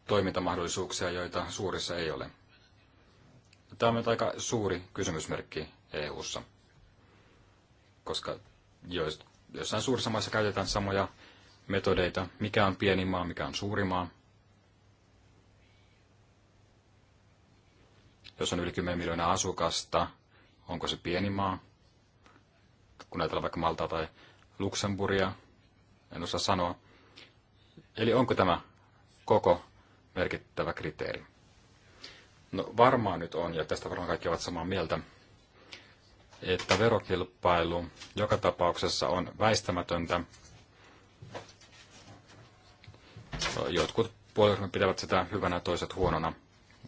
Speaker 2: toimintamahdollisuuksia, joita suurissa ei ole. Tämä on nyt aika suuri kysymysmerkki EU-ssa, koska joissain suurissa maissa käytetään samoja metodeita, mikä on pieni maa, mikä on suuri maa. Jos on yli 10 miljoonaa asukasta, onko se pieni maa? Kun ajatellaan vaikka Maltaa tai Luxemburgia, en osaa sanoa. Eli onko tämä koko merkittävä kriteeri? No varmaan nyt on, ja tästä varmaan kaikki ovat samaa mieltä, että verokilpailu joka tapauksessa on väistämätöntä. Jotkut puolueet pitävät sitä hyvänä, toiset huonona.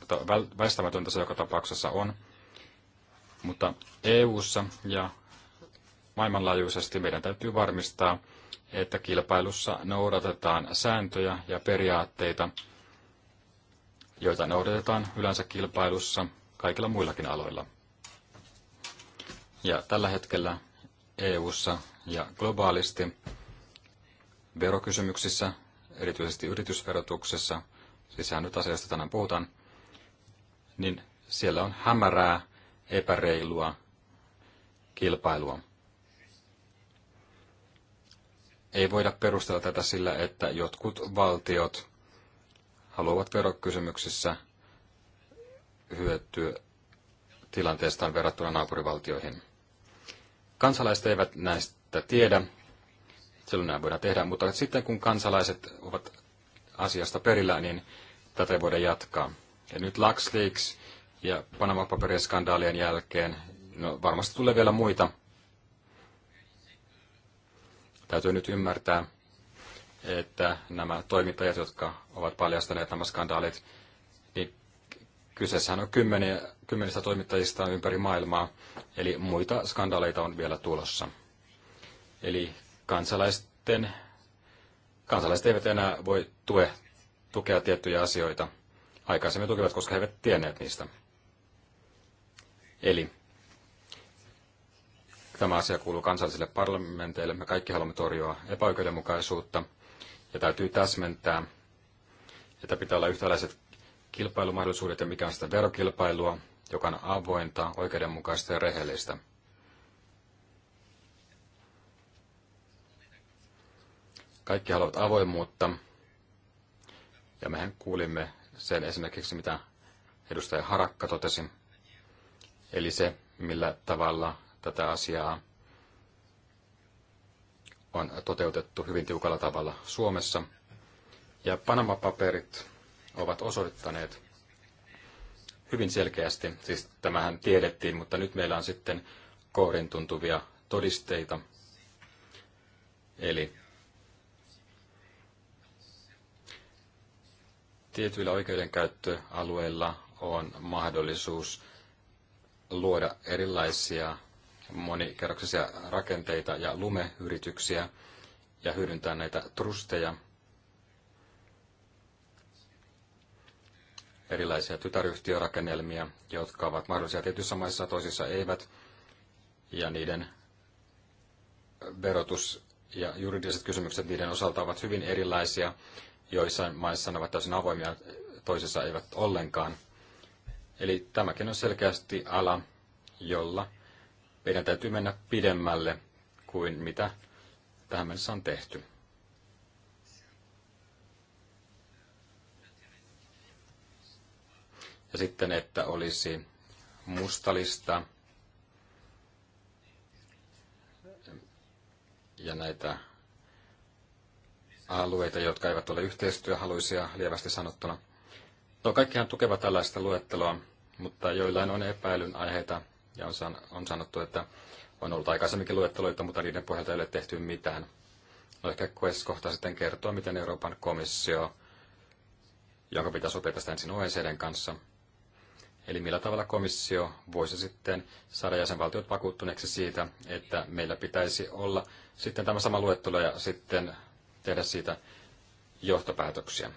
Speaker 2: Mutta väistämätöntä se joka tapauksessa on. Mutta EU:ssa ja maailmanlaajuisesti meidän täytyy varmistaa, että kilpailussa noudatetaan sääntöjä ja periaatteita, joita noudatetaan yleensä kilpailussa kaikilla muillakin aloilla. Ja tällä hetkellä EU:ssa ja globaalisti verokysymyksissä, erityisesti yritysverotuksessa, siis nyt asiasta tänään puhutaan, niin siellä on hämärää, epäreilua kilpailua. Ei voida perustella tätä sillä, että jotkut valtiot haluavat verokysymyksissä hyötyä tilanteestaan verrattuna naapurivaltioihin. Kansalaiset eivät näistä tiedä, silloin näin voidaan tehdä, mutta sitten kun kansalaiset ovat asiasta perillä, niin tätä ei voida jatkaa. Ja nyt LuxLeaks ja Panama-paperien skandaalien jälkeen, no varmasti tulee vielä muita. Täytyy nyt ymmärtää, että nämä toimittajat, jotka ovat paljastaneet nämä skandaalit, niin kyseessähän on kymmeniä, kymmenistä toimittajista ympäri maailmaa, eli muita skandaaleita on vielä tulossa. Eli kansalaisten, kansalaiset eivät enää voi tue, tukea tiettyjä asioita. Aikaisemmin tukivat, koska he eivät tienneet niistä. Eli tämä asia kuuluu kansallisille parlamenteille. Me kaikki haluamme torjua epäoikeudenmukaisuutta – ja täytyy täsmentää, että pitää olla yhtäläiset kilpailumahdollisuudet ja mikä on sitä verokilpailua, joka on avointa, oikeudenmukaista ja rehellistä. Kaikki haluavat avoimuutta, ja mehän kuulimme sen esimerkiksi, mitä edustaja Harakka totesi, eli se, millä tavalla tätä asiaa on toteutettu hyvin tiukalla tavalla Suomessa. Ja Panama-paperit ovat osoittaneet hyvin selkeästi, siis tämähän tiedettiin, mutta nyt meillä on sitten kohdin tuntuvia todisteita. Eli tietyillä oikeudenkäyttöalueilla on mahdollisuus luoda erilaisia monikerroksisia rakenteita ja lumeyrityksiä ja hyödyntää näitä trusteja, erilaisia tytäryhtiörakennelmia, jotka ovat mahdollisia tietyissä maissa, toisissa eivät, ja niiden verotus ja juridiset kysymykset niiden osalta ovat hyvin erilaisia. Joissain maissa ne ovat täysin avoimia, toisissa eivät ollenkaan. Eli tämäkin on selkeästi ala, jolla meidän täytyy mennä pidemmälle kuin mitä tähän mennessä on tehty. Ja sitten, että olisi mustalista ja näitä alueita, jotka eivät ole yhteistyöhaluisia, lievästi sanottuna. No kaikkihan tukevat tällaista luetteloa, mutta joillain on epäilyn aiheita ja on, san, on sanottu, että on ollut aikaisemminkin luetteloita, mutta niiden pohjalta ei ole tehty mitään. No ehkä Quest kohta sitten kertoo, miten Euroopan komissio, jonka pitää sopia tästä ensin OECDn kanssa, eli millä tavalla komissio voisi sitten saada jäsenvaltiot vakuuttuneeksi siitä, että meillä pitäisi olla sitten tämä sama luettelo ja sitten tehdä siitä johtopäätöksiä.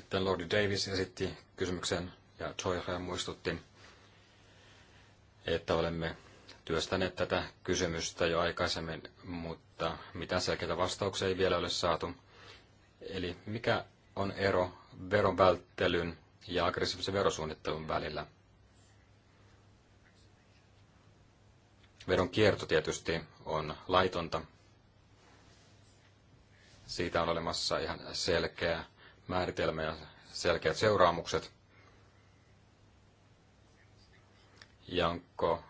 Speaker 2: Sitten Lordi Davis esitti kysymyksen ja Joyha muistutti, että olemme työstäneet tätä kysymystä jo aikaisemmin, mutta mitään selkeitä vastauksia ei vielä ole saatu. Eli mikä on ero veron välttelyn ja aggressiivisen verosuunnittelun välillä? Veron kierto tietysti on laitonta. Siitä on olemassa ihan selkeä määritelmä ja selkeät seuraamukset. Janko.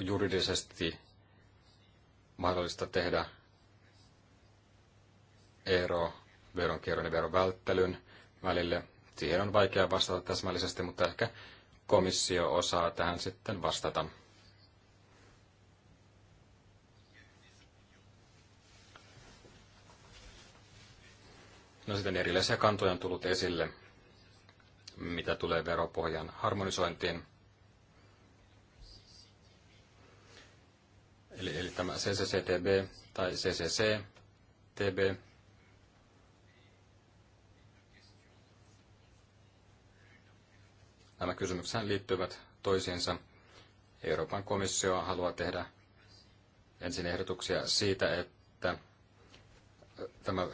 Speaker 2: juridisesti mahdollista tehdä ero veronkierron ja veron välttelyn välille. Siihen on vaikea vastata täsmällisesti, mutta ehkä komissio osaa tähän sitten vastata. No sitten erilaisia kantoja on tullut esille, mitä tulee veropohjan harmonisointiin. Eli, eli tämä CCCTB tai CCCTB. Nämä kysymykset liittyvät toisiinsa. Euroopan komissio haluaa tehdä ensin ehdotuksia siitä, että tämä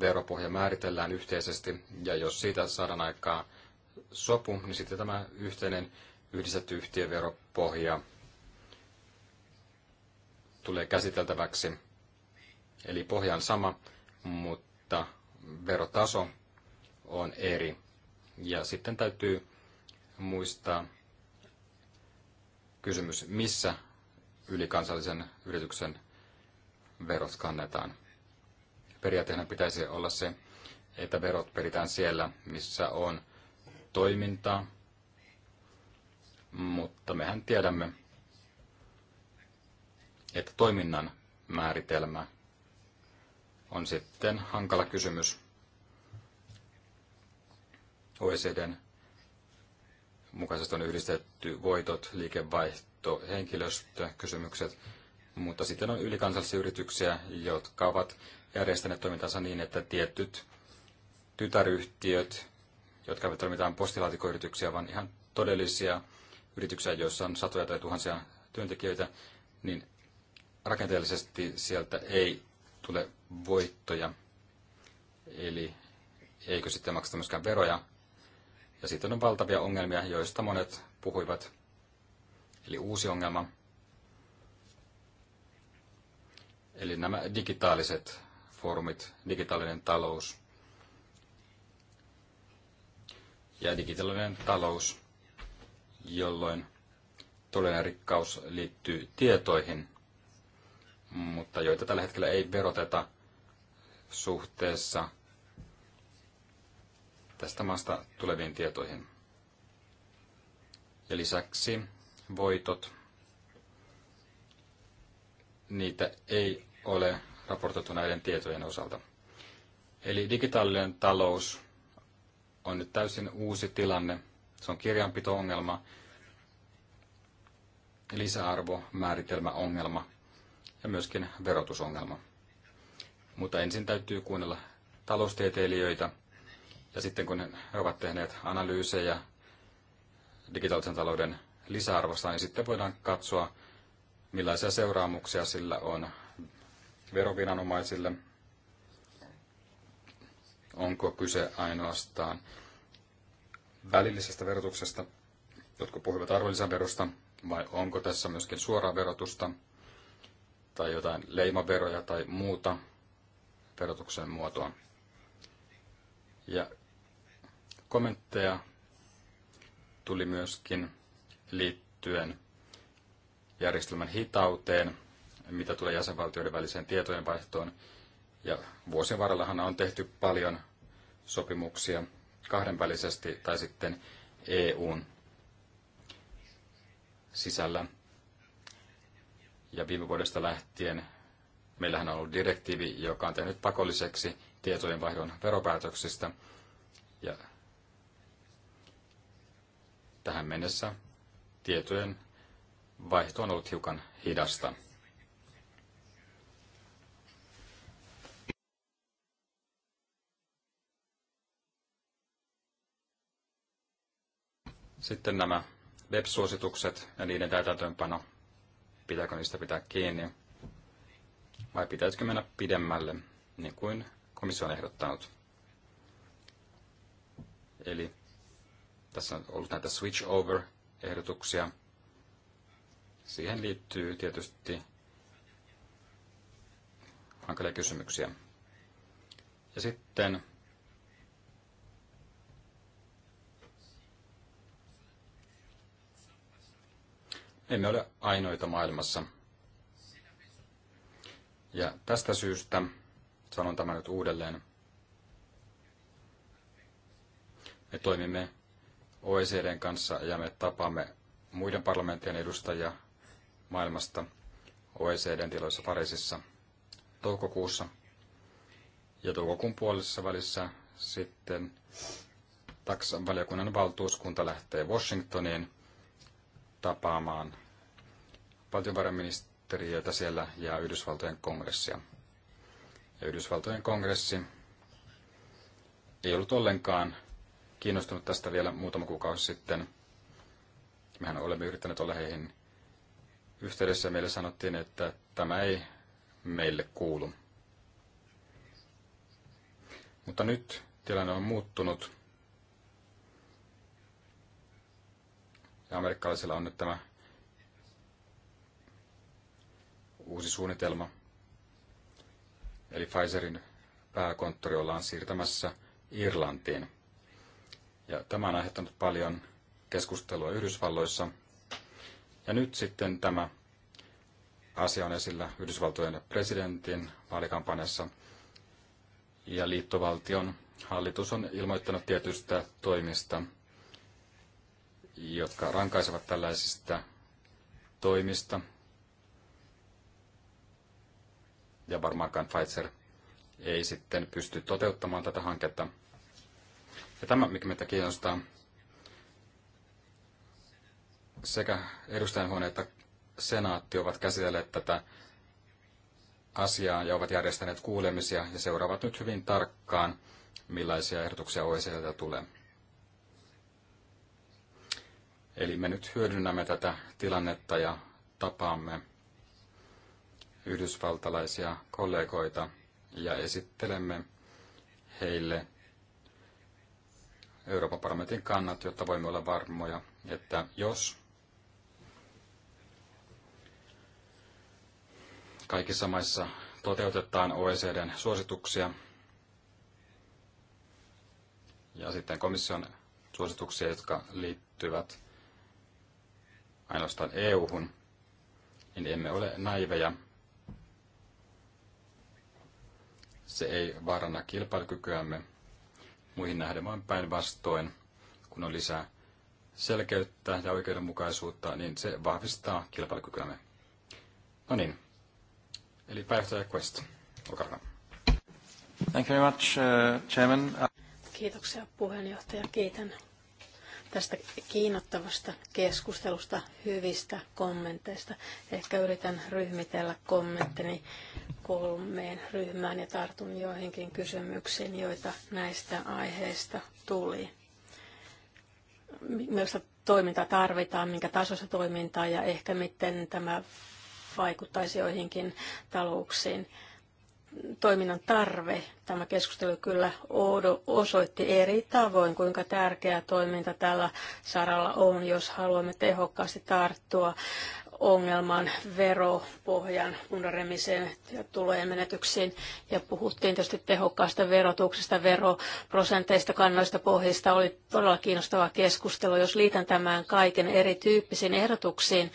Speaker 2: veropohja määritellään yhteisesti, ja jos siitä saadaan aikaa sopu, niin sitten tämä yhteinen yhdistetty yhtiöveropohja tulee käsiteltäväksi. Eli pohja on sama, mutta verotaso on eri. Ja sitten täytyy muistaa kysymys, missä ylikansallisen yrityksen verot kannetaan periaatteena pitäisi olla se, että verot peritään siellä, missä on toimintaa, mutta mehän tiedämme, että toiminnan määritelmä on sitten hankala kysymys. OECDn mukaisesti on yhdistetty voitot, liikevaihto, henkilöstö kysymykset, mutta sitten on ylikansallisia yrityksiä, jotka ovat järjestäneet toimintansa niin, että tietyt tytäryhtiöt, jotka eivät ole mitään postilaatikoyrityksiä, vaan ihan todellisia yrityksiä, joissa on satoja tai tuhansia työntekijöitä, niin rakenteellisesti sieltä ei tule voittoja. Eli eikö sitten makseta myöskään veroja. Ja sitten on valtavia ongelmia, joista monet puhuivat. Eli uusi ongelma. Eli nämä digitaaliset foorumit, digitaalinen talous. Ja digitaalinen talous, jolloin todellinen rikkaus liittyy tietoihin, mutta joita tällä hetkellä ei veroteta suhteessa tästä maasta tuleviin tietoihin. Ja lisäksi voitot, niitä ei ole raportoitu näiden tietojen osalta. Eli digitaalinen talous on nyt täysin uusi tilanne. Se on kirjanpito-ongelma, lisäarvo, määritelmäongelma ja myöskin verotusongelma. Mutta ensin täytyy kuunnella taloustieteilijöitä ja sitten kun he ovat tehneet analyysejä digitaalisen talouden lisäarvosta, niin sitten voidaan katsoa, millaisia seuraamuksia sillä on veroviranomaisille? Onko kyse ainoastaan välillisestä verotuksesta, jotka puhuvat arvonlisäverosta, vai onko tässä myöskin suoraa verotusta tai jotain leimaveroja tai muuta verotuksen muotoa? Ja kommentteja tuli myöskin liittyen järjestelmän hitauteen mitä tulee jäsenvaltioiden väliseen tietojenvaihtoon. Ja vuosien varrellahan on tehty paljon sopimuksia kahdenvälisesti tai sitten EUn sisällä. Ja viime vuodesta lähtien meillähän on ollut direktiivi, joka on tehnyt pakolliseksi tietojenvaihdon veropäätöksistä. Ja tähän mennessä tietojen vaihto on ollut hiukan hidasta. Sitten nämä web-suositukset ja niiden täytäntöönpano. Pitääkö niistä pitää kiinni? Vai pitäisikö mennä pidemmälle, niin kuin komissio on ehdottanut? Eli tässä on ollut näitä switch over-ehdotuksia. Siihen liittyy tietysti hankalia kysymyksiä. Ja sitten Emme ole ainoita maailmassa. Ja tästä syystä, sanon tämän nyt uudelleen, me toimimme OECDn kanssa ja me tapaamme muiden parlamenttien edustajia maailmasta OECDn tiloissa Pariisissa toukokuussa. Ja toukokuun puolessa välissä sitten Taksan valiokunnan valtuuskunta lähtee Washingtoniin tapaamaan valtiovarainministeriötä siellä ja Yhdysvaltojen kongressia. Ja Yhdysvaltojen kongressi ei ollut ollenkaan kiinnostunut tästä vielä muutama kuukausi sitten. Mehän olemme yrittäneet olla heihin yhteydessä ja meille sanottiin, että tämä ei meille kuulu. Mutta nyt tilanne on muuttunut. Ja amerikkalaisilla on nyt tämä uusi suunnitelma. Eli Pfizerin pääkonttori ollaan siirtämässä Irlantiin. Ja tämä on aiheuttanut paljon keskustelua Yhdysvalloissa. Ja nyt sitten tämä asia on esillä Yhdysvaltojen presidentin vaalikampanjassa. Ja liittovaltion hallitus on ilmoittanut tietystä toimista, jotka rankaisevat tällaisista toimista, ja varmaankaan Pfizer ei sitten pysty toteuttamaan tätä hanketta. Ja tämä, mikä meitä kiinnostaa, sekä edustajanhuone että senaatti ovat käsitelleet tätä asiaa ja ovat järjestäneet kuulemisia ja seuraavat nyt hyvin tarkkaan, millaisia ehdotuksia OECD tulee. Eli me nyt hyödynnämme tätä tilannetta ja tapaamme yhdysvaltalaisia kollegoita ja esittelemme heille Euroopan parlamentin kannat, jotta voimme olla varmoja, että jos kaikissa maissa toteutetaan OECDn suosituksia ja sitten komission suosituksia, jotka liittyvät ainoastaan EU-hun, niin emme ole naiveja Se ei vaaranna kilpailukykyämme muihin nähden, vaan päinvastoin, kun on lisää selkeyttä ja oikeudenmukaisuutta, niin se vahvistaa kilpailukykyämme. No niin, eli päivittäjä Quest,
Speaker 1: olkaa hyvä. Thank you very much, uh, Chairman.
Speaker 3: Kiitoksia puheenjohtaja, kiitän tästä kiinnostavasta keskustelusta, hyvistä kommenteista. Ehkä yritän ryhmitellä kommenttini kolmeen ryhmään ja tartun joihinkin kysymyksiin, joita näistä aiheista tuli. Millaista toimintaa tarvitaan, minkä tasossa toimintaa ja ehkä miten tämä vaikuttaisi joihinkin talouksiin. Toiminnan tarve, tämä keskustelu kyllä osoitti eri tavoin, kuinka tärkeää toiminta tällä saralla on, jos haluamme tehokkaasti tarttua ongelman veropohjan pundaremiseen ja tulojen menetyksiin. Ja puhuttiin tietysti tehokkaasta verotuksesta, veroprosenteista, kannoista, pohjista. Oli todella kiinnostava keskustelu, jos liitän tämän kaiken erityyppisiin ehdotuksiin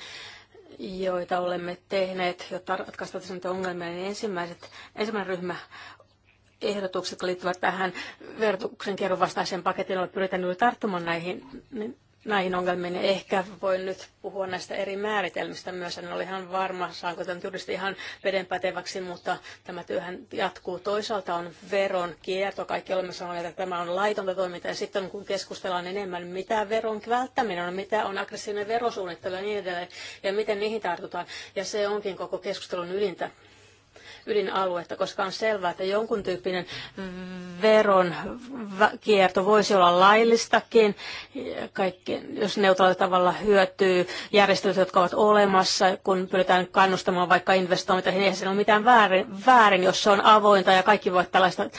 Speaker 3: joita olemme tehneet, jotta ratkaistaisiin näitä ongelmia, niin ensimmäiset, ensimmäinen ryhmä ehdotukset liittyvät tähän verotuksen kierron vastaiseen pakettiin, joilla pyritään juuri tarttumaan näihin, niin näihin ongelmiin. Niin ehkä voin nyt puhua näistä eri määritelmistä myös. En ole ihan varma, saanko tämän juristi ihan vedenpäteväksi, mutta tämä työhän jatkuu. Toisaalta on veron kierto. Kaikki olemme sanoneet, että tämä on laitonta toimintaa. Ja sitten kun keskustellaan enemmän, mitä veron välttäminen on, mitä on aggressiivinen verosuunnittelu ja niin edelleen, ja miten niihin tartutaan. Ja se onkin koko keskustelun ylintä ydinaluetta, koska on selvää, että jonkun tyyppinen veron kierto voisi olla laillistakin, kaikki, jos neutraalilla tavalla hyötyy järjestelyt, jotka ovat olemassa, kun pyritään kannustamaan vaikka investointeihin, niin eihän siinä ole mitään väärin, väärin, jos se on avointa ja kaikki voivat tällaista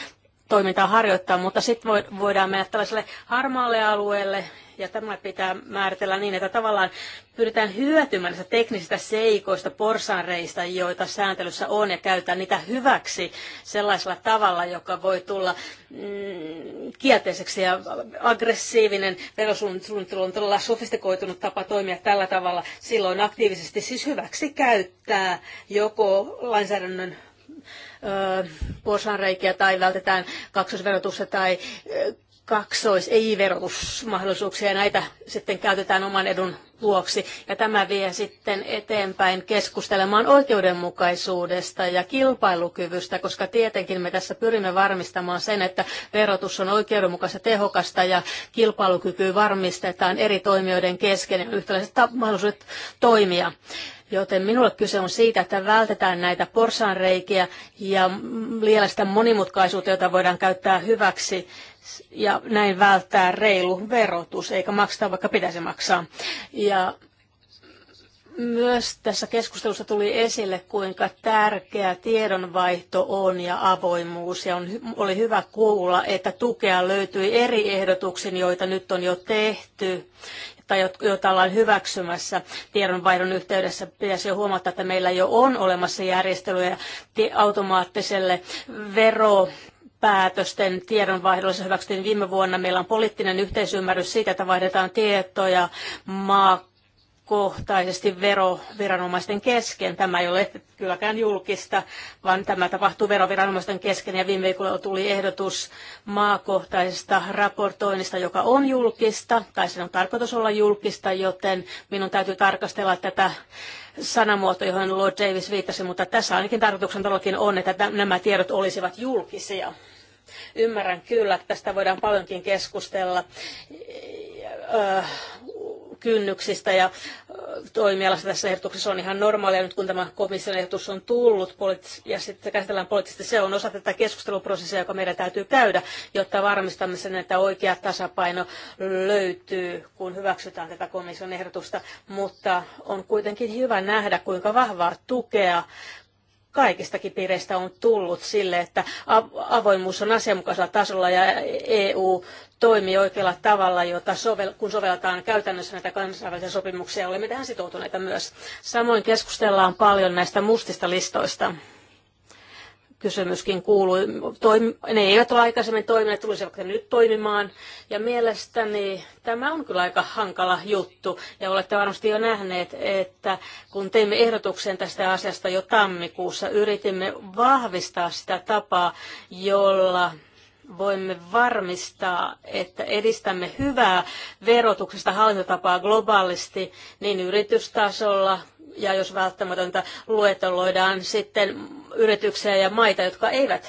Speaker 3: toimintaa harjoittaa, mutta sitten voidaan mennä tällaiselle harmaalle alueelle, ja tämä pitää määritellä niin, että tavallaan pyritään hyötymään näistä teknisistä seikoista, porsanreista, joita sääntelyssä on, ja käyttää niitä hyväksi sellaisella tavalla, joka voi tulla mm, kielteiseksi ja aggressiivinen verosuunnittelu on todella sofistikoitunut tapa toimia tällä tavalla. Silloin aktiivisesti siis hyväksi käyttää joko lainsäädännön porsanreikiä tai vältetään kaksoisverotusta tai kaksois- ei-verotusmahdollisuuksia ja näitä sitten käytetään oman edun vuoksi. Ja tämä vie sitten eteenpäin keskustelemaan oikeudenmukaisuudesta ja kilpailukyvystä, koska tietenkin me tässä pyrimme varmistamaan sen, että verotus on oikeudenmukaista tehokasta ja kilpailukyky varmistetaan eri toimijoiden kesken ja yhtäläiset mahdollisuudet toimia. Joten minulle kyse on siitä, että vältetään näitä porsaanreikiä ja liiallista monimutkaisuutta, jota voidaan käyttää hyväksi ja näin välttää reilu verotus, eikä makseta vaikka pitäisi maksaa. Ja myös tässä keskustelussa tuli esille, kuinka tärkeä tiedonvaihto on ja avoimuus. Ja on, oli hyvä kuulla, että tukea löytyi eri ehdotuksin, joita nyt on jo tehty tai joita ollaan hyväksymässä tiedonvaihdon yhteydessä. Pitäisi jo huomata, että meillä jo on olemassa järjestelyjä automaattiselle vero päätösten tiedonvaihdolla hyväksyttiin viime vuonna. Meillä on poliittinen yhteisymmärrys siitä, että vaihdetaan tietoja maa kohtaisesti veroviranomaisten kesken. Tämä ei ole kylläkään julkista, vaan tämä tapahtuu veroviranomaisten kesken ja viime viikolla tuli ehdotus maakohtaisesta raportoinnista, joka on julkista, tai sen on tarkoitus olla julkista, joten minun täytyy tarkastella tätä sanamuoto, johon Lord Davis viittasi, mutta tässä ainakin tarkoituksen todellakin on, että nämä tiedot olisivat julkisia. Ymmärrän kyllä, että tästä voidaan paljonkin keskustella kynnyksistä ja toimialasta tässä ehdotuksessa on ihan normaalia nyt kun tämä komission ehdotus on tullut ja sitten käsitellään poliittisesti. Se on osa tätä keskusteluprosessia, joka meidän täytyy käydä, jotta varmistamme sen, että oikea tasapaino löytyy, kun hyväksytään tätä komission ehdotusta. Mutta on kuitenkin hyvä nähdä, kuinka vahvaa tukea kaikista piireistä on tullut sille, että avoimuus on asianmukaisella tasolla ja EU toimii oikealla tavalla, jota sovel, kun sovelletaan käytännössä näitä kansainvälisiä sopimuksia, olemme tähän sitoutuneita myös. Samoin keskustellaan paljon näistä mustista listoista kysymyskin kuului. Toim- ne eivät ole aikaisemmin toimineet, tulisivat ne nyt toimimaan. Ja mielestäni tämä on kyllä aika hankala juttu. Ja olette varmasti jo nähneet, että kun teimme ehdotuksen tästä asiasta jo tammikuussa, yritimme vahvistaa sitä tapaa, jolla voimme varmistaa, että edistämme hyvää verotuksesta hallintotapaa globaalisti niin yritystasolla ja jos välttämätöntä luetteloidaan sitten yrityksiä ja maita, jotka eivät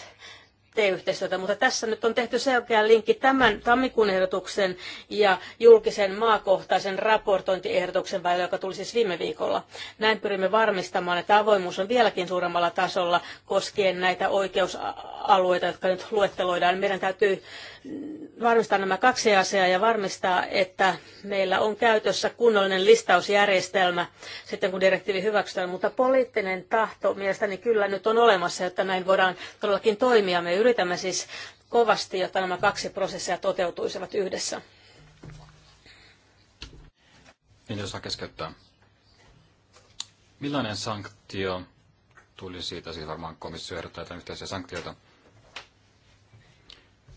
Speaker 3: tee yhteistyötä, mutta tässä nyt on tehty selkeä linkki tämän tammikuun ehdotuksen ja julkisen maakohtaisen raportointiehdotuksen välillä, joka tuli siis viime viikolla. Näin pyrimme varmistamaan, että avoimuus on vieläkin suuremmalla tasolla koskien näitä oikeusalueita, jotka nyt luetteloidaan. Meidän täytyy varmistaa nämä kaksi asiaa ja varmistaa, että meillä on käytössä kunnollinen listausjärjestelmä sitten kun direktiivi hyväksytään, mutta poliittinen tahto mielestäni kyllä nyt on olemassa, jotta näin voidaan todellakin toimia. Me yritämme siis kovasti, jotta nämä kaksi prosessia toteutuisivat yhdessä.
Speaker 2: En osaa keskeyttää. Millainen sanktio tuli siitä, siis varmaan komissio ehdottaa jotain yhteisiä sanktioita,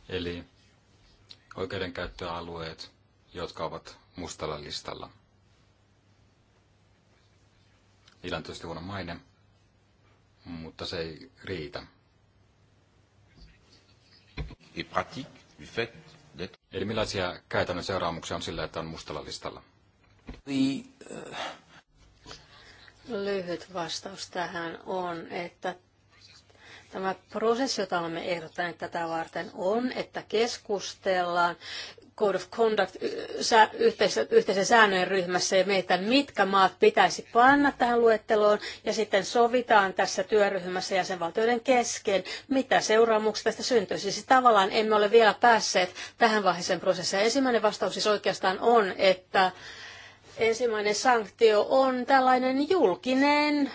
Speaker 2: eli oikeudenkäyttöalueet, jotka ovat mustalla listalla. Niillä on tietysti huono maine, mutta se ei riitä et pratique du fait d'être... Eli millaisia käytännön seuraamuksia on sillä, että on mustalla listalla? Oui, äh,
Speaker 3: Lyhyt vastaus tähän on, että Tämä prosessi, jota olemme ehdottaneet tätä varten, on, että keskustellaan Code of Conduct yhteisen säännöjen ryhmässä ja meitä, mitkä maat pitäisi panna tähän luetteloon ja sitten sovitaan tässä työryhmässä jäsenvaltioiden kesken, mitä seuraamuksia tästä syntyisi. Siis tavallaan emme ole vielä päässeet tähän vaiheeseen prosessiin. Ensimmäinen vastaus siis oikeastaan on, että ensimmäinen sanktio on tällainen julkinen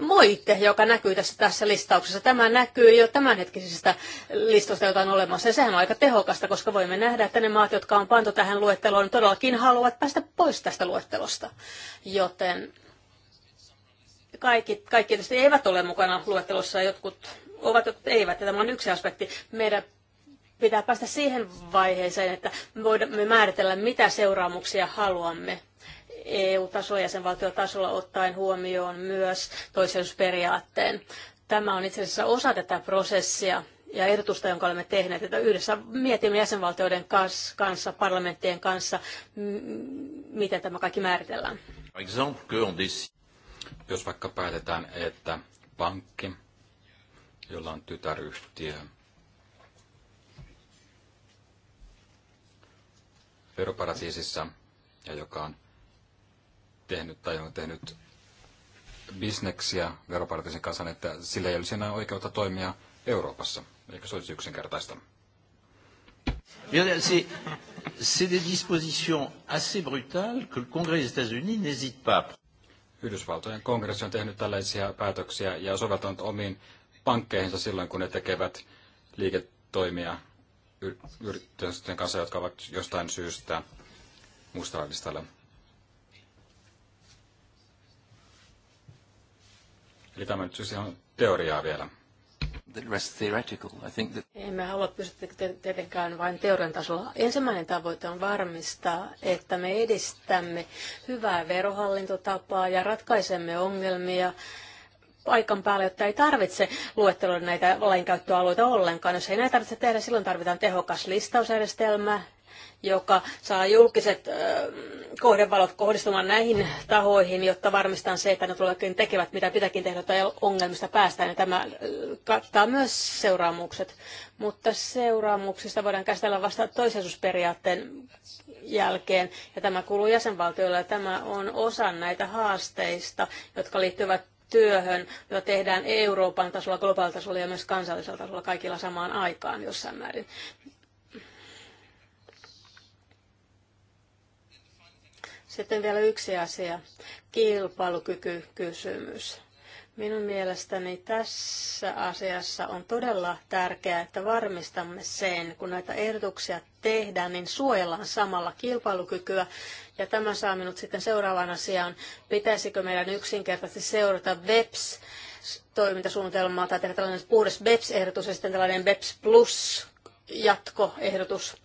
Speaker 3: moite, joka näkyy tässä, tässä listauksessa. Tämä näkyy jo tämänhetkisistä listoista joita on olemassa. Ja sehän on aika tehokasta, koska voimme nähdä, että ne maat, jotka on pantu tähän luetteloon, todellakin haluavat päästä pois tästä luettelosta. Joten kaikki, kaikki tietysti eivät ole mukana luettelossa, jotkut ovat, jotkut eivät. Ja tämä on yksi aspekti. Meidän pitää päästä siihen vaiheeseen, että voimme määritellä, mitä seuraamuksia haluamme EU-tasolla ja sen ottaen huomioon myös toisellisuusperiaatteen. Tämä on itse asiassa osa tätä prosessia ja ehdotusta, jonka olemme tehneet, että yhdessä mietimme jäsenvaltioiden kanssa, parlamenttien kanssa, miten tämä kaikki määritellään.
Speaker 2: Jos vaikka päätetään, että pankki, jolla on tytäryhtiö, veroparatiisissa ja joka on tehnyt tai on tehnyt bisneksiä veroparatiisin kanssa, niin että sillä ei olisi enää oikeutta toimia Euroopassa. Eikö se olisi yksinkertaista?
Speaker 1: C'est des dispositions assez brutales que le Congrès des États-Unis n'hésite
Speaker 2: pas. Yhdysvaltojen kongressi on tehnyt tällaisia päätöksiä ja soveltanut omiin pankkeihinsa silloin, kun ne tekevät liiketoimia yritysten kanssa, jotka ovat jostain syystä mustalla listalla. Eli tämä nyt siis ihan teoriaa vielä.
Speaker 3: Emme halua pysyä tietenkään vain teorian tasolla. Ensimmäinen tavoite on varmistaa, että me edistämme hyvää verohallintotapaa ja ratkaisemme ongelmia paikan päällä, jotta ei tarvitse luettelua näitä lainkäyttöalueita ollenkaan. Jos ei näitä tarvitse tehdä, silloin tarvitaan tehokas listausjärjestelmä, joka saa julkiset kohdevalot kohdistumaan näihin tahoihin, jotta varmistetaan se, että ne todellakin tekevät, mitä pitäkin tehdä, tai ongelmista päästään. Ja tämä kattaa myös seuraamukset. Mutta seuraamuksista voidaan käsitellä vasta toisensuusperiaatteen jälkeen, ja tämä kuuluu jäsenvaltioille, ja tämä on osa näitä haasteista, jotka liittyvät työhön, jota tehdään Euroopan tasolla, globaalitasolla ja myös kansallisella tasolla kaikilla samaan aikaan jossain määrin. Sitten vielä yksi asia, kilpailukykykysymys. Minun mielestäni tässä asiassa on todella tärkeää, että varmistamme sen, kun näitä ehdotuksia tehdään, niin suojellaan samalla kilpailukykyä. Ja tämä saa minut sitten seuraavaan asiaan. Pitäisikö meidän yksinkertaisesti seurata BEPS, toimintasuunnitelmaa tai tehdä tällainen puhdas BEPS-ehdotus ja sitten tällainen BEPS Plus jatkoehdotus. ehdotus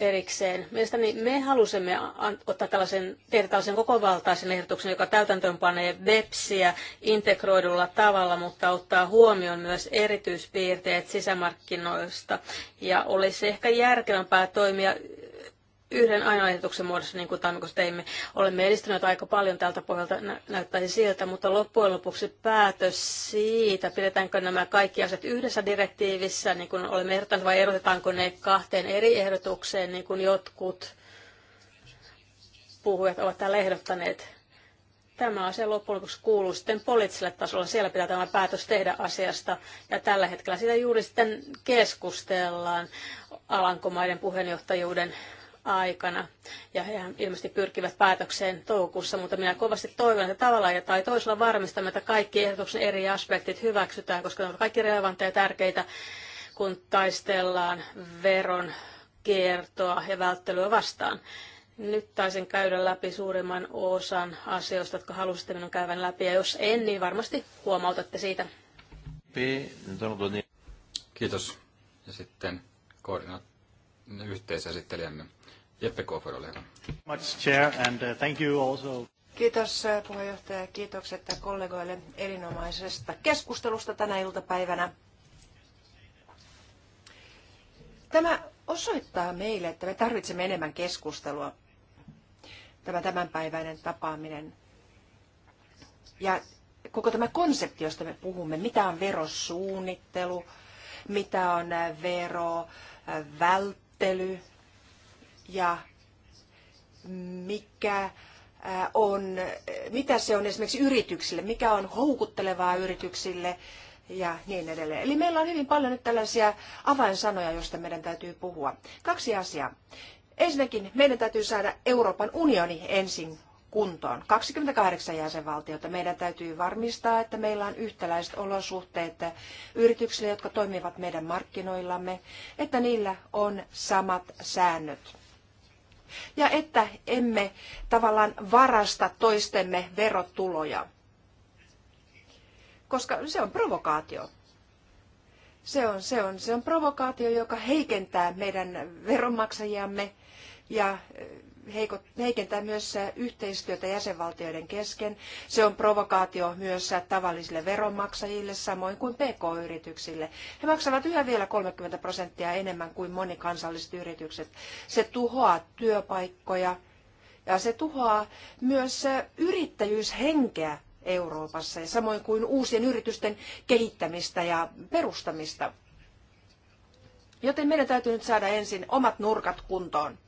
Speaker 3: erikseen. Mielestäni me halusimme ottaa tällaisen, tehdä tällaisen kokovaltaisen ehdotuksen, joka täytäntöönpanee BEPSiä integroidulla tavalla, mutta ottaa huomioon myös erityispiirteet sisämarkkinoista. Ja olisi ehkä järkevämpää toimia yhden ainoan ehdotuksen muodossa, niin kuin tammikuussa teimme. Olemme edistyneet aika paljon tältä pohjalta, näyttäisi siltä, mutta loppujen lopuksi päätös siitä, pidetäänkö nämä kaikki asiat yhdessä direktiivissä, niin kuin olemme ehdottaneet, vai erotetaanko ne kahteen eri ehdotukseen, niin kuin jotkut puhujat ovat täällä ehdottaneet. Tämä asia loppujen lopuksi kuuluu sitten poliittiselle tasolle. Siellä pitää tämä päätös tehdä asiasta. Ja tällä hetkellä sitä juuri sitten keskustellaan Alankomaiden puheenjohtajuuden aikana. Ja he ilmeisesti pyrkivät päätökseen toukokuussa, mutta minä kovasti toivon, että tavalla tai toisella varmistamme, että kaikki ehdotuksen eri aspektit hyväksytään, koska ne ovat kaikki relevantteja ja tärkeitä, kun taistellaan veron kiertoa ja välttelyä vastaan. Nyt taisin käydä läpi suurimman osan asioista, jotka halusitte minun käyvän läpi, ja jos en, niin varmasti huomautatte siitä.
Speaker 2: Kiitos. Ja sitten koordinaat yhteisesittelijämme. Jeppe Kofod, ole hyvä.
Speaker 4: Uh, thank you also. Kiitos uh, puheenjohtaja ja kiitokset kollegoille erinomaisesta keskustelusta tänä iltapäivänä. Tämä osoittaa meille, että me tarvitsemme enemmän keskustelua, tämä tämänpäiväinen tapaaminen. Ja koko tämä konsepti, josta me puhumme, mitä on verosuunnittelu, mitä on uh, vero, välttely, ja mikä äh, on, mitä se on esimerkiksi yrityksille, mikä on houkuttelevaa yrityksille ja niin edelleen. Eli meillä on hyvin paljon nyt tällaisia avainsanoja, joista meidän täytyy puhua. Kaksi asiaa. Ensinnäkin meidän täytyy saada Euroopan unioni ensin kuntoon. 28 jäsenvaltiota. Meidän täytyy varmistaa, että meillä on yhtäläiset olosuhteet yrityksille, jotka toimivat meidän markkinoillamme, että niillä on samat säännöt ja että emme tavallaan varasta toistemme verotuloja. Koska se on provokaatio. Se on, se on, se on provokaatio, joka heikentää meidän veronmaksajiamme ja heikentää myös yhteistyötä jäsenvaltioiden kesken. Se on provokaatio myös tavallisille veronmaksajille, samoin kuin PK-yrityksille. He maksavat yhä vielä 30 prosenttia enemmän kuin monikansalliset yritykset. Se tuhoaa työpaikkoja ja se tuhoaa myös yrittäjyyshenkeä Euroopassa ja samoin kuin uusien yritysten kehittämistä ja perustamista. Joten meidän täytyy nyt saada ensin omat nurkat kuntoon.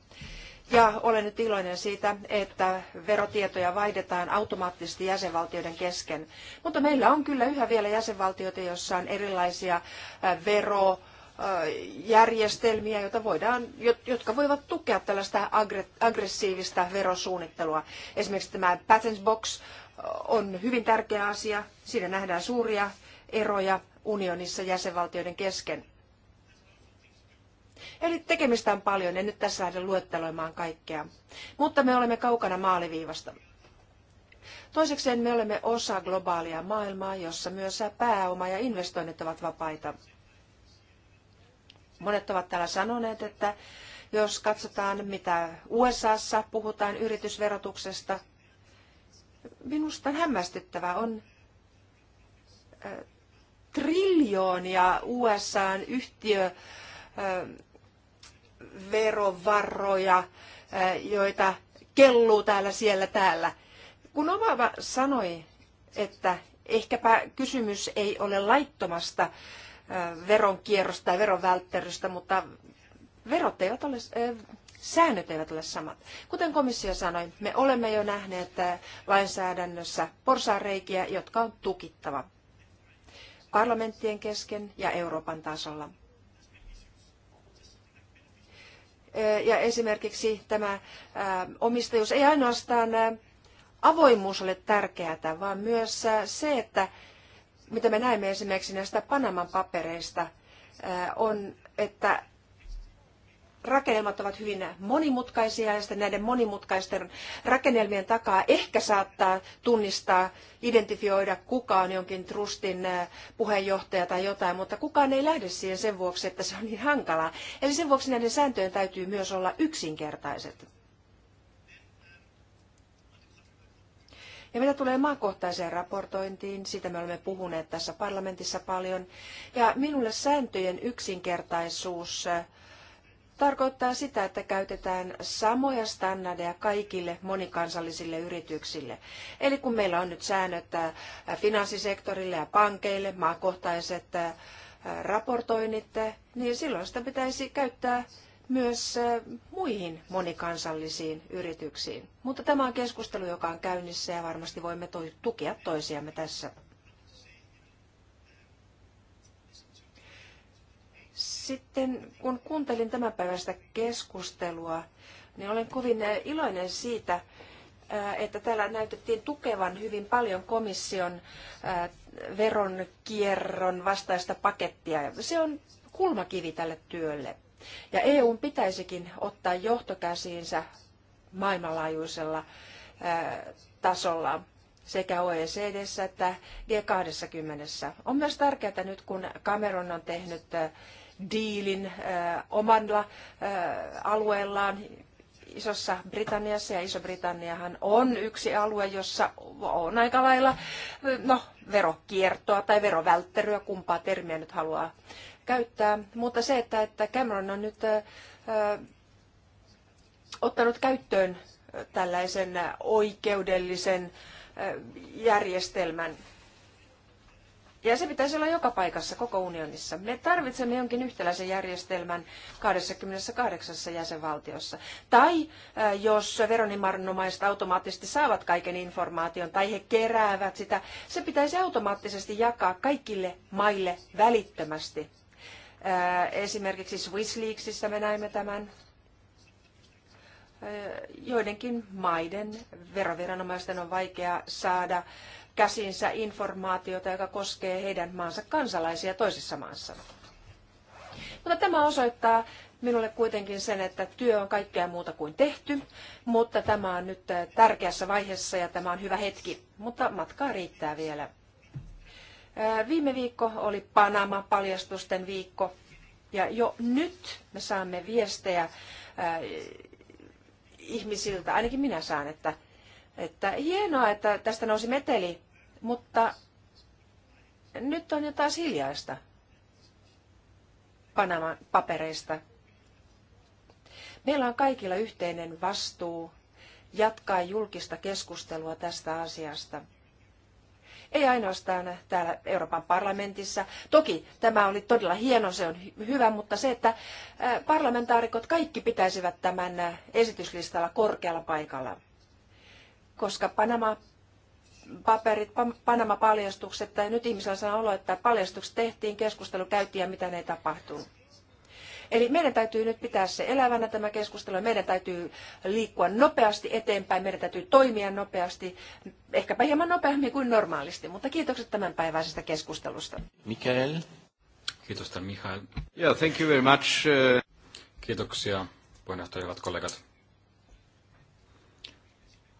Speaker 4: Ja olen nyt iloinen siitä, että verotietoja vaihdetaan automaattisesti jäsenvaltioiden kesken. Mutta meillä on kyllä yhä vielä jäsenvaltioita, joissa on erilaisia äh, verojärjestelmiä, äh, joita voidaan, jotka voivat tukea tällaista aggressiivista verosuunnittelua. Esimerkiksi tämä patent box äh, on hyvin tärkeä asia. Siinä nähdään suuria eroja unionissa jäsenvaltioiden kesken. Eli tekemistä on paljon, en nyt tässä lähde luetteloimaan kaikkea. Mutta me olemme kaukana maaliviivasta. Toisekseen me olemme osa globaalia maailmaa, jossa myös pääoma ja investoinnit ovat vapaita. Monet ovat täällä sanoneet, että jos katsotaan, mitä USAssa puhutaan yritysverotuksesta, minusta hämmästyttävää on äh, triljoonia USAn yhtiö äh, verovarroja, joita kelluu täällä, siellä, täällä. Kun Obama sanoi, että ehkäpä kysymys ei ole laittomasta veronkierrosta tai veronvälttelystä, mutta verot eivät ole, säännöt eivät ole samat. Kuten komissio sanoi, me olemme jo nähneet lainsäädännössä porsaanreikiä, jotka on tukittava parlamenttien kesken ja Euroopan tasolla. Ja esimerkiksi tämä omistajuus ei ainoastaan avoimuus ole tärkeää, vaan myös se, että mitä me näemme esimerkiksi näistä Panaman papereista, on, että rakennelmat ovat hyvin monimutkaisia ja sitten näiden monimutkaisten rakennelmien takaa ehkä saattaa tunnistaa, identifioida kuka on jonkin trustin äh, puheenjohtaja tai jotain, mutta kukaan ei lähde siihen sen vuoksi, että se on niin hankalaa. Eli sen vuoksi näiden sääntöjen täytyy myös olla yksinkertaiset. Ja mitä tulee maakohtaiseen raportointiin, sitä me olemme puhuneet tässä parlamentissa paljon. Ja minulle sääntöjen yksinkertaisuus äh, tarkoittaa sitä, että käytetään samoja standardeja kaikille monikansallisille yrityksille. Eli kun meillä on nyt säännöt äh, finanssisektorille ja pankeille, maakohtaiset äh, raportoinnit, äh, niin silloin sitä pitäisi käyttää myös muihin monikansallisiin yrityksiin. Mutta tämä on keskustelu, joka on käynnissä ja varmasti voimme tukea toisiamme tässä. Sitten kun kuuntelin tämän päivästä keskustelua, niin olen kovin iloinen siitä, että täällä näytettiin tukevan hyvin paljon komission veronkierron vastaista pakettia. Se on kulmakivi tälle työlle. Ja EUn pitäisikin ottaa johtokäsiinsä maailmanlaajuisella tasolla sekä OECDssä että G20. On myös tärkeää nyt, kun Cameron on tehnyt diilin omalla alueellaan Isossa Britanniassa, ja Iso-Britanniahan on yksi alue, jossa on aika lailla no, verokiertoa tai verovälttelyä, kumpaa termiä nyt haluaa käyttää. Mutta se, että, että Cameron on nyt äh, ottanut käyttöön tällaisen oikeudellisen äh, järjestelmän, ja se pitäisi olla joka paikassa, koko unionissa. Me tarvitsemme jonkin yhtäläisen järjestelmän 28 jäsenvaltiossa. Tai jos veronimarnomaiset automaattisesti saavat kaiken informaation tai he keräävät sitä, se pitäisi automaattisesti jakaa kaikille maille välittömästi. Esimerkiksi Swissleaksissa me näimme tämän joidenkin maiden veroviranomaisten on vaikea saada käsinsä informaatiota, joka koskee heidän maansa kansalaisia toisessa maassa. Mutta tämä osoittaa minulle kuitenkin sen, että työ on kaikkea muuta kuin tehty, mutta tämä on nyt eh, tärkeässä vaiheessa ja tämä on hyvä hetki, mutta matkaa riittää vielä. Eh, viime viikko oli Panama-paljastusten viikko ja jo nyt me saamme viestejä eh, ihmisiltä, ainakin minä saan, että, että hienoa, että tästä nousi meteli mutta nyt on jotain hiljaista Panaman papereista. Meillä on kaikilla yhteinen vastuu jatkaa julkista keskustelua tästä asiasta. Ei ainoastaan täällä Euroopan parlamentissa. Toki tämä oli todella hieno, se on hyvä, mutta se, että parlamentaarikot kaikki pitäisivät tämän esityslistalla korkealla paikalla. Koska Panama paperit, Panama-paljastukset, tai nyt ihmisellä sanoo olo, että paljastukset tehtiin, keskustelu käytiin ja mitä ei tapahtunut. Eli meidän täytyy nyt pitää se elävänä tämä keskustelu ja meidän täytyy liikkua nopeasti eteenpäin, meidän täytyy toimia nopeasti, ehkäpä hieman nopeammin kuin normaalisti, mutta kiitokset tämänpäiväisestä keskustelusta.
Speaker 1: Mikael.
Speaker 2: Kiitos tämän Mikael. Yeah, thank you very much. Uh, Kiitoksia puheenjohtaja, hyvät kollegat.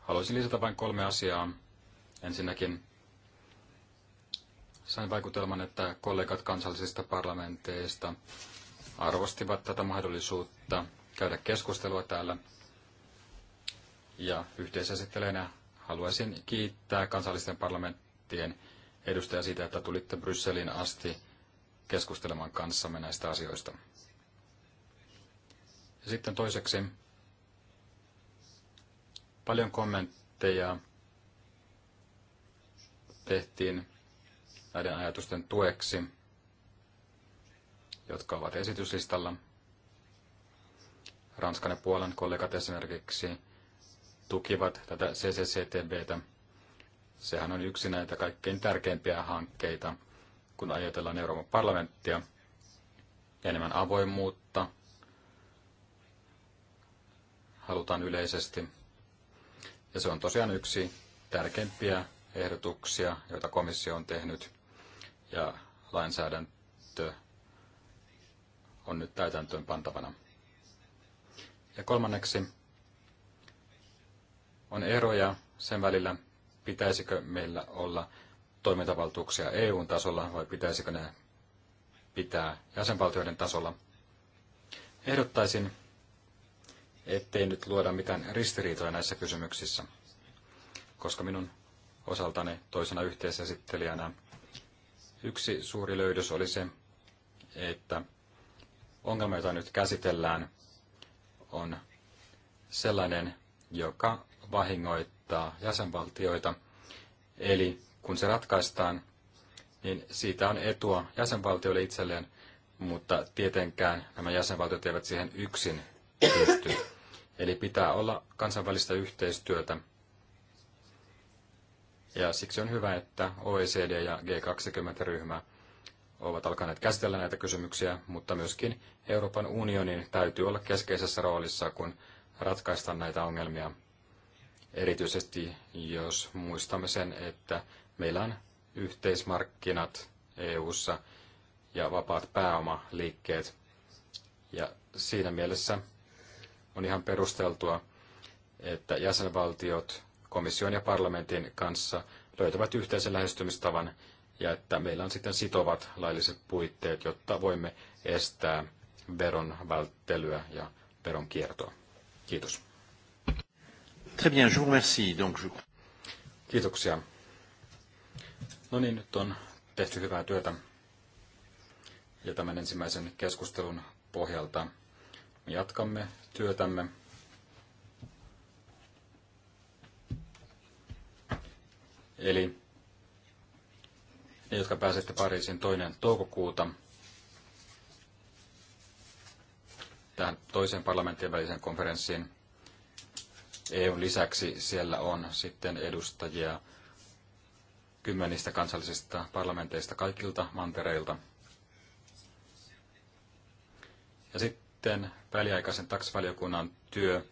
Speaker 2: Haluaisin lisätä vain kolme asiaa Ensinnäkin sain vaikutelman, että kollegat kansallisista parlamenteista arvostivat tätä mahdollisuutta käydä keskustelua täällä. Ja yhteisesittelijänä haluaisin kiittää kansallisten parlamenttien edustajia siitä, että tulitte Brysselin asti keskustelemaan kanssamme näistä asioista. Ja sitten toiseksi paljon kommentteja tehtiin näiden ajatusten tueksi, jotka ovat esityslistalla. Ranskan ja Puolan kollegat esimerkiksi tukivat tätä CCCTBtä. Sehän on yksi näitä kaikkein tärkeimpiä hankkeita, kun ajatellaan Euroopan parlamenttia. Enemmän avoimuutta halutaan yleisesti. Ja se on tosiaan yksi tärkeimpiä ehdotuksia, joita komissio on tehnyt, ja lainsäädäntö on nyt täytäntöön pantavana. Ja kolmanneksi on eroja sen välillä, pitäisikö meillä olla toimintavaltuuksia EU:n tasolla vai pitäisikö ne pitää jäsenvaltioiden tasolla. Ehdottaisin, ettei nyt luoda mitään ristiriitoja näissä kysymyksissä, koska minun osaltani toisena yhteisesittelijänä. Yksi suuri löydös oli se, että ongelma, jota nyt käsitellään, on sellainen, joka vahingoittaa jäsenvaltioita. Eli kun se ratkaistaan, niin siitä on etua jäsenvaltioille itselleen, mutta tietenkään nämä jäsenvaltiot eivät siihen yksin pysty. Eli pitää olla kansainvälistä yhteistyötä. Ja siksi on hyvä, että OECD ja G20-ryhmä ovat alkaneet käsitellä näitä kysymyksiä, mutta myöskin Euroopan unionin täytyy olla keskeisessä roolissa, kun ratkaistaan näitä ongelmia. Erityisesti jos muistamme sen, että meillä on yhteismarkkinat EU:ssa ja vapaat pääomaliikkeet. Ja siinä mielessä on ihan perusteltua, että jäsenvaltiot komission ja parlamentin kanssa löytävät yhteisen lähestymistavan ja että meillä on sitten sitovat lailliset puitteet, jotta voimme estää veron välttelyä ja veron kiertoa. Kiitos. Très bien, je vous remercie. Donc je... Kiitoksia. No niin, nyt on tehty hyvää työtä. Ja tämän ensimmäisen keskustelun pohjalta jatkamme työtämme. Eli ne, jotka pääsette Pariisiin toinen toukokuuta tähän toiseen parlamenttien väliseen konferenssiin, EUn lisäksi siellä on sitten edustajia kymmenistä kansallisista parlamenteista kaikilta mantereilta. Ja sitten väliaikaisen taksivaliokunnan työ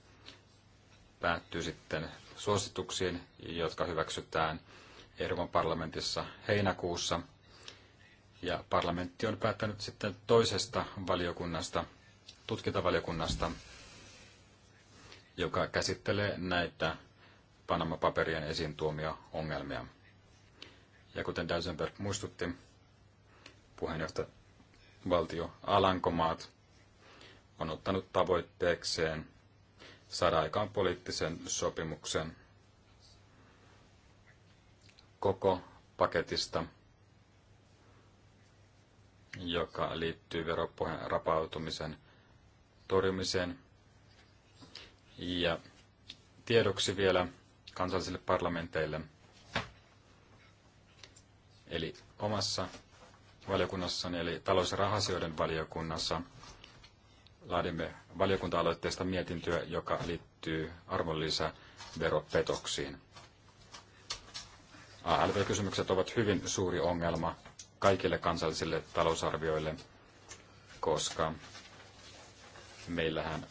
Speaker 2: päättyy sitten suosituksiin, jotka hyväksytään Euroopan parlamentissa heinäkuussa. Ja parlamentti on päättänyt sitten toisesta valiokunnasta, tutkintavaliokunnasta, joka käsittelee näitä Panama-paperien esiin tuomia ongelmia. Ja kuten Dijsenberg muistutti, puheenjohtaja valtio Alankomaat on ottanut tavoitteekseen saada aikaan poliittisen sopimuksen koko paketista, joka liittyy veropohjan rapautumisen torjumiseen. Ja tiedoksi vielä kansallisille parlamenteille. Eli omassa valiokunnassani, eli talous- ja rahasioiden valiokunnassa – laadimme valiokunta-aloitteesta mietintöä, joka liittyy arvonlisäveropetoksiin. ALV-kysymykset ovat hyvin suuri ongelma kaikille kansallisille talousarvioille, koska meillähän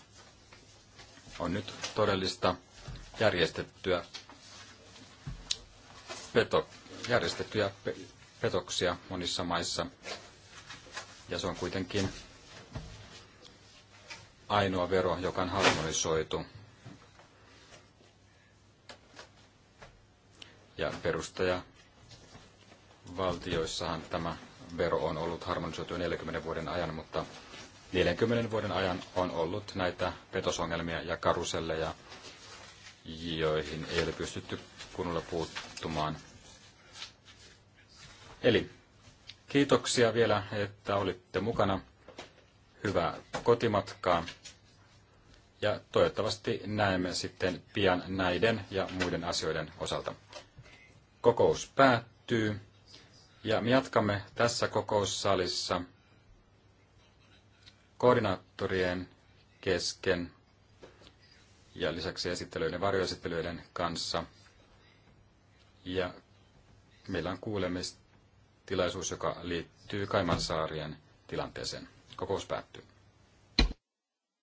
Speaker 2: on nyt todellista järjestettyä peto, järjestettyjä petoksia monissa maissa. Ja se on kuitenkin ainoa vero, joka on harmonisoitu. Ja perustaja valtioissahan tämä vero on ollut harmonisoitu 40 vuoden ajan, mutta 40 vuoden ajan on ollut näitä petosongelmia ja karuselleja, joihin ei ole pystytty kunnolla puuttumaan. Eli kiitoksia vielä, että olitte mukana hyvää kotimatkaa ja toivottavasti näemme sitten pian näiden ja muiden asioiden osalta. Kokous päättyy ja me jatkamme tässä kokoussalissa koordinaattorien kesken ja lisäksi esittelyiden varjoesittelyiden kanssa. Ja meillä on kuulemistilaisuus, joka liittyy Kaimansaarien tilanteeseen. Kokous päättyy.